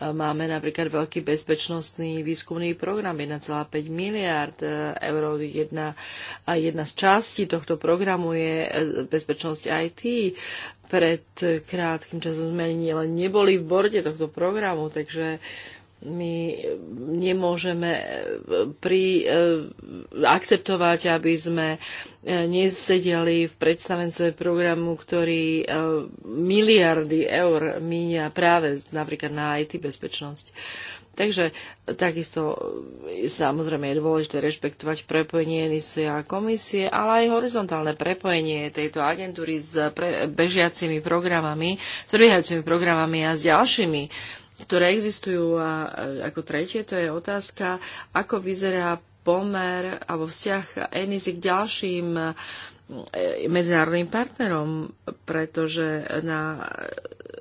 Um, máme napríklad veľký bezpečnostný výskumný program 1,5 miliard uh, eur. Jedna, a jedna z častí tohto programu je uh, bezpečnosť IT. Pred krátkým časom sme ani neboli v borde tohto programu, takže uh, my nemôžeme eh, pri, eh, akceptovať, aby sme eh, nesedeli v predstavenstve programu, ktorý miliardy eur míňa práve napríklad na IT bezpečnosť. Takže takisto samozrejme je dôležité rešpektovať prepojenie NISA a komisie, ale aj horizontálne prepojenie tejto agentúry s pre, bežiacimi programami, s prebiehajúcimi programami a s ďalšími ktoré existujú. A ako tretie to je otázka, ako vyzerá pomer alebo vzťah ENISY k ďalším e, medzinárodným partnerom, pretože na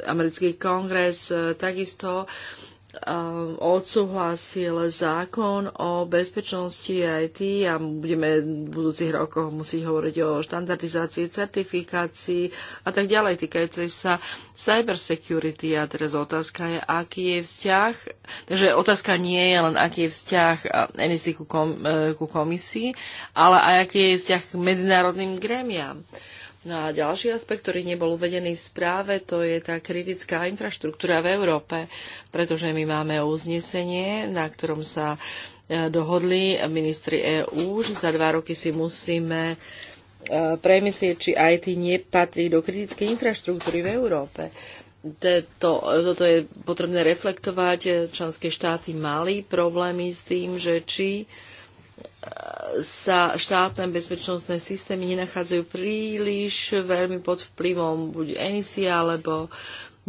americký kongres e, takisto Eh, odsúhlasil zákon o bezpečnosti IT a budeme v budúcich rokoch musieť hovoriť o štandardizácii, certifikácii a tak ďalej, týkajúcej sa cyber security. A teraz otázka je, aký je vzťah, takže otázka nie je len, aký je vzťah eh, NSI ku, kom, eh, ku komisii, ale aj aký je vzťah k medzinárodným grémiám. No a ďalší aspekt, ktorý nebol uvedený v správe, to je tá kritická infraštruktúra v Európe, pretože my máme uznesenie, na ktorom sa e, dohodli ministri EÚ, že za dva roky si musíme e, premyslieť, či IT nepatrí do kritickej infraštruktúry v Európe. Toto, toto je potrebné reflektovať. Členské štáty mali problémy s tým, že či uh, sa štátne bezpečnostné systémy nenachádzajú príliš veľmi pod vplyvom buď NSI e alebo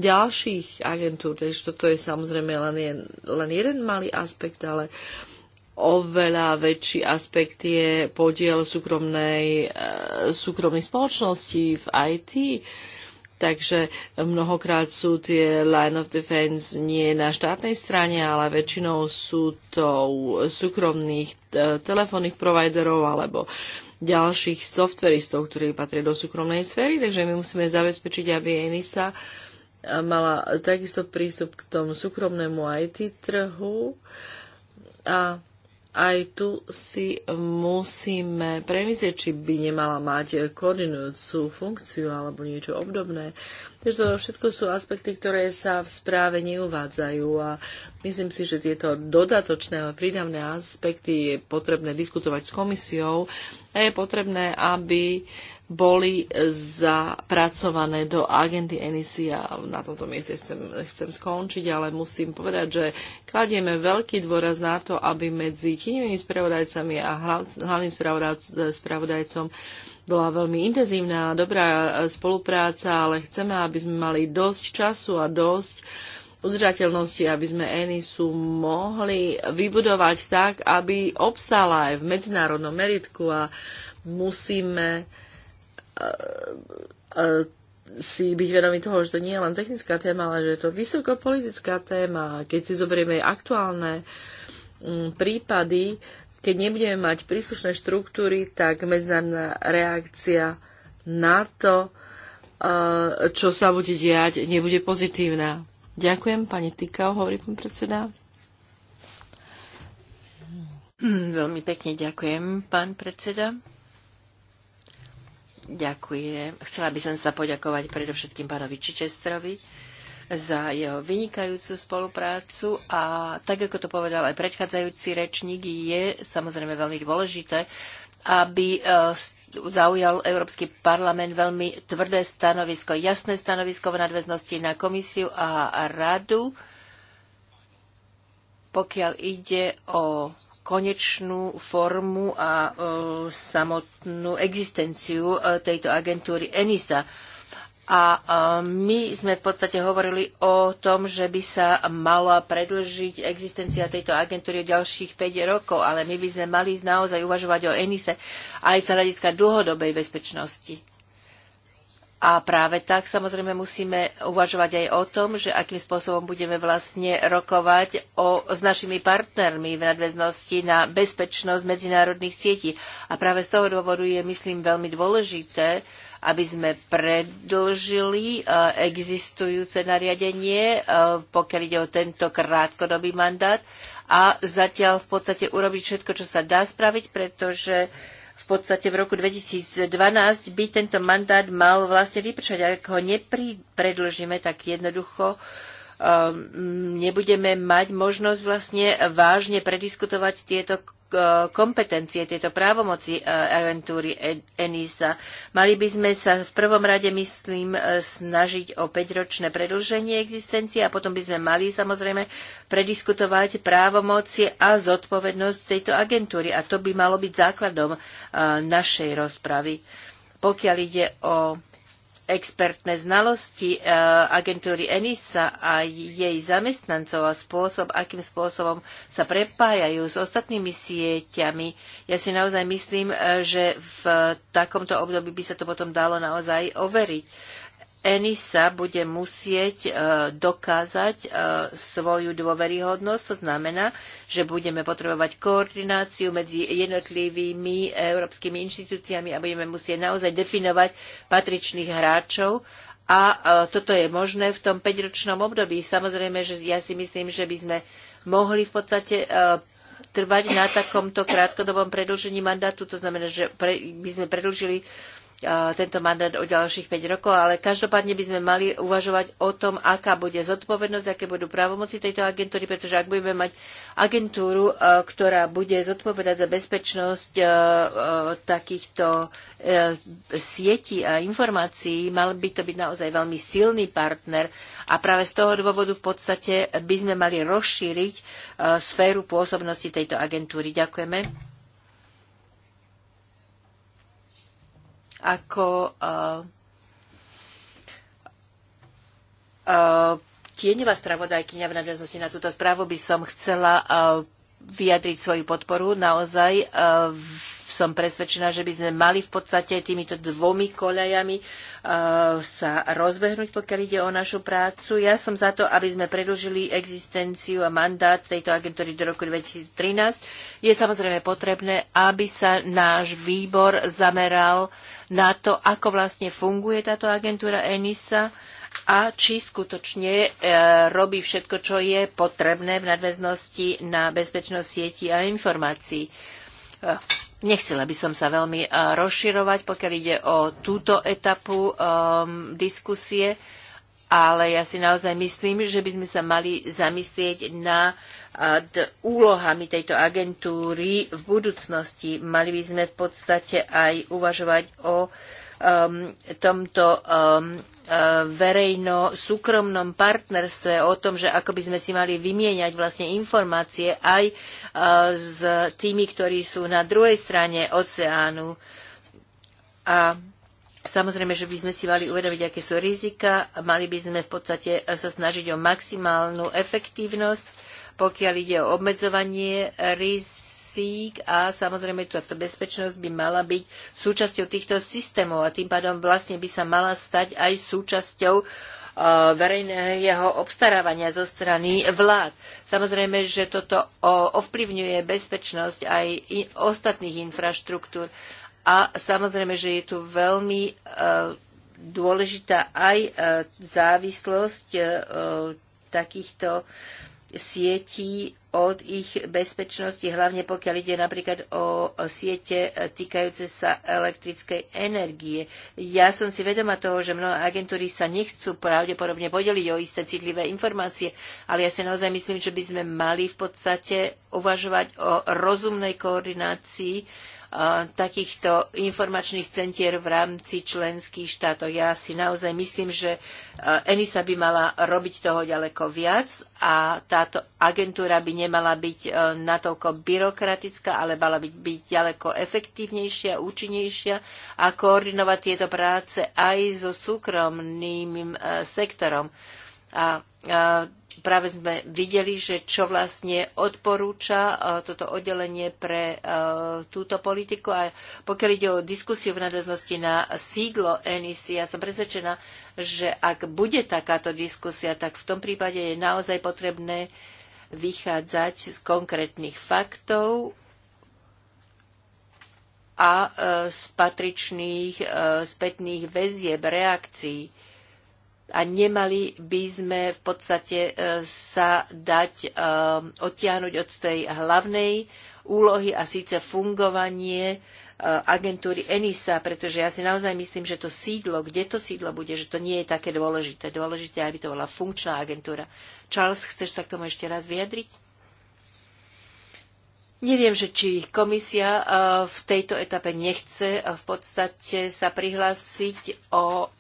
ďalších agentúr. Takže toto je samozrejme len, len jeden malý aspekt, ale oveľa väčší aspekt je podiel súkromnej, e, súkromnej spoločnosti v IT Takže mnohokrát sú tie line of defense nie na štátnej strane, ale väčšinou sú to súkromných e, telefónnych providerov alebo ďalších softveristov, ktorí patria do súkromnej sféry. Takže my musíme zabezpečiť, aby ENISA mala takisto prístup k tomu súkromnému IT trhu a aj tu si musíme premyslieť, či by nemala mať koordinujúcu funkciu alebo niečo obdobné. Takže to všetko sú aspekty, ktoré sa v správe neuvádzajú a myslím si, že tieto dodatočné a prídavné aspekty je potrebné diskutovať s komisiou a je potrebné, aby boli zapracované do agendy NEC a na tomto mieste chcem, chcem skončiť, ale musím povedať, že kladieme veľký dôraz na to, aby medzi tieňovými spravodajcami a hlavným spravodajcom bola veľmi intenzívna a dobrá spolupráca, ale chceme, aby sme mali dosť času a dosť udržateľnosti, aby sme Enisu mohli vybudovať tak, aby obstála aj v medzinárodnom meritku a musíme si byť vedomý toho, že to nie je len technická téma, ale že je to vysokopolitická téma. Keď si zoberieme aj aktuálne mm, prípady, keď nebudeme mať príslušné štruktúry, tak medzinárodná reakcia na to, čo sa bude diať, nebude pozitívna. Ďakujem, pani Tykau, hovorí pán predseda. Hm, veľmi pekne ďakujem, pán predseda. Ďakujem. Chcela by som sa poďakovať predovšetkým pánovi Čičestrovi za jeho vynikajúcu spoluprácu a tak, ako to povedal aj predchádzajúci rečník, je samozrejme veľmi dôležité, aby e, zaujal Európsky parlament veľmi tvrdé stanovisko, jasné stanovisko v nadväznosti na komisiu a radu, pokiaľ ide o konečnú formu a e, samotnú existenciu e, tejto agentúry ENISA. A e, my sme v podstate hovorili o tom, že by sa mala predlžiť existencia tejto agentúry o ďalších 5 rokov, ale my by sme mali naozaj uvažovať o ENISE aj z hľadiska dlhodobej bezpečnosti. A práve tak samozrejme musíme uvažovať aj o tom, že akým spôsobom budeme vlastne rokovať o, s našimi partnermi v nadväznosti na bezpečnosť medzinárodných sietí. A práve z toho dôvodu je, myslím, veľmi dôležité, aby sme predlžili e, existujúce nariadenie, e, pokiaľ ide o tento krátkodobý mandát a zatiaľ v podstate urobiť všetko, čo sa dá spraviť, pretože podstate v roku 2012 by tento mandát mal vlastne vypršať. A ak ho nepredlžíme, tak jednoducho um, nebudeme mať možnosť vlastne vážne prediskutovať tieto kompetencie, tieto právomoci e, agentúry e, ENISA. Mali by sme sa v prvom rade, myslím, e, snažiť o 5-ročné predlženie existencie a potom by sme mali samozrejme prediskutovať právomoci a zodpovednosť tejto agentúry. A to by malo byť základom našej rozpravy. Pokiaľ ide o expertné znalosti e, agentúry ENISA a jej zamestnancov a spôsob, akým spôsobom sa prepájajú s ostatnými sieťami. Ja si naozaj myslím, e, že v takomto období by sa to potom dalo naozaj overiť. ENISA bude musieť e, dokázať e, svoju dôveryhodnosť. To znamená, že budeme potrebovať koordináciu medzi jednotlivými európskymi inštitúciami a budeme musieť naozaj definovať patričných hráčov a e, toto je možné v tom 5-ročnom období. Samozrejme, že ja si myslím, že by sme mohli v podstate trvať na takomto krátkodobom predlžení mandátu. To znamená, že by sme predlžili tento mandát o ďalších 5 rokov, ale každopádne by sme mali uvažovať o tom, aká bude zodpovednosť, aké budú právomoci tejto agentúry, pretože ak budeme mať agentúru, ktorá bude zodpovedať za bezpečnosť takýchto e, sietí a informácií, mal by to byť naozaj veľmi silný partner a práve z toho dôvodu v podstate by sme mali rozšíriť sféru pôsobnosti tejto agentúry. Ďakujeme. ako eh, eh, tieňová spravodajkyňa v nadväznosti na túto správu by som chcela eh, vyjadriť svoju podporu. Naozaj som presvedčená, že by sme mali v podstate týmito dvomi koľajami e, sa rozbehnúť, pokiaľ ide o našu prácu. Ja som za to, aby sme predlžili existenciu a mandát tejto agentúry do roku 2013. Je samozrejme potrebné, aby sa náš výbor zameral na to, ako vlastne funguje táto agentúra ENISA a či skutočne e, robí všetko, čo je potrebné v nadväznosti na bezpečnosť sieti a informácií. E, Nechcela by som sa veľmi e, rozširovať, pokiaľ ide o túto etapu um, diskusie, ale ja si naozaj myslím, že by sme sa mali zamyslieť na nad e, úlohami tejto agentúry v budúcnosti. Mali by sme v podstate aj uvažovať o uh, Um, tomto um, uh, verejno-súkromnom partnerstve, o tom, že ako by sme si mali vymieňať vlastne informácie aj uh, s tými, ktorí sú na druhej strane oceánu. A Samozrejme, že by sme si mali uvedomiť, aké sú rizika. Mali by sme v podstate sa snažiť o maximálnu efektívnosť, pokiaľ ide o obmedzovanie rizik taxík a samozrejme táto bezpečnosť by mala byť súčasťou týchto systémov a tým pádom vlastne by sa mala stať aj súčasťou eh, verejného obstarávania zo strany vlád. Samozrejme, že toto eh, ovplyvňuje bezpečnosť aj ostatných infraštruktúr a samozrejme, že je tu veľmi eh, dôležitá aj závislosť takýchto sietí od ich bezpečnosti, hlavne pokiaľ ide napríklad o siete týkajúce sa elektrickej energie. Ja som si vedoma toho, že mnohé agentúry sa nechcú pravdepodobne podeliť o isté citlivé informácie, ale ja si naozaj myslím, že by sme mali v podstate uvažovať o rozumnej koordinácii takýchto informačných centier v rámci členských štátov. Ja si naozaj myslím, že ENISA by mala robiť toho ďaleko viac a táto agentúra by nemala byť natoľko byrokratická, ale mala byť, byť ďaleko efektívnejšia, účinnejšia a koordinovať tieto práce aj so súkromným sektorom. A, a práve sme videli, že čo vlastne odporúča e, toto oddelenie pre e, túto politiku. A pokiaľ ide o diskusiu v nadväznosti na sídlo NEC, ja som presvedčená, že ak bude takáto diskusia, tak v tom prípade je naozaj potrebné vychádzať z konkrétnych faktov a e, z patričných spätných väzieb, reakcií a nemali by sme v podstate e, sa dať e, odtiahnuť od tej hlavnej úlohy a síce fungovanie e, agentúry ENISA, pretože ja si naozaj myslím, že to sídlo, kde to sídlo bude, že to nie je také dôležité. Dôležité, aby to bola funkčná agentúra. Charles, chceš sa k tomu ešte raz vyjadriť? Neviem, že či komisia eh, v tejto etape nechce eh, v podstate sa prihlásiť o,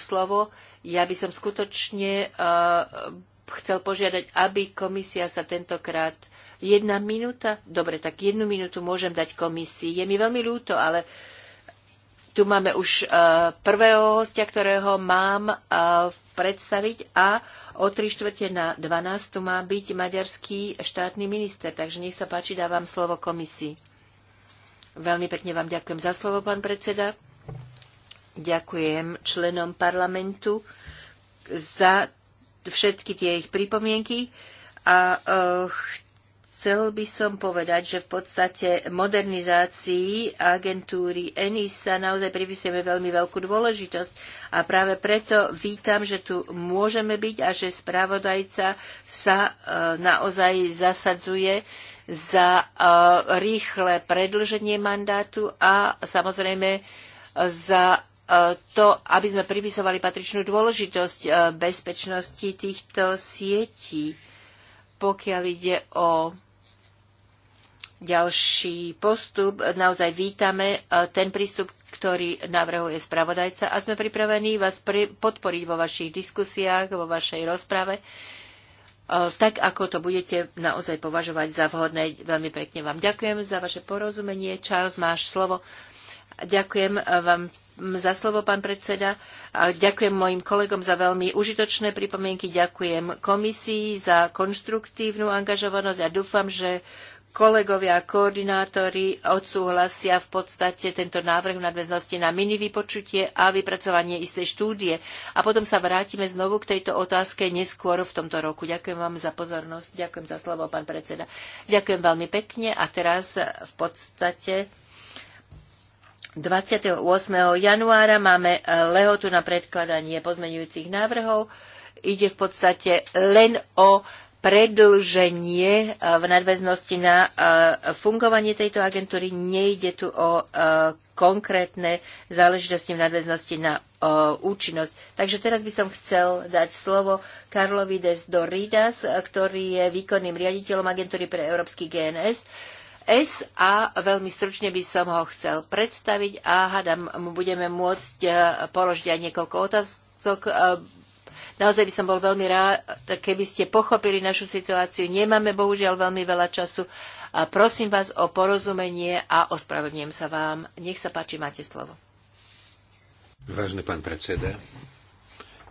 slovo. Ja by som skutočne eh, chcel požiadať, aby komisia sa tentokrát jedna minúta, dobre, tak jednu minútu môžem dať komisii. Je mi veľmi ľúto, ale tu máme už prvého hostia, ktorého mám v predstaviť a o tri štvrte na 12 má byť maďarský štátny minister. Takže nech sa páči, dávam slovo komisii. Veľmi pekne vám ďakujem za slovo, pán predseda. Ďakujem členom parlamentu za všetky tie ich pripomienky a uh, Chcel by som povedať, že v podstate modernizácii agentúry sa naozaj pripisujeme veľmi veľkú dôležitosť a práve preto vítam, že tu môžeme byť a že spravodajca sa e, naozaj zasadzuje za e, rýchle predlženie mandátu a samozrejme e, za to, aby sme pripisovali patričnú dôležitosť bezpečnosti týchto sietí pokiaľ ide o ďalší postup. Naozaj vítame eh, ten prístup, ktorý navrhuje spravodajca a sme pripravení vás podporiť vo vašich diskusiách, vo vašej rozprave, eh, tak ako to budete naozaj považovať za vhodné. Veľmi pekne vám ďakujem za vaše porozumenie. Charles, máš slovo. Ďakujem eh, vám za slovo, pán predseda. A ďakujem mojim kolegom za veľmi užitočné pripomienky. Ďakujem komisii za konštruktívnu angažovanosť a dúfam, že kolegovia koordinátori odsúhlasia v podstate tento návrh v nadväznosti na mini vypočutie a vypracovanie istej štúdie. A potom sa vrátime znovu k tejto otázke neskôr v tomto roku. Ďakujem vám za pozornosť. Ďakujem za slovo, pán predseda. Ďakujem veľmi pekne a teraz v podstate 28. januára máme lehotu na predkladanie pozmenujúcich návrhov. Ide v podstate len o predlženie e, v nadväznosti na e, fungovanie tejto agentúry. Nejde tu o e, konkrétne záležitosti v nadväznosti na účinnosť. Takže teraz by som chcel dať slovo Karlovi Des Doridas, ktorý je výkonným riaditeľom agentúry pre Európsky GNS. S a veľmi stručne by som ho chcel predstaviť a hádam, budeme môcť položiť aj niekoľko otázok. Naozaj by som bol veľmi rád, keby ste pochopili našu situáciu. Nemáme bohužiaľ veľmi veľa času. A prosím vás o porozumenie a ospravedlňujem sa vám. Nech sa páči, máte slovo. Vážny pán predseda,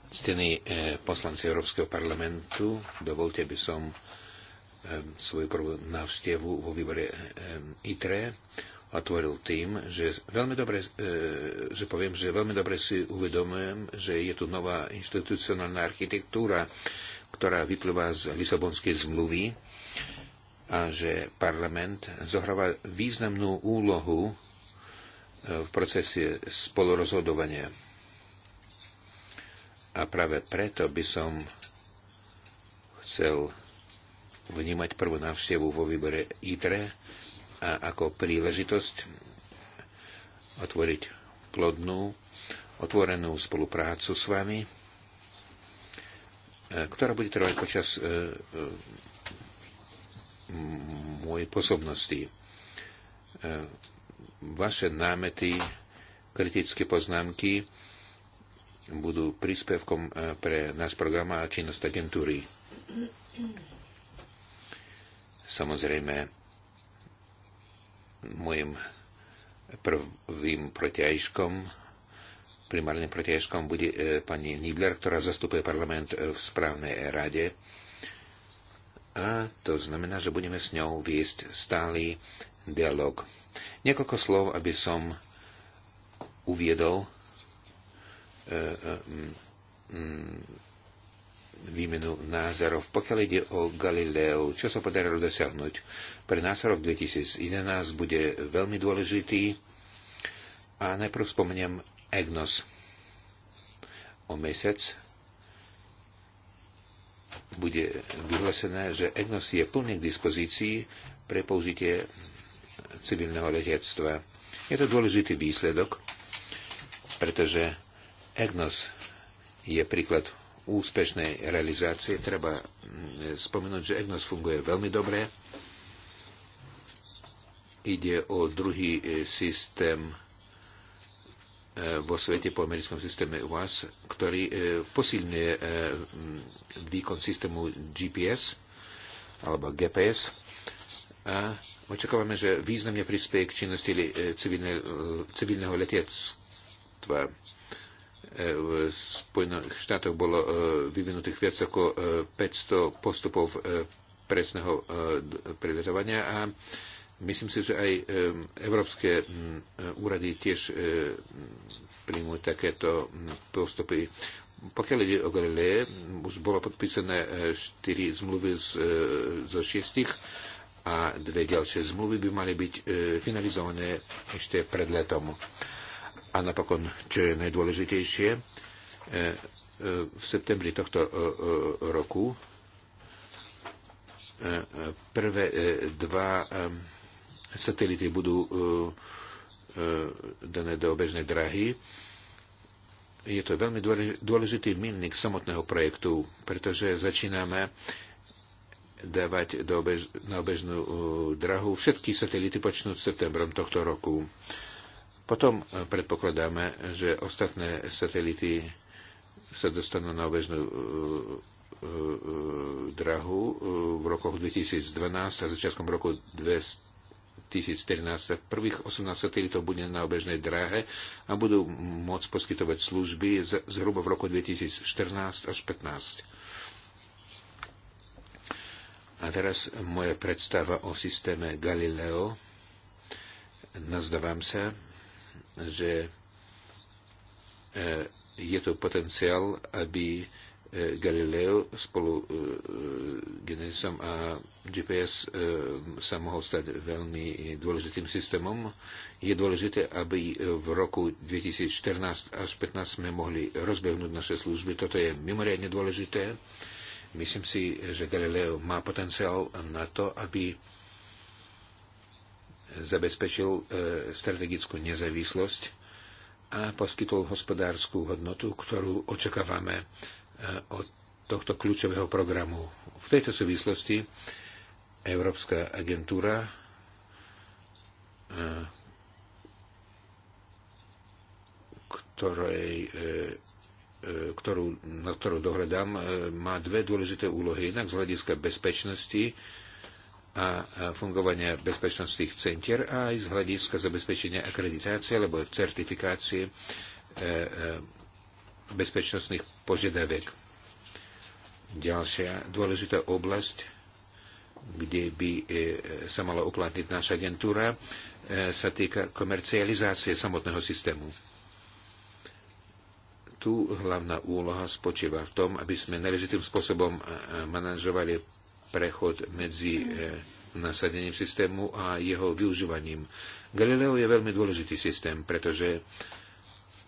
ctení eh, poslanci Európskeho parlamentu, dovolte by som eh, svoju prvú návštevu vo výbore eh, ITRE otvoril tým, že, veľmi dobre, e, že poviem, že veľmi dobre si uvedomujem, že je tu nová institucionálna architektúra, ktorá vyplýva z Lisabonskej zmluvy a že parlament zohráva významnú úlohu e, v procese spolorozhodovania. A práve preto by som chcel vnímať prvú návštevu vo výbore ITRE a ako príležitosť otvoriť plodnú, otvorenú spoluprácu s vami, e, ktorá bude trvať počas e, e, mojej posobnosti. Vaše námety, kritické poznámky budú príspevkom pre náš program a činnosť agentúry. Samozrejme, môjim prvým protiažkom, primárnym protiažkom bude e, pani Nidler, ktorá zastupuje parlament e, v správnej rade. A to znamená, že budeme s ňou viesť stály dialog. Niekoľko slov, aby som uviedol e, výmenu názorov. Pokiaľ ide o Galileu, čo sa podarilo dosiahnuť? Pre nás rok 2011 bude veľmi dôležitý a najprv spomeniem EGNOS. O mesiac bude vyhlásené, že EGNOS je plne k dispozícii pre použitie civilného letectva. Je to dôležitý výsledok, pretože EGNOS je príklad úspešnej realizácie. Treba mm, spomenúť, že EGNOS funguje veľmi dobre. Ide o druhý e, systém e, vo svete po americkom systéme UAS, ktorý e, posilňuje výkon systému GPS alebo GPS a očakávame, že významne prispieje k činnosti civilného letectva E, v Spojených štátoch bolo e, vyvinutých viac ako 500 e, postupov presného priležovania a myslím si, že aj európske úrady tiež príjmu takéto postupy. Pokiaľ ide o Galileo, už bolo podpísané 4 zmluvy z, zo 6 a dve ďalšie zmluvy by mali byť finalizované ešte pred letom. A napokon, čo je najdôležitejšie, e, e, v septembri tohto e, roku prvé dva satelity budú dané do obežnej drahy. Je to veľmi dôležitý milník samotného projektu, pretože začíname dávať do obež, na obežnú drahu všetky satelity počnúť septembrom tohto roku. Potom e, predpokladáme, že ostatné satelity sa dostanú na obežnú e, e, drahu v rokoch 2012 a začiatkom roku 2013. Prvých 18 satelitov bude na obežnej drahe a budú môcť poskytovať služby zhruba v roku 2014 až 2015. A teraz moja predstava o systéme Galileo. Nazdávam sa, že e, je to potenciál, aby e, Galileo spolu e, Genesisom a GPS sa mohol stať veľmi dôležitým systémom. Je dôležité, aby v roku 2014 až 2015 sme mohli rozbehnúť naše služby. Toto je mimoriadne dôležité. Myslím si, že Galileo má potenciál na to, aby zabezpečil e, strategickú nezávislosť a poskytol hospodárskú hodnotu, ktorú očakávame e, od tohto kľúčového programu. V tejto súvislosti Európska agentúra e, ktorej, ktorú, na ktorú dohľadám, má dve dôležité úlohy. Jednak z hľadiska bezpečnosti, a fungovania bezpečnostných centier a aj z hľadiska zabezpečenia akreditácie alebo certifikácie e, e, bezpečnostných požiadaviek. Ďalšia dôležitá oblasť, kde by e, sa mala uplatniť naša agentúra, sa týka komercializácie samotného systému. Tu hlavná úloha spočíva v tom, aby sme náležitým spôsobom manažovali prechod medzi eh, nasadením systému a jeho využívaním. Galileo je veľmi dôležitý systém, pretože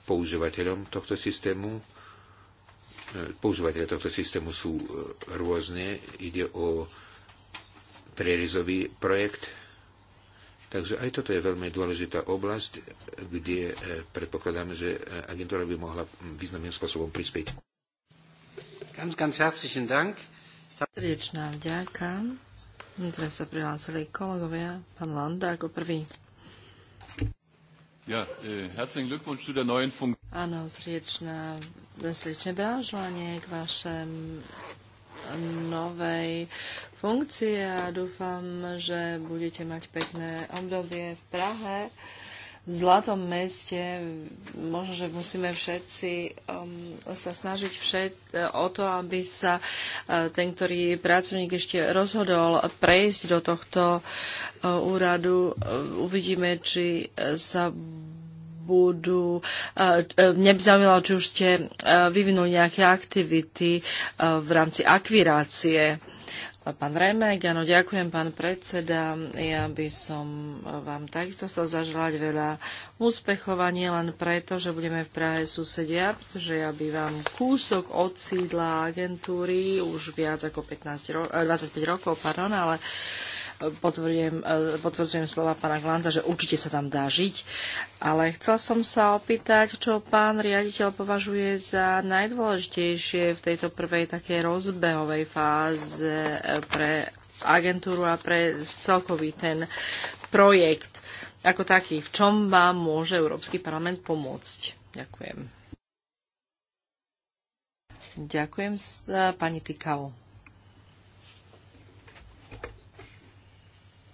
používateľom tohto systému eh, používateľe tohto systému sú eh, rôzne. Ide o prierizový projekt, Takže aj toto je veľmi dôležitá oblasť, kde predpokladáme, že agentúra by mohla hm, významným spôsobom prispieť. Ganz, ganz herzlichen Dank. Srdečná vďaka. Teraz sa prihlásili kolegovia. Pán Landa ako prvý. Ja, eh, herzlichen Glückwunsch zu der neuen Funktion. Áno, srdečná, srdečné brážlanie k vašem novej funkcie a dúfam, že budete mať pekné obdobie v Prahe. Eh, zlatom meste. Možno, že musíme všetci um, sa snažiť všet, e, o to, aby sa uh, ten, ktorý pracovník ešte rozhodol prejsť do tohto uh, úradu. Uh, uvidíme, či sa budú, mne by zaujímalo, či už ste vyvinuli nejaké aktivity v rámci akvirácie Pán Remek, áno, ďakujem, pán predseda. Ja by som vám takisto chcel zaželať veľa úspechov nie len preto, že budeme v Prahe susedia, pretože ja by vám kúsok od sídla agentúry už viac ako 15 ro- 25 eh, rokov, pardon, ale uh, potvrdzujem, e, potvrdzujem slova pána Glanta, že určite sa tam dá žiť. Ale chcel som sa opýtať, čo pán riaditeľ považuje za najdôležitejšie v tejto prvej také rozbehovej fáze e, pre agentúru a pre celkový ten projekt ako taký. V čom vám môže Európsky parlament pomôcť? Ďakujem. Ďakujem e, pani Tikau.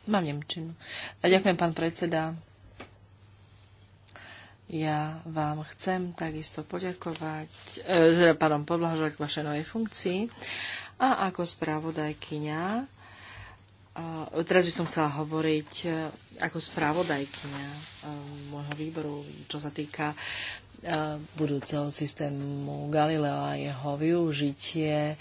Mám Nemčinu. Ďakujem, pán predseda. Ja vám chcem takisto poďakovať, e, teda, pardon, poblahožať k vašej novej funkcii. A ako spravodajkyňa, e, teraz by som chcela hovoriť e, ako spravodajkyňa e, môjho výboru, čo sa týka e, budúceho systému Galileo a jeho využitie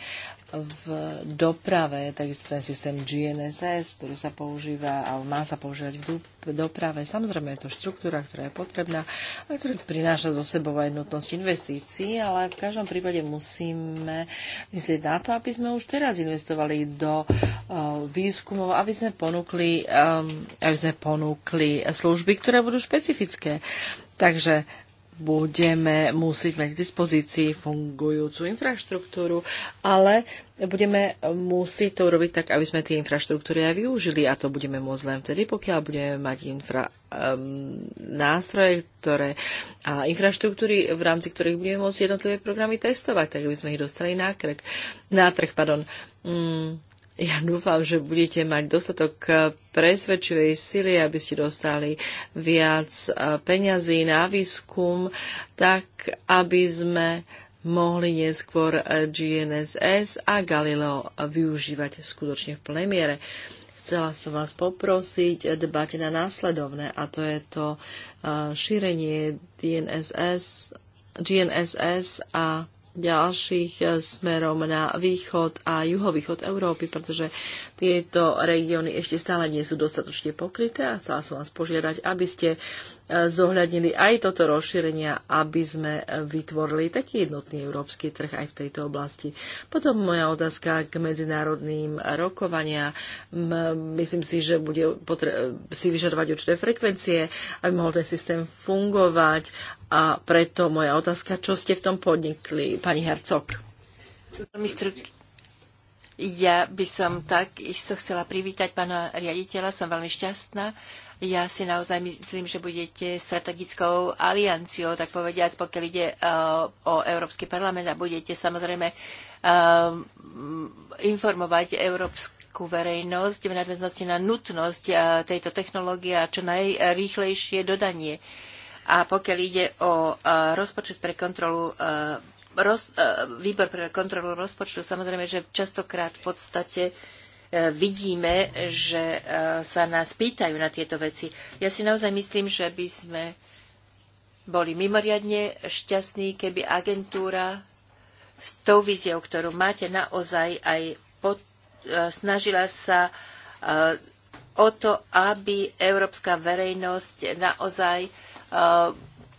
v doprave, takisto ten systém GNSS, ktorý sa používa alebo má sa používať v doprave. Samozrejme je to štruktúra, ktorá je potrebná a ktorá prináša zo sebou aj nutnosť investícií, ale v každom prípade musíme myslieť na to, aby sme už teraz investovali do uh, výskumov, aby sme ponúkli, um, aby sme ponúkli služby, ktoré budú špecifické. Takže budeme musieť mať k dispozícii fungujúcu infraštruktúru, ale budeme musieť to urobiť tak, aby sme tie infraštruktúry aj využili a to budeme môcť len vtedy, pokiaľ budeme mať infra, um, nástroje ktoré, a infraštruktúry, v rámci ktorých budeme môcť jednotlivé programy testovať, tak aby sme ich dostali na, krk, na trh. Pardon. Mm, ja dúfam, že budete mať dostatok eh, presvedčivej sily, aby ste dostali viac eh, peňazí na výskum, tak aby sme mohli neskôr eh, GNSS a Galileo využívať skutočne v plnej miere. Chcela som vás poprosiť dbať na následovné, a to je to šírenie DNSS, GNSS a ďalších e, smerom na východ a juhovýchod Európy, pretože tieto regióny ešte stále nie sú dostatočne pokryté a chcela som vás požiadať, aby ste zohľadnili aj toto rozšírenia, aby sme vytvorili taký jednotný európsky trh aj v tejto oblasti. Potom moja otázka k medzinárodným rokovania. Myslím si, že bude si vyžadovať určité frekvencie, aby mohol ten systém fungovať a preto moja otázka, čo ste v tom podnikli, pani Mr. Ja by som takisto chcela privítať pána riaditeľa, som veľmi šťastná, ja si naozaj myslím, že budete strategickou alianciou, tak povediať, pokiaľ ide eh, o Európsky parlament a budete samozrejme eh, informovať európsku verejnosť v nadväznosti na nutnosť eh, tejto technológie a čo najrýchlejšie dodanie. A pokiaľ ide o rozpočet pre kontrolu roz, výbor pre kontrolu rozpočtu, samozrejme, že častokrát v podstate uh, E, vidíme, že e, sa nás pýtajú na tieto veci. Ja si naozaj myslím, že by sme boli mimoriadne šťastní, keby agentúra s tou víziou, ktorú máte, naozaj aj pod, e, snažila sa o to, aby európska verejnosť naozaj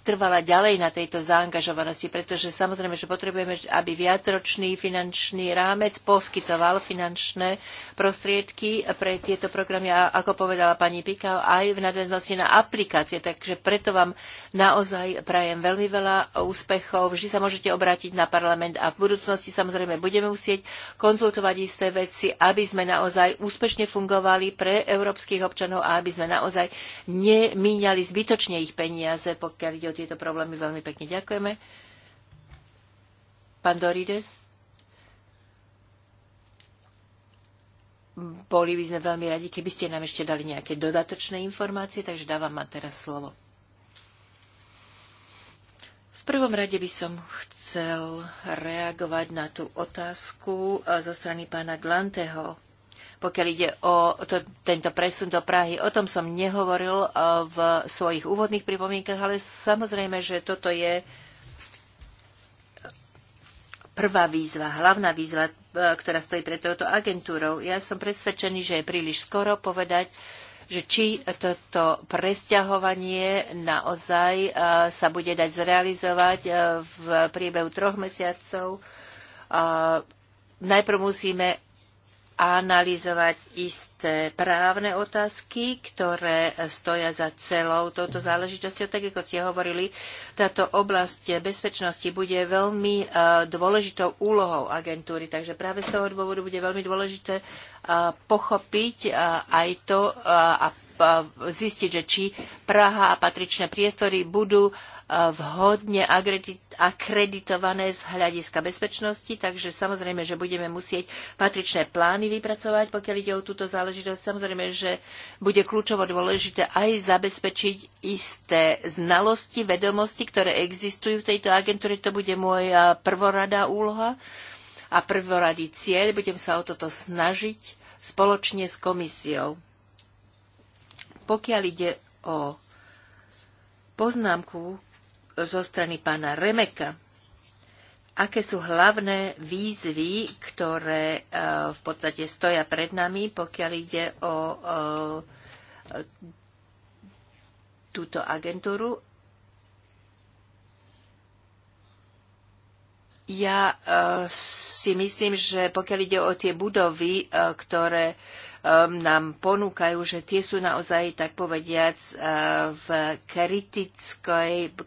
trvala ďalej na tejto zaangažovanosti, pretože samozrejme, že potrebujeme, aby viacročný finančný rámec poskytoval finančné prostriedky pre tieto programy, a ako povedala pani Pikao, aj v nadväznosti na aplikácie. Takže preto vám naozaj prajem veľmi veľa úspechov. Vždy sa môžete obrátiť na parlament a v budúcnosti samozrejme budeme musieť konzultovať isté veci, aby sme naozaj úspešne fungovali pre európskych občanov a aby sme naozaj nemíňali zbytočne ich peniaze, pokiaľ ide o tieto problémy. Veľmi pekne ďakujeme. Pán Dorides, boli by sme veľmi radi, keby ste nám ešte dali nejaké dodatočné informácie, takže dávam vám teraz slovo. V prvom rade by som chcel reagovať na tú otázku eh, zo strany pána Glanteho pokiaľ ide o to, tento presun do Prahy. O tom som nehovoril e, v svojich úvodných pripomienkach, ale samozrejme, že toto je prvá výzva, hlavná výzva, e, ktorá stojí pred touto agentúrou. Ja som presvedčený, že je príliš skoro povedať, že či toto presťahovanie naozaj e, sa bude dať zrealizovať v priebehu troch mesiacov. Najprv musíme analyzovať isté právne otázky, ktoré stoja za celou touto záležitosťou. Tak ako ste hovorili, táto oblasť bezpečnosti bude veľmi e, dôležitou úlohou agentúry, takže práve z toho dôvodu bude veľmi dôležité e, pochopiť e, aj to a zistiť, že či Praha a patričné priestory budú e, vhodne akreditované z hľadiska bezpečnosti, takže samozrejme, že budeme musieť patričné plány vypracovať, pokiaľ ide o túto záležitosť. Samozrejme, že bude kľúčovo dôležité aj zabezpečiť isté znalosti, vedomosti, ktoré existujú v tejto agentúre. To bude moja e, prvoradá úloha a prvoradý cieľ. Budem sa o toto snažiť spoločne s komisiou. Pokiaľ ide o poznámku zo strany pána Remeka, aké sú hlavné výzvy, ktoré e, v podstate stoja pred nami, pokiaľ ide o e, túto agentúru Ja e, si myslím, že pokiaľ ide o tie budovy, e, ktoré e, nám ponúkajú, že tie sú naozaj, tak povediac, v kritickej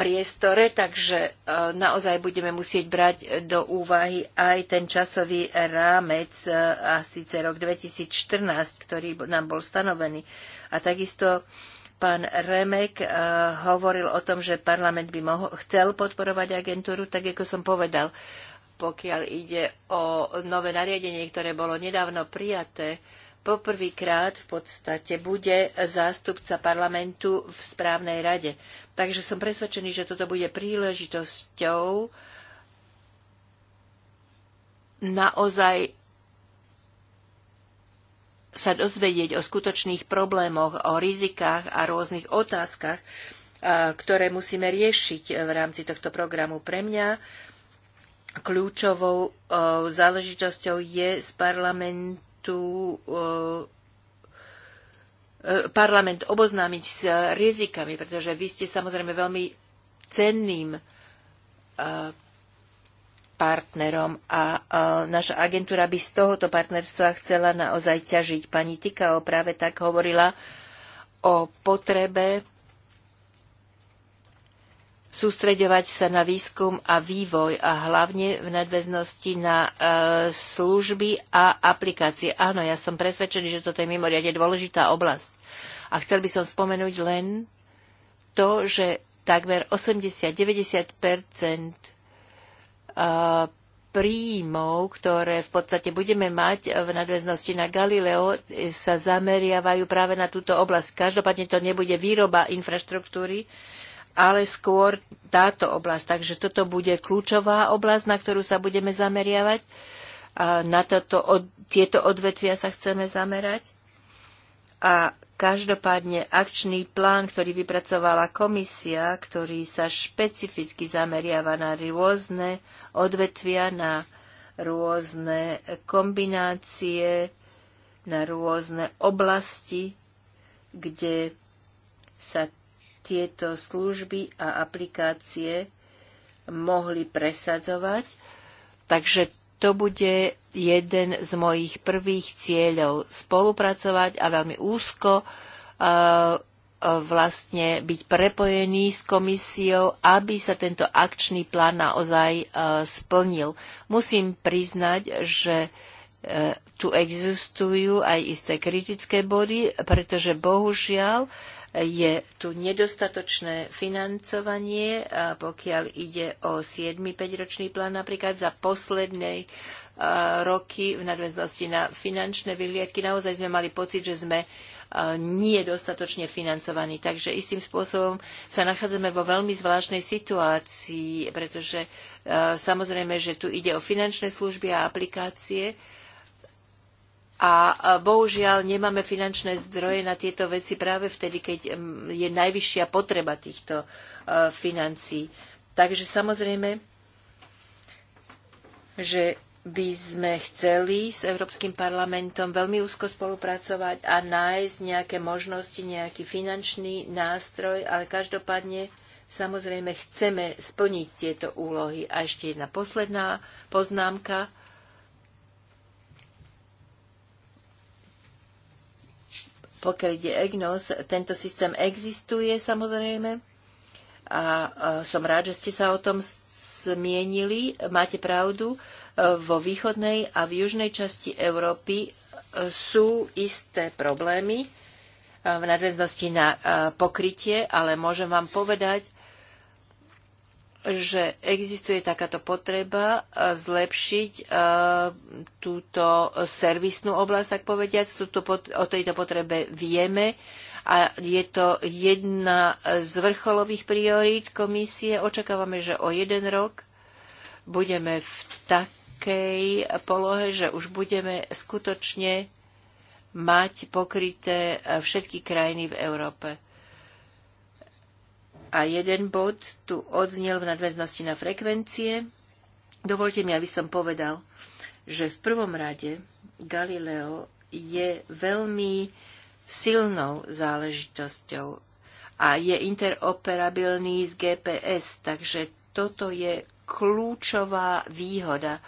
priestore, takže naozaj budeme musieť brať do úvahy aj ten časový rámec, asi a síce rok 2014, ktorý nám bol stanovený. A takisto pán Remek eh, hovoril o tom, že parlament by mohol, chcel podporovať agentúru, tak ako som povedal, pokiaľ ide o nové nariadenie, ktoré bolo nedávno prijaté, poprvýkrát v podstate bude zástupca parlamentu v správnej rade. Takže som presvedčený, že toto bude príležitosťou naozaj sa dozvedieť o skutočných problémoch, o rizikách a rôznych otázkach, ktoré musíme riešiť v rámci tohto programu. Pre mňa kľúčovou záležitosťou je z parlamentu e, parlament oboznámiť s rizikami, pretože vy ste samozrejme veľmi cenným partnerom a naša agentúra by z tohoto partnerstva chcela naozaj ťažiť. Pani Tikao práve tak hovorila o potrebe sústreďovať sa na výskum a vývoj a hlavne v nadväznosti na e, služby a aplikácie. Áno, ja som presvedčený, že toto je mimoriadne dôležitá oblasť. A chcel by som spomenúť len to, že takmer 80-90 príjmov, ktoré v podstate budeme mať v nadväznosti na Galileo, sa zameriavajú práve na túto oblasť. Každopádne to nebude výroba infraštruktúry, ale skôr táto oblasť. Takže toto bude kľúčová oblasť, na ktorú sa budeme zameriavať. A na toto, od, tieto odvetvia sa chceme zamerať. A Každopádne akčný plán, ktorý vypracovala komisia, ktorý sa špecificky zameriava na rôzne odvetvia, na rôzne kombinácie, na rôzne oblasti, kde sa tieto služby a aplikácie mohli presadzovať. Takže to bude jeden z mojich prvých cieľov spolupracovať a veľmi úzko e, e, vlastne byť prepojený s komisiou, aby sa tento akčný plán naozaj e, splnil. Musím priznať, že tu existujú aj isté kritické body, pretože bohužiaľ je tu nedostatočné financovanie, pokiaľ ide o 7-5-ročný plán napríklad za posledné roky v nadväznosti na finančné vyhliadky. Naozaj sme mali pocit, že sme nie dostatočne financovaní. Takže istým spôsobom sa nachádzame vo veľmi zvláštnej situácii, pretože samozrejme, že tu ide o finančné služby a aplikácie, a bohužiaľ nemáme finančné zdroje na tieto veci práve vtedy, keď mm, je najvyššia potreba týchto e, financí. Takže samozrejme, že by sme chceli s Európskym parlamentom veľmi úzko spolupracovať a nájsť nejaké možnosti, nejaký finančný nástroj, ale každopádne samozrejme chceme splniť tieto úlohy. A ešte jedna posledná poznámka Pokiaľ ide EGNOS, tento systém existuje samozrejme a som rád, že ste sa o tom zmienili. Máte pravdu, e, vo východnej a v južnej časti Európy e, sú isté problémy e, v nadväznosti na pokrytie, ale môžem vám povedať, že existuje takáto potreba e, zlepšiť e, túto servisnú oblasť, tak povediať. Túto, o tejto potrebe vieme a je to jedna z vrcholových priorít komisie. Očakávame, že o jeden rok budeme v takej polohe, že už budeme skutočne mať pokryté e, všetky krajiny v Európe. A jeden bod tu odznel v nadväznosti na frekvencie. Dovolte mi, aby som povedal, že v prvom rade Galileo je veľmi silnou záležitosťou a je interoperabilný s GPS, takže toto je kľúčová výhoda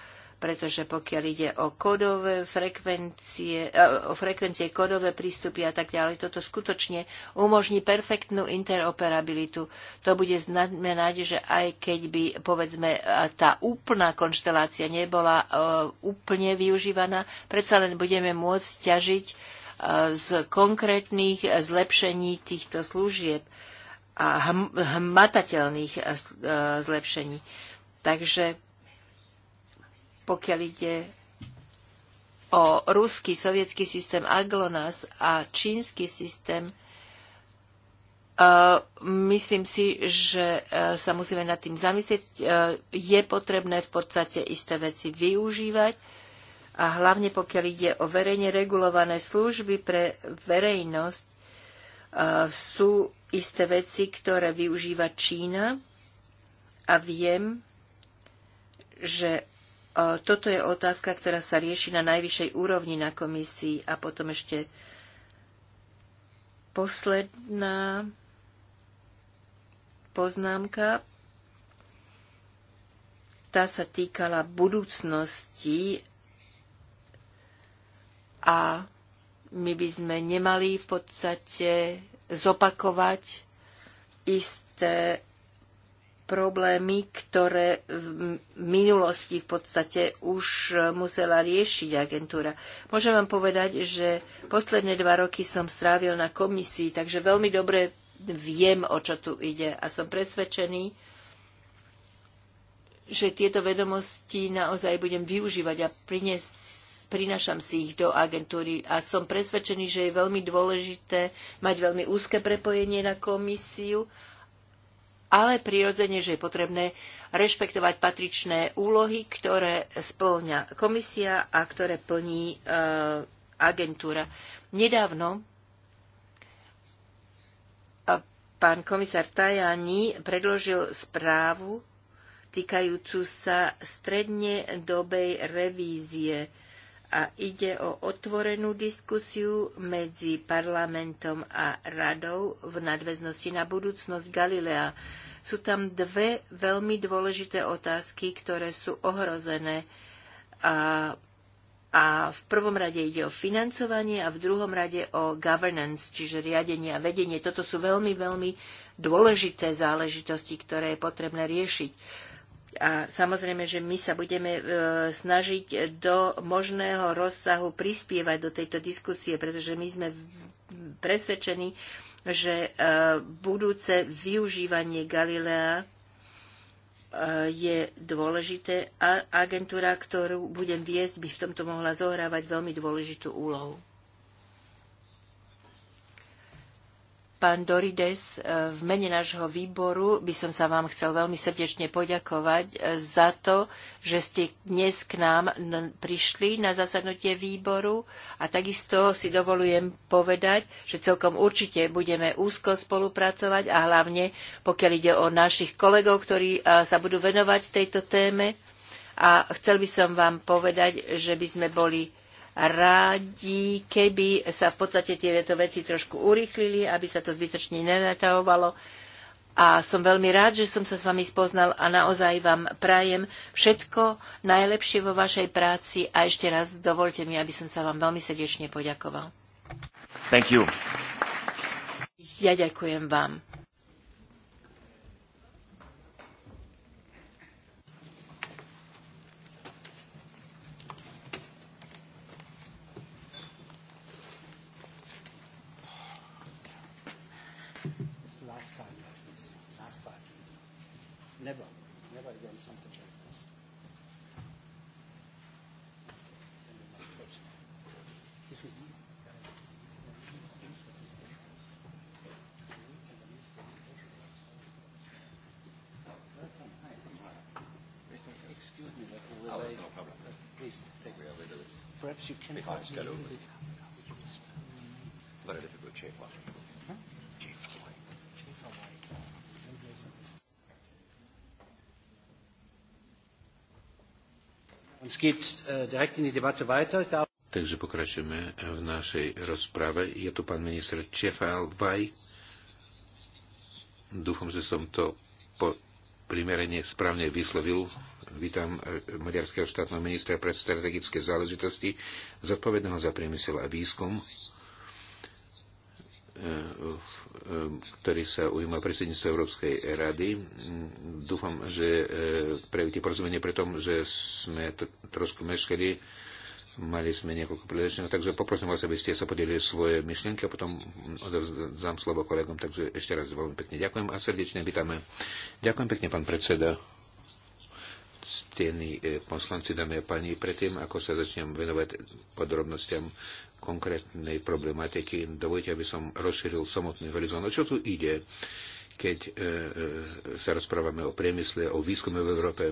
pretože pokiaľ ide o kodové frekvencie, e, o frekvencie kodové prístupy a tak ďalej, toto skutočne umožní perfektnú interoperabilitu. To bude znamenať, že aj keď by, povedzme, tá úplná konštelácia nebola e, úplne využívaná, predsa len budeme môcť ťažiť e, z konkrétnych zlepšení týchto služieb a hm, hmatateľných zlepšení. Takže pokiaľ ide o ruský, sovietský systém Aglonas a čínsky systém, e, myslím si, že e, sa musíme nad tým zamyslieť. E, je potrebné v podstate isté veci využívať a hlavne pokiaľ ide o verejne regulované služby pre verejnosť, sú isté veci, ktoré využíva Čína a viem, že E, toto je otázka, ktorá sa rieši na najvyššej úrovni na komisii a potom ešte posledná poznámka. Tá sa týkala budúcnosti a my by sme nemali v podstate zopakovať isté problémy, ktoré v minulosti v podstate už musela riešiť agentúra. Môžem vám povedať, že posledné dva roky som strávil na komisii, takže veľmi dobre viem, o čo tu ide a som presvedčený, že tieto vedomosti naozaj budem využívať a priniesť prinašam si ich do agentúry a som presvedčený, že je veľmi dôležité mať veľmi úzke prepojenie na komisiu ale prirodzene, že je potrebné rešpektovať patričné úlohy, ktoré spĺňa komisia a ktoré plní e, agentúra. Nedávno e, pán komisár Tajani predložil správu týkajúcu sa strednedobej dobej revízie a ide o otvorenú diskusiu medzi parlamentom a radou v nadväznosti na budúcnosť Galilea. Sú tam dve veľmi dôležité otázky, ktoré sú ohrozené. A, a v prvom rade ide o financovanie a v druhom rade o governance, čiže riadenie a vedenie. Toto sú veľmi, veľmi dôležité záležitosti, ktoré je potrebné riešiť. A samozrejme, že my sa budeme e, snažiť do možného rozsahu prispievať do tejto diskusie, pretože my sme presvedčení, že e, budúce využívanie Galilea e, je dôležité a agentúra, ktorú budem viesť, by v tomto mohla zohrávať veľmi dôležitú úlohu. Pán Dorides, e, v mene nášho výboru by som sa vám chcel veľmi srdečne poďakovať e, za to, že ste dnes k nám prišli na zasadnutie výboru a takisto si dovolujem povedať, že celkom určite budeme úzko spolupracovať a hlavne pokiaľ ide o našich kolegov, ktorí e, sa budú venovať tejto téme. A chcel by som vám povedať, že by sme boli rádi, keby sa v podstate tieto veci trošku urýchlili, aby sa to zbytočne nenatahovalo. A som veľmi rád, že som sa s vami spoznal a naozaj vám prajem všetko najlepšie vo vašej práci a ešte raz dovolte mi, aby som sa vám veľmi srdečne poďakoval. Thank you. Ja ďakujem vám. perhaps you can help me. Very difficult shape. Takže pokračujeme v našej rozprave. Je tu pán minister Čefal Vaj. Dúfam, že som to po- primerane správne vyslovil. Vítam e, maďarského štátneho ministra pre strategické záležitosti, zodpovedného za priemysel a výskum, e, e, ktorý sa ujíma predsedníctvo Európskej rady. Dúfam, že prejavíte porozumenie pre tom, že sme trošku meškali Mali sme niekoľko príležitostí, takže poprosím vás, aby ste sa podelili svoje myšlienky a potom odovzdám slovo kolegom. Takže ešte raz veľmi pekne ďakujem a srdečne vítame. Ďakujem pekne, pán predseda ctení e, poslanci, dámy a páni, predtým, ako sa začnem venovať podrobnostiam konkrétnej problematiky, dovolte, aby som rozšíril samotný horizont. O čo tu ide, keď e, e, sa rozprávame o priemysle, o výskume v Európe?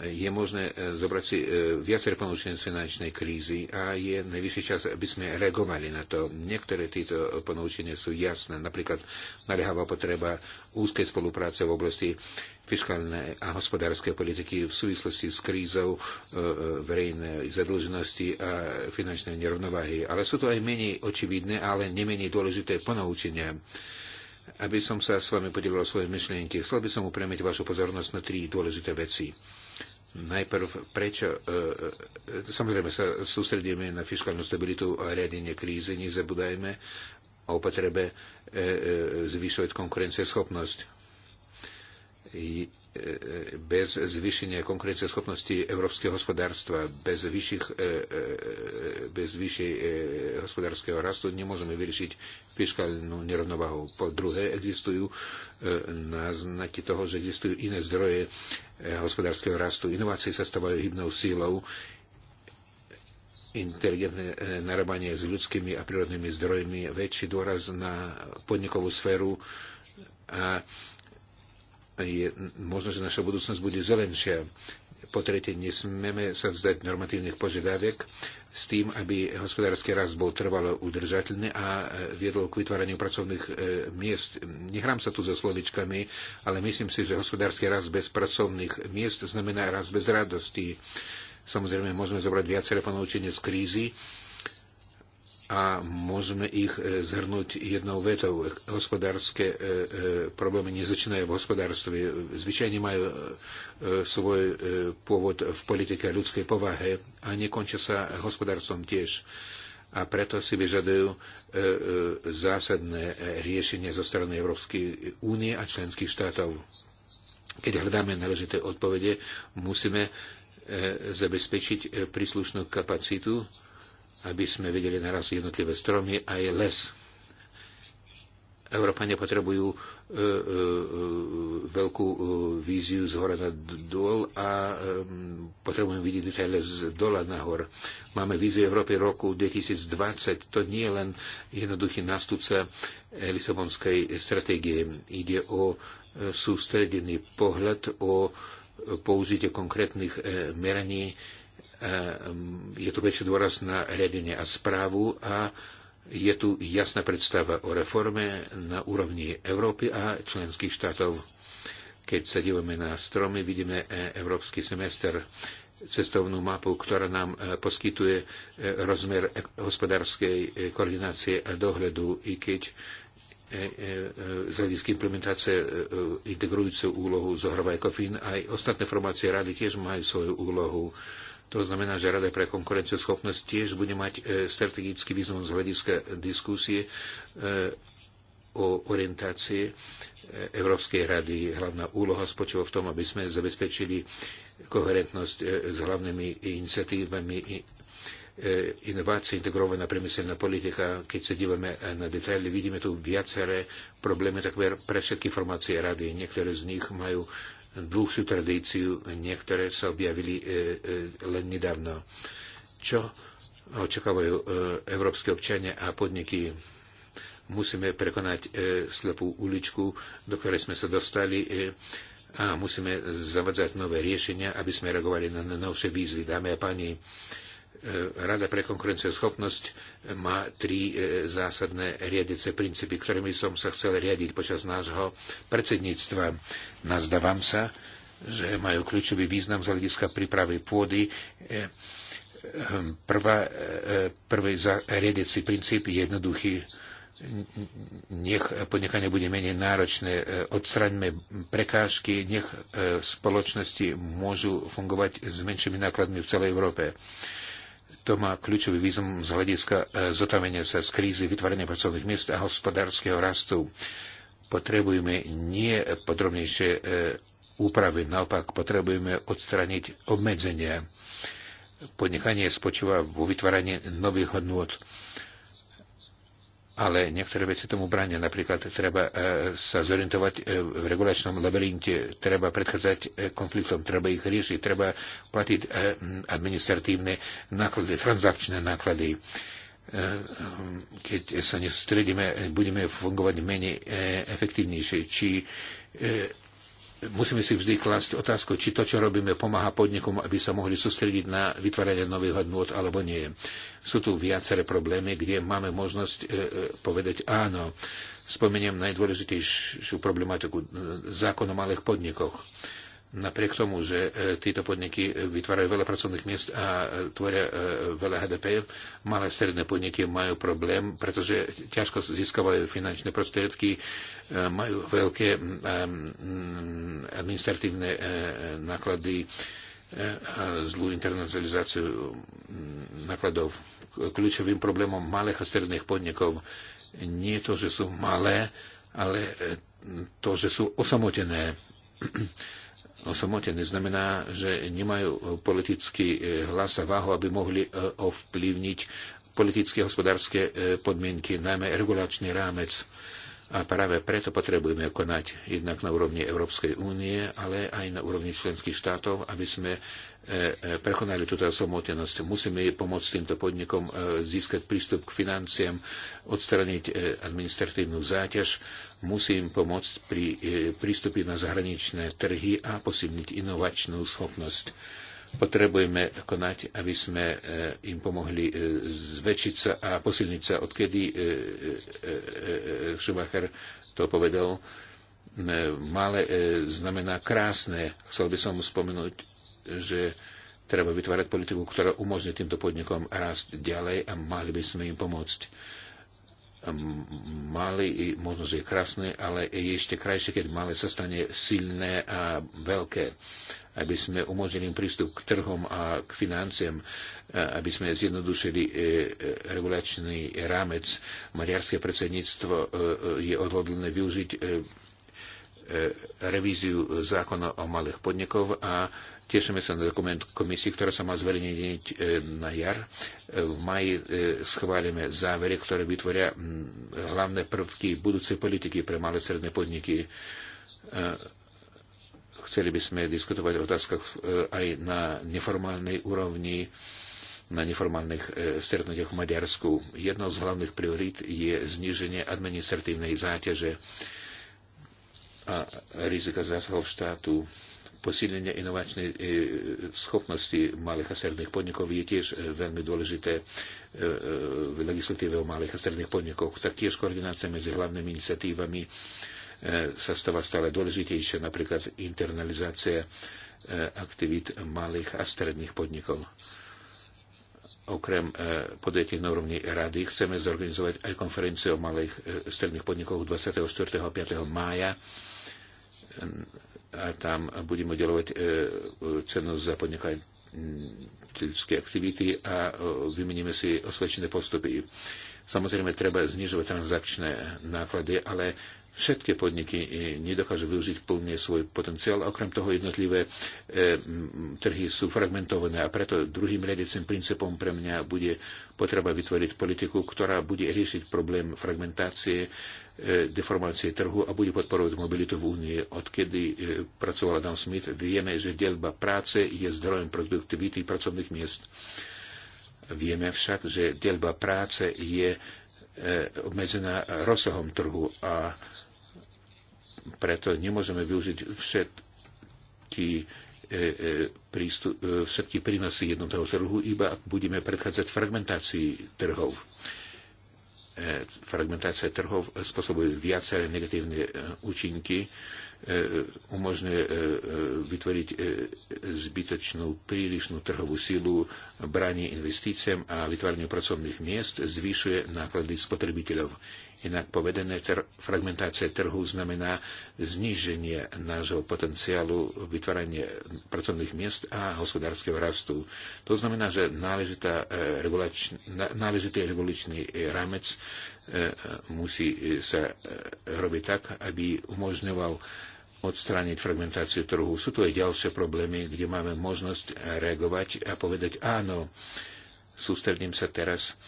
je možné e, zobrať si e, viacer ponúčenie z finančnej krízy a je najvyšší čas, aby sme reagovali na to. Niektoré tieto ponúčenie sú jasné, napríklad naliehavá potreba úzkej spolupráce v oblasti fiskálnej a hospodárskej politiky v súvislosti s krízou e, verejnej zadlženosti a finančnej nerovnováhy. Ale sú to aj menej očividné, ale nemenej dôležité ponaučenia aby som sa s vami podelil svoje myšlienky. Chcel by som upriamiť vašu pozornosť na tri dôležité veci. Najprv, prečo, e, e, samozrejme sa sústredíme na fiskálnu stabilitu a riadenie krízy, nezabudajme o potrebe e, e, zvyšovať konkurencieschopnosť bez zvýšenia konkurencie schopnosti európskeho hospodárstva, bez, vyšších, e, e, e, bez vyššej hospodárskeho rastu nemôžeme vyriešiť fiskálnu nerovnováhu. Po druhé, existujú náznaky toho, že existujú iné zdroje hospodárskeho rastu. Inovácie sa stávajú hybnou sílou, inteligentné narábanie s ľudskými a prírodnými zdrojmi, väčší dôraz na podnikovú sféru a je možno, že naša budúcnosť bude zelenšia. Po tretie, nesmieme sa vzdať normatívnych požiadaviek s tým, aby hospodársky rast bol trvalo udržateľný a e, viedol k vytváraniu pracovných e, miest. Nehrám sa tu za slovičkami, ale myslím si, že hospodársky rast bez pracovných miest znamená rast bez radosti. Samozrejme, môžeme zobrať viaceré ponaučenie z krízy, a môžeme ich e, zhrnúť jednou vetou. Hospodárske e, e, problémy nezačínajú v hospodárstve. Zvyčajne majú svoj pôvod v politike ľudskej povahe a nekončia sa hospodárstvom tiež. A preto si vyžadujú zásadné riešenie zo strany Európskej únie a členských štátov. Keď hľadáme náležité odpovede, musíme zabezpečiť príslušnú kapacitu aby sme vedeli naraz jednotlivé stromy aj les. Európa potrebujú e, e, e, veľkú e, víziu z hora na dol a e, potrebujeme vidieť detaily z dola nahor. Máme víziu Európy roku 2020. To nie je len jednoduchý nástupca Lisabonskej stratégie. Ide o e, sústredený pohľad, o e, použitie konkrétnych e, meraní e, Ehm, je tu väčší dôraz na riadenie a správu a je tu jasná predstava o reforme na úrovni Európy a členských štátov. Keď sa dívame na stromy, vidíme e, európsky semester, cestovnú mapu, ktorá nám e, poskytuje e, rozmer hospodárskej koordinácie a dohľadu, i keď z hľadiska implementácie integrujúcu úlohu zohráva ECOFIN, aj ostatné formácie rady tiež majú svoju úlohu to znamená, že Rada pre konkurencieschopnosť tiež bude mať e, strategický význam z hľadiska diskusie e, o orientácie Európskej rady. Hlavná úloha spočíva v tom, aby sme zabezpečili koherentnosť e, s hlavnými iniciatívami inovácie integrovaná priemyselná politika. Keď sa dívame na detaily, vidíme tu viaceré problémy takmer pre všetky formácie rady. Niektoré z nich majú dlhšiu tradíciu, niektoré sa objavili e, e, len nedávno. Čo očakávajú e, európske občania a podniky? Musíme prekonať slepú uličku, do ktorej sme sa dostali a musíme zavadzať nové riešenia, aby sme reagovali na novšie výzvy. Dámy a páni, E, Rada pre konkurencieschopnosť má tri e, zásadné riadice princípy, ktorými som sa chcel riadiť počas nášho predsedníctva. Nazdávam sa, že majú kľúčový význam z hľadiska prípravy pôdy. E, ehm, prvá, prvý riadici princíp je jednoduchý nech podnikanie bude menej náročné, odstraňme prekážky, nech spoločnosti môžu fungovať s menšími nákladmi v celej Európe. To má kľúčový význam z hľadiska e, zotavenia sa z krízy, vytvárania pracovných miest a hospodárskeho rastu. Potrebujeme nie podrobnejšie e, úpravy, naopak potrebujeme odstraniť obmedzenia. Podnikanie spočíva vo vytváraní nových hodnôt ale niektoré veci tomu bránia. Napríklad treba e, sa zorientovať e, v regulačnom labyrinte, treba predchádzať e, konfliktom, treba ich riešiť, treba platiť administratívne náklady, transakčné náklady. Keď sa nestredíme, budeme fungovať menej efektívnejšie. Či musíme si vždy klásť otázku, či to, čo robíme, pomáha podnikom, aby sa mohli sústrediť na vytváranie nových hodnôt, alebo nie. Sú tu viaceré problémy, kde máme možnosť e, e povedať áno. Spomeniem najdôležitejšiu problematiku e, zákon o malých podnikoch. E, napriek tomu, že e, tieto podniky vytvárajú veľa pracovných miest a e, tvoria e, veľa HDP, malé a stredné podniky majú problém, pretože ťažko získavajú finančné prostriedky, majú veľké administratívne náklady a zlú internacionalizáciu nákladov. Kľúčovým problémom malých a stredných podnikov nie je to, že sú malé, ale to, že sú osamotené samote Znamená, že nemajú politický e, hlas a váhu, aby mohli e, ovplyvniť politické a hospodárske e, podmienky, najmä regulačný rámec. A práve preto potrebujeme konať jednak na úrovni Európskej únie, ale aj na úrovni členských štátov, aby sme E, e, prekonali túto osamotenosť. Musíme pomôcť týmto podnikom e, získať prístup k financiám, odstraniť administratívnu záťaž, musím pomôcť pri prístupe na zahraničné trhy a posilniť inovačnú schopnosť. Potrebujeme konať, aby sme im pomohli zväčšiť sa a posilniť sa, odkedy Schumacher to povedal. Malé znamená krásne. Chcel by som spomenúť že treba vytvárať politiku, ktorá umožní týmto podnikom rásť ďalej a mali by sme im pomôcť. Ehm, mali možno, že je krásne, ale je ešte krajšie, keď malé sa stane silné a veľké. Aby sme umožnili im prístup k trhom a k financiám, aby sme zjednodušili e, e, regulačný rámec. Maďarské predsedníctvo e, je odhodlné využiť revíziu zákona o malých podnikov a Tešíme sa na dokument komisie, ktorá sa má zverejniť e, na jar. E, v maji e, schválime závery, ktoré vytvoria hlavné prvky budúcej politiky pre malé stredné podniky. Chceli by sme diskutovať o otázkach aj na neformálnej úrovni na neformálnych stretnutiach v Maďarsku. Jednou z hlavných priorít je zníženie administratívnej záťaže a rizika zásahov štátu posilnenie inovačnej e, schopnosti malých a stredných podnikov je tiež e, veľmi dôležité e, v legislatíve o malých a stredných podnikoch. Taktiež koordinácia medzi hlavnými iniciatívami sa stáva stále dôležitejšia, napríklad internalizácia aktivít malých a stredných podnikov. Okrem podjetí na úrovni rady chceme zorganizovať aj konferenciu o malých stredných podnikoch 24. a 5. mája a tam budeme udelovať e, cenu za podnikateľské aktivity a e, vymeníme si osvedčené postupy. Samozrejme, treba znižovať transakčné náklady, ale všetky podniky e, nedokážu využiť plne svoj potenciál. Okrem toho jednotlivé trhy sú fragmentované a preto druhým riadicím princípom pre mňa bude potreba vytvoriť politiku, ktorá bude riešiť problém fragmentácie deformácie trhu a bude podporovať mobilitu v Únie. Odkedy e, pracoval Adam Smith, vieme, že delba práce je zdrojom produktivity pracovných miest. Vieme však, že delba práce je e, obmedzená rozsahom trhu a preto nemôžeme využiť všetky e, všetky prínosy jednotného trhu, iba ak budeme predchádzať fragmentácii trhov. E, fragmentácia trhov spôsobuje viaceré negatívne e, účinky, e, umožňuje vytvoriť zbytočnú prílišnú trhovú sílu, bráni investíciám a vytváraniu pracovných miest, zvyšuje náklady spotrebiteľov. Inak povedené ter- fragmentácia trhu znamená zníženie nášho potenciálu vytváranie pracovných miest a hospodárskeho rastu. To znamená, že náležitá e, regulač- náležitý regulačný rámec e, musí sa e, robiť tak, aby umožňoval odstrániť fragmentáciu trhu. Sú tu aj ďalšie problémy, kde máme možnosť reagovať a povedať áno, sústredím sa teraz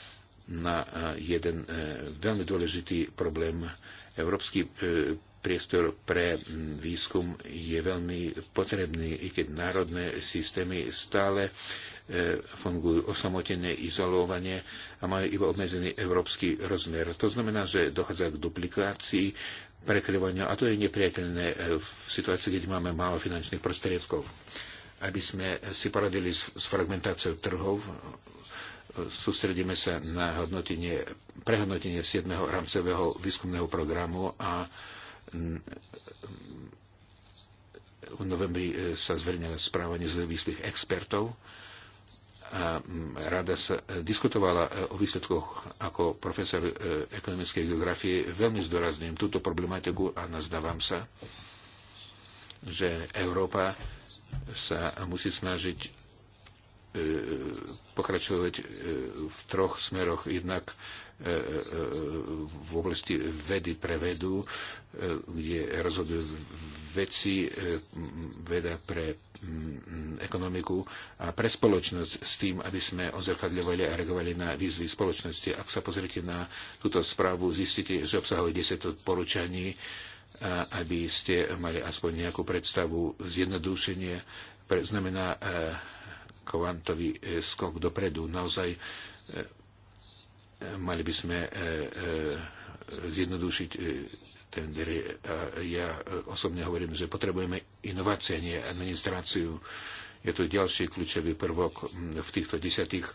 na e, jeden e, veľmi dôležitý problém. Európsky e, priestor pre výskum je veľmi potrebný, i keď národné systémy stále fungujú osamotene, izolovanie a majú iba obmedzený európsky rozmer. To znamená, že dochádza k duplikácii, prekryvania a to je nepriateľné v situácii, keď máme málo finančných prostriedkov. Aby sme si poradili s fragmentáciou trhov, sústredíme sa na hodnotenie, prehodnotenie 7. rámcového výskumného programu a v novembri e, sa zverňa správa nezávislých expertov a rada sa e, diskutovala e, o výsledkoch ako profesor ekonomickej geografie. Veľmi zdôrazňujem túto problematiku a nazdávam sa, že Európa sa musí snažiť E, e, pokračovať e, v troch smeroch. Jednak v oblasti vedy pre vedu, kde rozhodujú veci, veda pre ekonomiku a pre spoločnosť s tým, aby sme ozrkadľovali a reagovali na výzvy spoločnosti. Ak sa pozrite na túto správu, zistíte, že obsahuje 10 odporúčaní, aby ste mali aspoň nejakú predstavu zjednodušenie, pre, znamená kvantový e, skok dopredu. Naozaj e, mali by sme e, zjednodušiť a Ja osobne hovorím, že potrebujeme inovácie, nie administráciu. Je to ďalší kľúčový prvok v týchto desiatých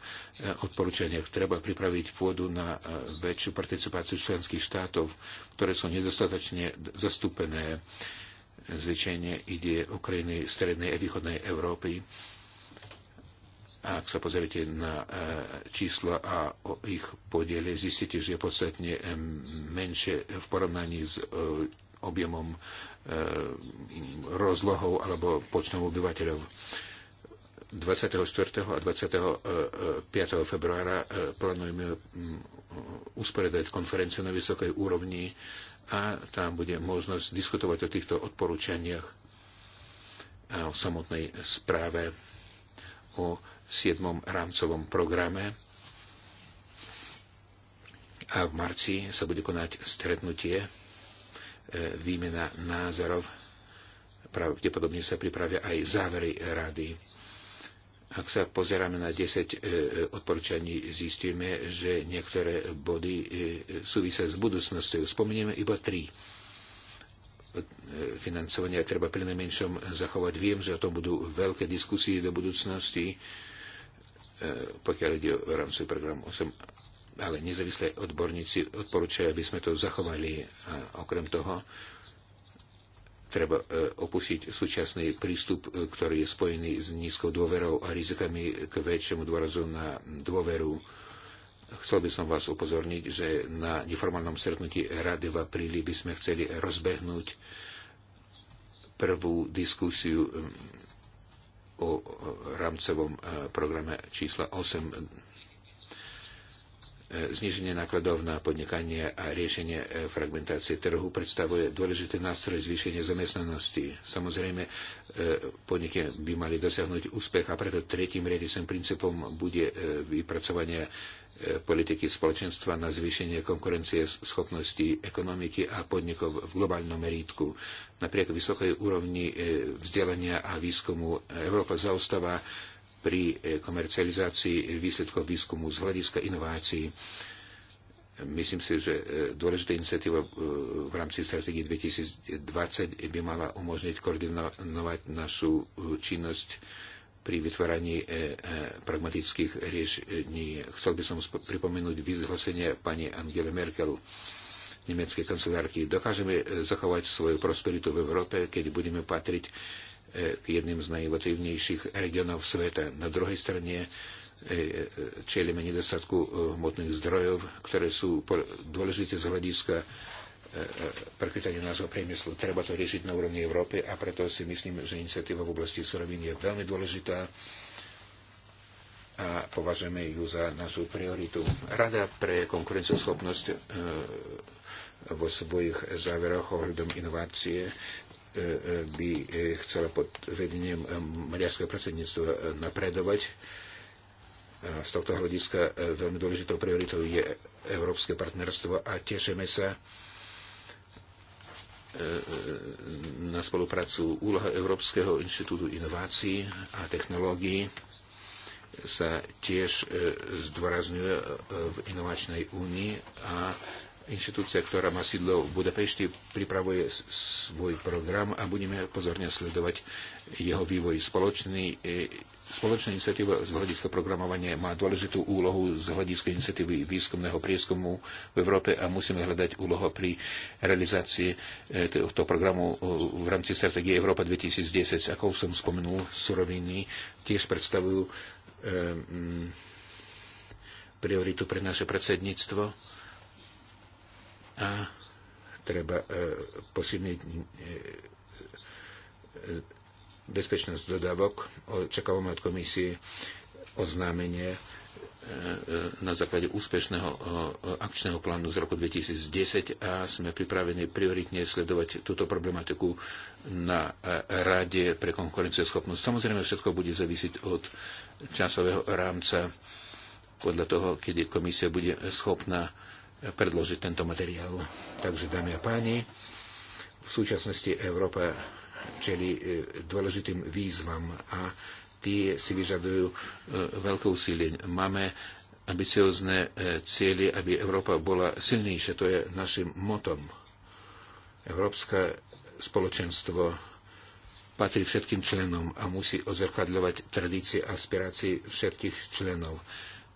odporúčaniach. Treba pripraviť pôdu na väčšiu participáciu členských štátov, ktoré sú nedostatočne zastúpené. Zvyčajne ide o krajiny strednej a východnej Európy ak sa pozriete na e, čísla a o ich podiele, zistíte, že je podstatne e, menšie v porovnaní s e, objemom rozlohou alebo počtom obyvateľov. 24. a 25. februára plánujeme usporiadať konferenciu na vysokej úrovni a tam bude možnosť diskutovať o týchto odporúčaniach a o samotnej správe o v 7. rámcovom programe a v marci sa bude konať stretnutie e, výmena názorov. Pravdepodobne sa pripravia aj závery rady. Ak sa pozeráme na 10 e, odporúčaní, zistíme, že niektoré body e, súvisia s budúcnosťou. Spomenieme iba 3 financovania treba pri najmenšom zachovať. Viem, že o tom budú veľké diskusie do budúcnosti. E, pokiaľ ide o rámcový program 8, ale nezávislí odborníci odporúčajú, aby sme to zachovali. A e, okrem toho, treba e, opustiť súčasný prístup, ktorý je spojený s nízkou dôverou a rizikami k väčšiemu dôrazu na dôveru. Chcel by som vás upozorniť, že na neformálnom stretnutí Rady v apríli by sme chceli rozbehnúť prvú diskusiu o rámcovom e, programe čísla 8 Zniženie nákladov na podnikanie a riešenie e, fragmentácie trhu predstavuje dôležitý nástroj zvýšenia zamestnanosti. Samozrejme, e, podniky by mali dosiahnuť úspech a preto tretím riadicím princípom bude e, vypracovanie politiky spoločenstva na zvýšenie konkurencie schopnosti ekonomiky a podnikov v globálnom merítku. Napriek vysokej úrovni vzdelania a výskumu Európa zaostáva pri eh, komercializácii výsledkov výskumu z hľadiska inovácií. Myslím si, že eh, dôležitá iniciatíva eh, v rámci stratégie 2020 by mala umožniť koordinovať našu činnosť pri vytváraní pragmatických riešení. Chcel by som pripomenúť vyhlásenie pani Angele Merkel, nemeckej kancelárky. Dokážeme zachovať svoju prosperitu v Európe, keď budeme patriť k e, jedným z najinovatívnejších regionov sveta. Na druhej strane e, e, čelíme nedostatku hmotných zdrojov, ktoré sú dôležité z hľadiska prekrytania nášho priemyslu. Treba to riešiť na úrovni Európy a preto si myslím, že iniciatíva v oblasti surovín je veľmi dôležitá a považujeme ju za našu prioritu. Rada pre konkurenceschopnosť vo svojich záveroch ohľadom inovácie E, e, by e, chcela pod vedením maďarského predsedníctva napredovať. Z tohto hľadiska veľmi dôležitou prioritou je európske partnerstvo a tešíme sa na spoluprácu úloha Európskeho inštitútu inovácií a technológií sa tiež zdôrazňuje v inovačnej únii a inštitúcia, ktorá má sídlo v Budapešti, pripravuje svoj program a budeme pozorne sledovať jeho vývoj. Spoločný, e, spoločná iniciatíva z hľadiska programovania má dôležitú úlohu z hľadiska iniciatívy výskumného prieskumu v Európe a musíme hľadať úloho pri realizácii e, tohto programu e, v rámci stratégie Európa 2010. Ako som spomenul, suroviny tiež predstavujú prioritu pre naše predsedníctvo a treba e, posilniť e, e, bezpečnosť dodávok. Očakávame od komisie oznámenie na základe úspešného akčného plánu z roku 2010 a sme pripravení prioritne sledovať túto problematiku na Rade pre konkurencieschopnosť. Samozrejme, všetko bude zavisiť od časového rámca podľa toho, kedy komisia bude schopná predložiť tento materiál. Takže, dámy a páni, v súčasnosti Európa čeli e, dôležitým výzvam a tie si vyžadujú e, veľké úsilie. Máme ambiciozne e, cieľy, aby Európa bola silnejšia. To je našim motom. Európske spoločenstvo patrí všetkým členom a musí ozrkadľovať tradície a aspirácie všetkých členov.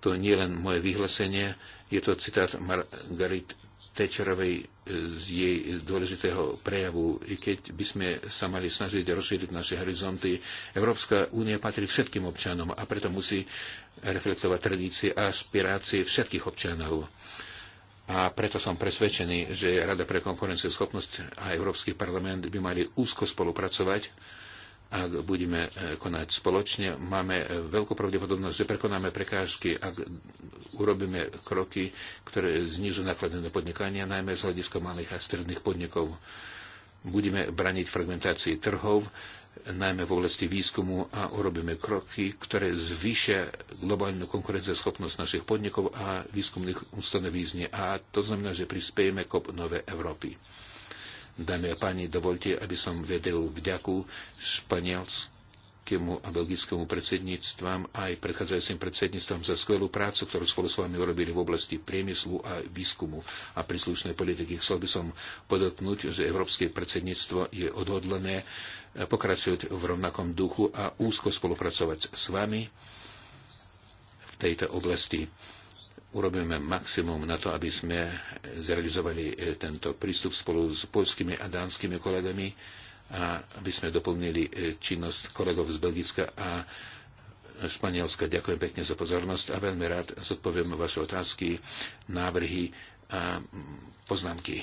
To nie len moje vyhlásenie, je to citát Margarit Tečerovej e, z jej dôležitého prejavu. I keď by sme sa mali snažiť rozšíriť naše horizonty, Európska únia patrí všetkým občanom a preto musí reflektovať tradície a aspirácie všetkých občanov. A preto som presvedčený, že Rada pre schopnosť a Európsky parlament by mali úzko spolupracovať ak budeme e, konať spoločne, máme e, veľkú pravdepodobnosť, že prekonáme prekážky, ak urobíme kroky, ktoré znižujú náklady na podnikanie, najmä z hľadiska malých a stredných podnikov. Budeme braniť fragmentácii trhov, najmä v oblasti výskumu a urobíme kroky, ktoré zvýšia globálnu konkurencieschopnosť našich podnikov a výskumných ustanovízní. A to znamená, že prispiejeme k nové Európy. Dámy a páni, dovolte, aby som vedel vďaku španielskému a belgickému predsedníctvam aj predchádzajúcim predsedníctvom za skvelú prácu, ktorú spolu s vami urobili v oblasti priemyslu a výskumu a príslušnej politiky. Chcel by som podotknúť, že Európske predsedníctvo je odhodlené pokračovať v rovnakom duchu a úzko spolupracovať s vami v tejto oblasti urobíme maximum na to, aby sme zrealizovali e, tento prístup spolu s polskými a dánskymi kolegami a aby sme doplnili e, činnosť kolegov z Belgicka a Španielska. Ďakujem pekne za pozornosť a veľmi rád zodpoviem vaše otázky, návrhy a mm, poznámky.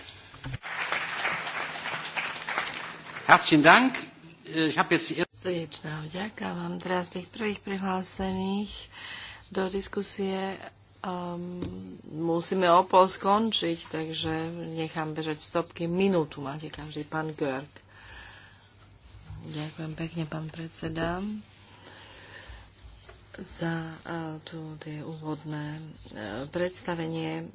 Herzlichen Dank. Ich habe jetzt die vďaka vám teraz tých prvých prihlásených do diskusie Um, musíme opol skončiť, takže nechám bežať stopky. Minútu máte každý, pán Görg. Ďakujem pekne, pán predseda, za uh, tu tie úvodné uh, predstavenie.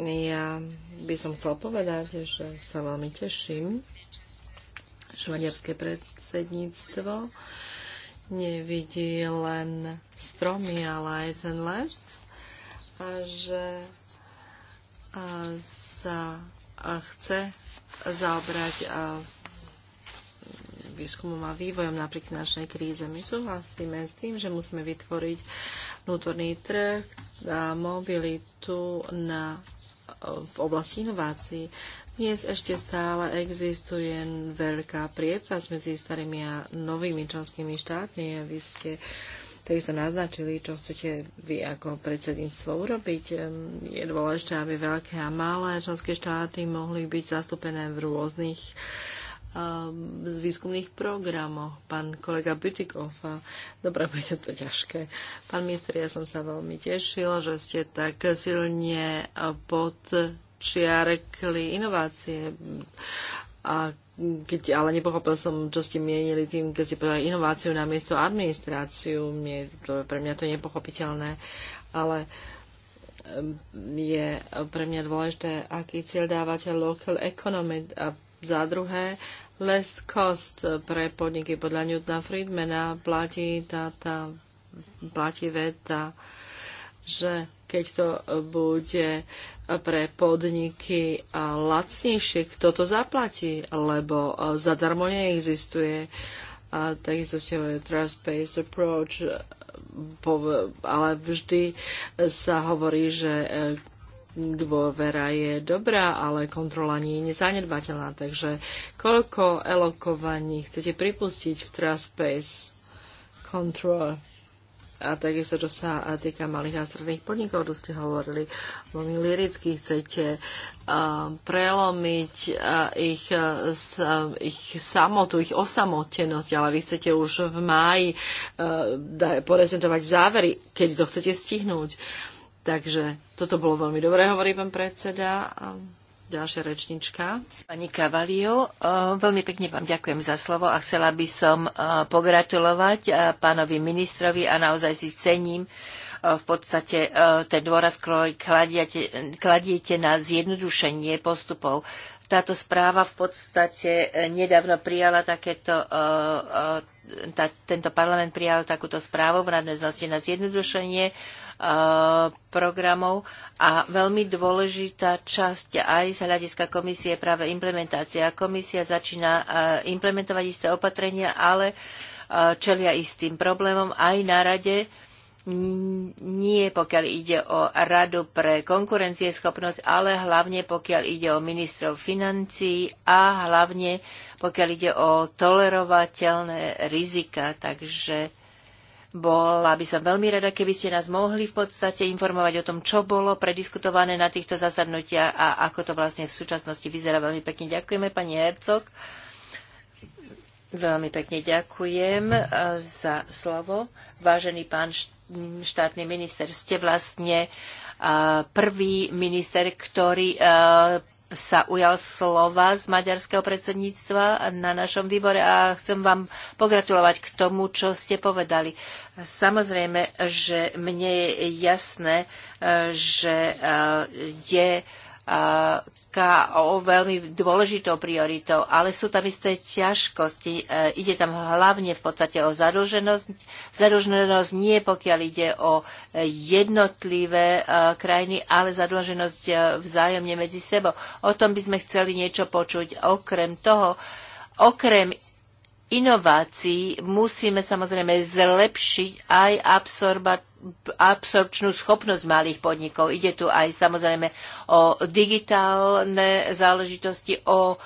Ja by som chcel povedať, že sa veľmi teším, že maďarské predsedníctvo nevidí len stromy, ale aj ten les a že sa chce zaobrať výskumom a vývojom napriek našej kríze. My súhlasíme s tým, že musíme vytvoriť vnútorný trh a mobilitu na, v oblasti inovácií. Dnes ešte stále existuje veľká priepas medzi starými a novými členskými štátmi vy ste sa naznačili, čo chcete vy ako predsedníctvo urobiť. Je dôležité, aby veľké a malé členské štáty mohli byť zastúpené v rôznych z výskumných programoch. Pán kolega Butikov, dobre, bude to ťažké. Pán minister, ja som sa veľmi tešil, že ste tak silne podčiarekli inovácie a keď, ale nepochopil som, čo ste mienili tým, keď ste povedali inováciu na miesto administráciu. Mne, to, pre mňa to je nepochopiteľné, ale je pre mňa dôležité, aký cieľ dávate local economy a za druhé less cost pre podniky podľa Newtona Friedmana platí tá, tá platí veta že keď to bude pre podniky lacnejšie, kto to zaplatí, lebo zadarmo neexistuje. A takisto ste hovorili trust-based approach, ale vždy sa hovorí, že e, dôvera je dobrá, ale kontrola nie je nezanedbateľná. Takže koľko elokovaní chcete pripustiť v trust-based control? a takisto, čo sa týka malých a stredných podnikov, to ste hovorili veľmi liricky, chcete prelomiť ich, ich samotu, ich osamotenosť, ale vy chcete už v máji prezentovať závery, keď to chcete stihnúť. Takže toto bolo veľmi dobré, hovorí pán predseda. Ďalšia rečnička. Pani Kavalio, e, veľmi pekne vám ďakujem za slovo a chcela by som e, pogratulovať e, pánovi ministrovi a naozaj si cením v podstate ten dôraz, ktorý kladiete, kladiete na zjednodušenie postupov táto správa v podstate e, nedávno prijala takéto, e, e, tá, tento parlament prijal takúto správu v znosti na zjednodušenie programov a veľmi dôležitá časť aj z hľadiska komisie je práve implementácia. Komisia začína implementovať isté opatrenia, ale čelia istým problémom aj na rade nie pokiaľ ide o Radu pre konkurencieschopnosť, ale hlavne pokiaľ ide o ministrov financií a hlavne pokiaľ ide o tolerovateľné rizika. Takže bola by som veľmi rada, keby ste nás mohli v podstate informovať o tom, čo bolo prediskutované na týchto zasadnutiach a ako to vlastne v súčasnosti vyzerá. Veľmi pekne ďakujeme, pani Hercog. Veľmi pekne ďakujem eh, za slovo. Vážený pán Št- štátny minister. Ste vlastne e, prvý minister, ktorý e, sa ujal slova z maďarského predsedníctva na našom výbore a chcem vám pogratulovať k tomu, čo ste povedali. Samozrejme, že mne je jasné, e, že je KO veľmi dôležitou prioritou, ale sú tam isté ťažkosti. E, ide tam hlavne v podstate o zadlženosť. Zadlženosť nie pokiaľ ide o jednotlivé e, krajiny, ale zadlženosť e, vzájomne medzi sebou. O tom by sme chceli niečo počuť. Okrem toho, okrem inovácií musíme samozrejme zlepšiť aj absorba, absorpčnú schopnosť malých podnikov. Ide tu aj samozrejme o digitálne záležitosti, o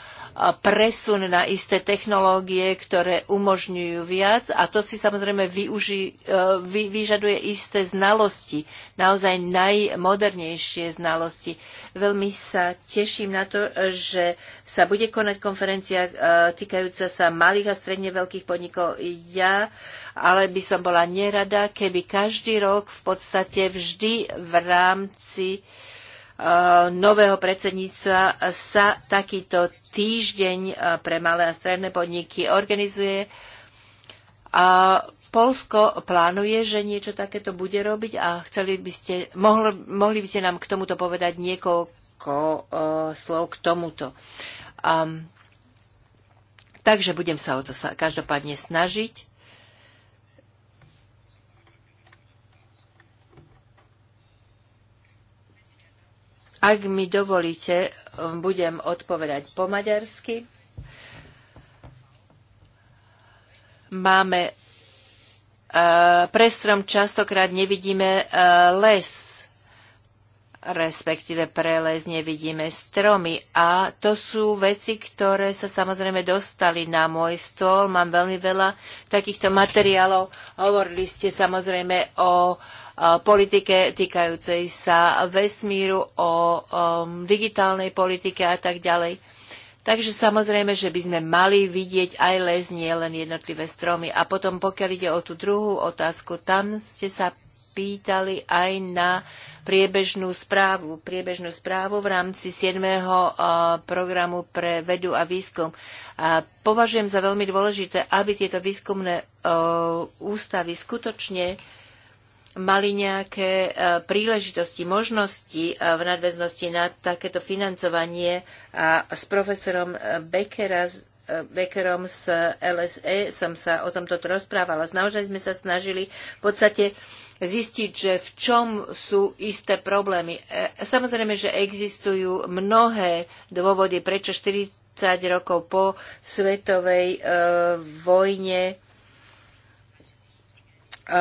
presun na isté technológie, ktoré umožňujú viac a to si samozrejme využi, e, vy, vyžaduje isté znalosti, naozaj najmodernejšie znalosti. Veľmi sa teším na to, že sa bude konať konferencia e, týkajúca sa malých a stredne veľkých podnikov. Ja uh, ale by som bola nerada, keby každý rok v podstate vždy v rámci e, nového predsedníctva sa takýto týždeň e, pre malé a stredné podniky organizuje. A Polsko plánuje, že niečo takéto bude robiť a chceli by ste, mohli, mohli by ste nám k tomuto povedať niekoľko uh, slov k tomuto. Um, takže budem sa o to sa, každopádne snažiť. Ak mi dovolíte, budem odpovedať po maďarsky. Máme e, prestrom častokrát nevidíme e, les, respektíve prelez nevidíme stromy. A to sú veci, ktoré sa samozrejme dostali na môj stôl. Mám veľmi veľa takýchto materiálov. Hovorili ste samozrejme o uh, politike týkajúcej sa vesmíru, o digitálnej politike a tak ďalej. Takže samozrejme, že by sme mali vidieť aj les, nie len jednotlivé stromy. A potom, pokiaľ ide o tú druhú otázku, tam ste sa pýtali aj na priebežnú správu. Priebežnú správu v rámci 7. programu pre vedu a výskum. A považujem za veľmi dôležité, aby tieto výskumné ústavy skutočne mali nejaké e, príležitosti, možnosti e, v nadväznosti na takéto financovanie a s profesorom Beckera e, Beckerom z LSE som sa o tomto rozprávala. Naozaj sme sa snažili v podstate zistiť, že v čom sú isté problémy. Samozrejme, že existujú mnohé dôvody, prečo 40 rokov po svetovej vojne Eh,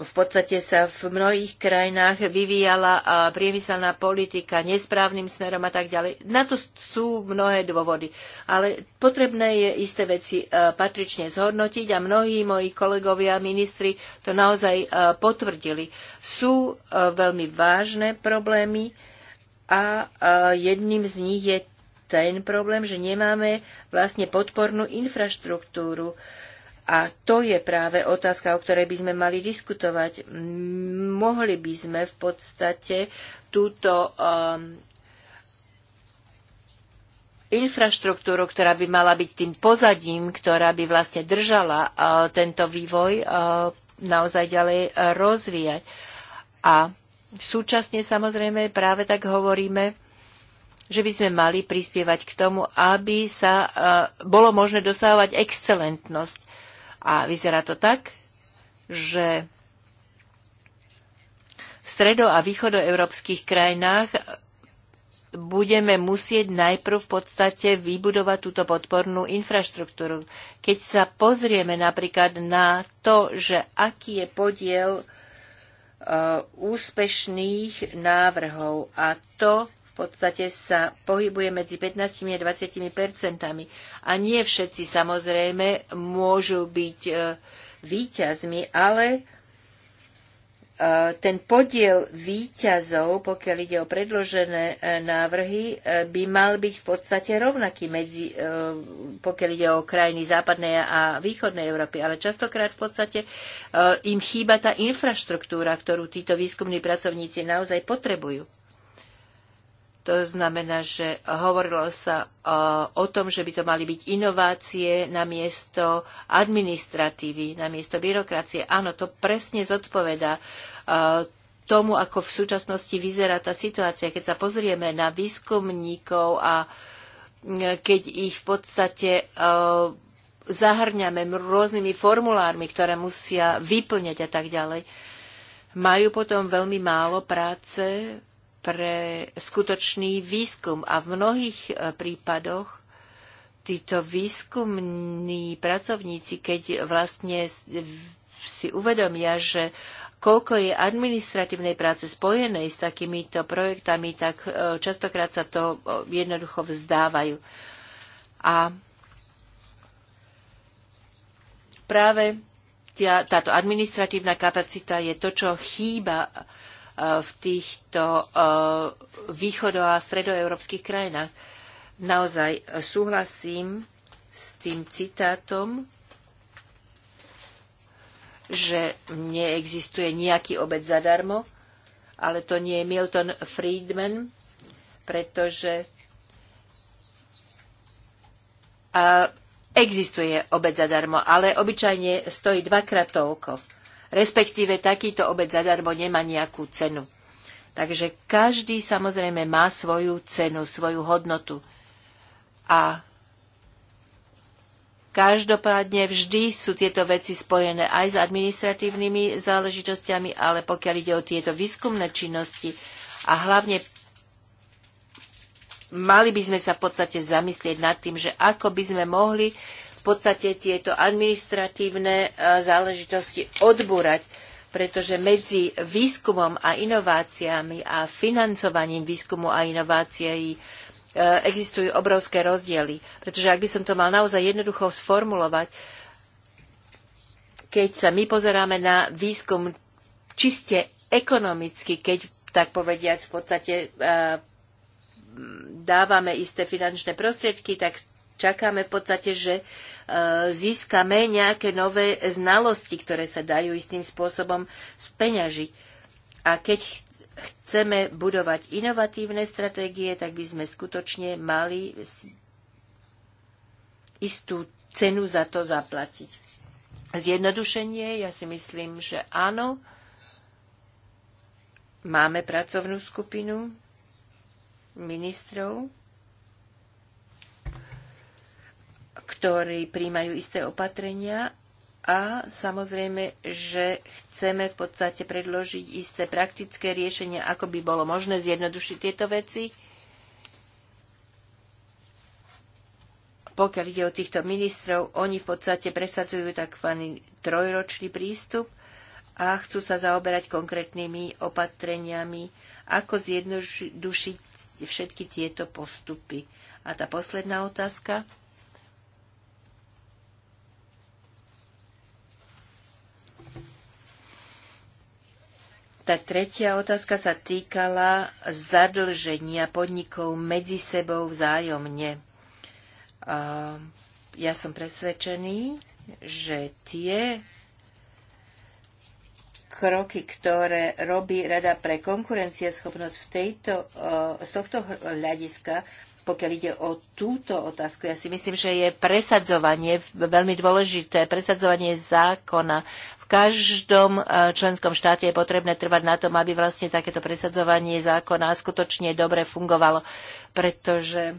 v podstate sa v mnohých krajinách vyvíjala eh, priemyselná politika nesprávnym smerom a tak ďalej. Na to sú mnohé dôvody. Ale potrebné je isté veci eh, patrične zhodnotiť a mnohí moji kolegovia, ministri to naozaj potvrdili. Sú veľmi vážne problémy a jedným z nich je ten problém, že nemáme vlastne podpornú infraštruktúru. A to je práve otázka, o ktorej by sme mali diskutovať. Mohli by sme v podstate túto um, infraštruktúru, ktorá by mala byť tým pozadím, ktorá by vlastne držala uh, tento vývoj, uh, naozaj ďalej uh, rozvíjať. A súčasne samozrejme práve tak hovoríme, že by sme mali prispievať k tomu, aby sa bolo možné dosahovať excelentnosť. A vyzerá to tak, že v stredo- a východoeurópskych krajinách budeme musieť najprv v podstate vybudovať túto podpornú infraštruktúru. Keď sa pozrieme napríklad na to, že aký je podiel e, úspešných návrhov a to podstate sa pohybuje medzi 15 a 20 percentami. A nie všetci samozrejme môžu byť e, výťazmi, ale e, ten podiel výťazov, pokiaľ ide o predložené e, návrhy, by mal byť v podstate rovnaký medzi, pokiaľ ide o krajiny západnej a východnej Európy. Ale častokrát v podstate im chýba tá infraštruktúra, ktorú títo výskumní pracovníci naozaj potrebujú. To znamená, že hovorilo sa e, o tom, že by to mali byť inovácie na miesto administratívy, na miesto byrokracie. Áno, to presne zodpoveda e, tomu, ako v súčasnosti vyzerá tá situácia. Keď sa pozrieme na výskumníkov a e, keď ich v podstate zahrňame rôznymi formulármi, ktoré musia vyplňať a tak ďalej, majú potom veľmi málo práce pre skutočný výskum. A v mnohých e, prípadoch títo výskumní pracovníci, keď vlastne si uvedomia, že koľko je administratívnej práce spojenej s takýmito projektami, tak e, častokrát sa to e, jednoducho vzdávajú. A práve táto administratívna kapacita je to, čo chýba Eh, v týchto eh, východo- a stredoeurópskych krajinách. Naozaj eh, súhlasím s tým citátom, že neexistuje nejaký obed zadarmo, ale to nie je Milton Friedman, pretože existuje obed zadarmo, ale obyčajne stojí dvakrát toľko respektíve takýto obed zadarmo nemá nejakú cenu. Takže každý samozrejme má svoju cenu, svoju hodnotu. A každopádne vždy sú tieto veci spojené aj s administratívnymi záležitostiami, ale pokiaľ ide o tieto výskumné činnosti a hlavne mali by sme sa v podstate zamyslieť nad tým, že ako by sme mohli podstate tieto administratívne e, záležitosti odbúrať, pretože medzi výskumom a inováciami a financovaním výskumu a inovácií e, existujú obrovské rozdiely. Pretože ak by som to mal naozaj jednoducho sformulovať, keď sa my pozeráme na výskum čiste ekonomicky, keď tak povediať v podstate e, dávame isté finančné prostriedky, tak čakáme v podstate, že e, získame nejaké nové znalosti, ktoré sa dajú istým spôsobom speňažiť. A keď chceme budovať inovatívne stratégie, tak by sme skutočne mali istú cenu za to zaplatiť. Zjednodušenie, ja si myslím, že áno. Máme pracovnú skupinu ministrov ktorí príjmajú isté opatrenia a samozrejme, že chceme v podstate predložiť isté praktické riešenia, ako by bolo možné zjednodušiť tieto veci. Pokiaľ ide o týchto ministrov, oni v podstate presadzujú tzv. trojročný prístup a chcú sa zaoberať konkrétnymi opatreniami, ako zjednodušiť všetky tieto postupy. A tá posledná otázka. Tá tretia otázka sa týkala zadlženia podnikov medzi sebou vzájomne. Ja som presvedčený, že tie kroky, ktoré robí Rada pre konkurencieschopnosť v tejto, z tohto hľadiska pokiaľ ide o túto otázku, ja si myslím, že je presadzovanie veľmi dôležité, presadzovanie zákona. V každom e, členskom štáte je potrebné trvať na tom, aby vlastne takéto presadzovanie zákona skutočne dobre fungovalo, pretože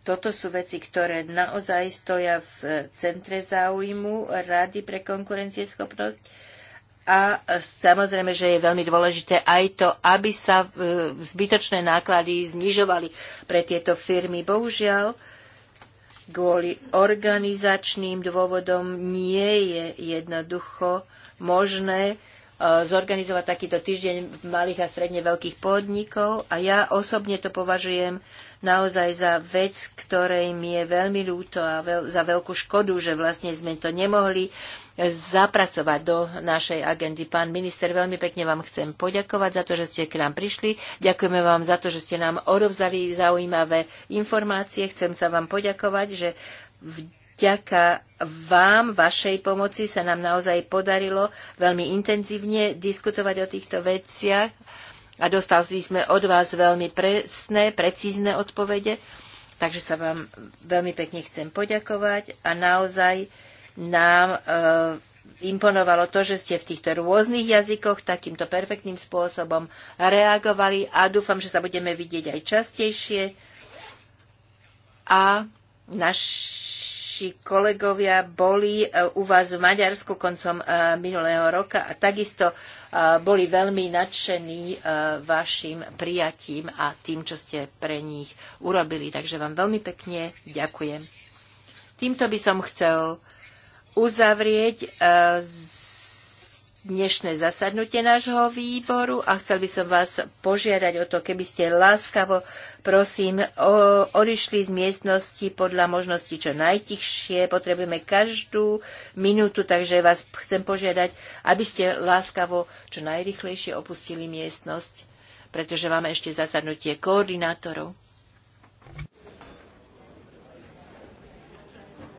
toto sú veci, ktoré naozaj stoja v centre záujmu Rady pre konkurencieschopnosť a samozrejme, že je veľmi dôležité aj to, aby sa e, zbytočné náklady znižovali pre tieto firmy. Bohužiaľ, kvôli organizačným dôvodom nie je jednoducho možné e, zorganizovať takýto týždeň malých a stredne veľkých podnikov a ja osobne to považujem naozaj za vec, ktorej mi je veľmi ľúto a veľ, za veľkú škodu, že vlastne sme to nemohli zapracovať do našej agendy. Pán minister, veľmi pekne vám chcem poďakovať za to, že ste k nám prišli. Ďakujeme vám za to, že ste nám odovzali zaujímavé informácie. Chcem sa vám poďakovať, že vďaka vám, vašej pomoci sa nám naozaj podarilo veľmi intenzívne diskutovať o týchto veciach a dostali sme od vás veľmi presné, precízne odpovede. Takže sa vám veľmi pekne chcem poďakovať a naozaj nám e, imponovalo to, že ste v týchto rôznych jazykoch takýmto perfektným spôsobom reagovali a dúfam, že sa budeme vidieť aj častejšie. A naši kolegovia boli e, u vás v Maďarsku koncom e, minulého roka a takisto boli veľmi nadšení vašim prijatím a tým, čo ste pre nich urobili. Takže vám veľmi pekne ďakujem. Týmto by som chcel uzavrieť e, dnešné zasadnutie nášho výboru a chcel by som vás požiadať o to, keby ste láskavo, prosím, odišli z miestnosti podľa možnosti čo najtichšie. Potrebujeme každú minútu, takže vás chcem požiadať, aby ste láskavo čo najrychlejšie opustili miestnosť, pretože máme ešte zasadnutie koordinátorov.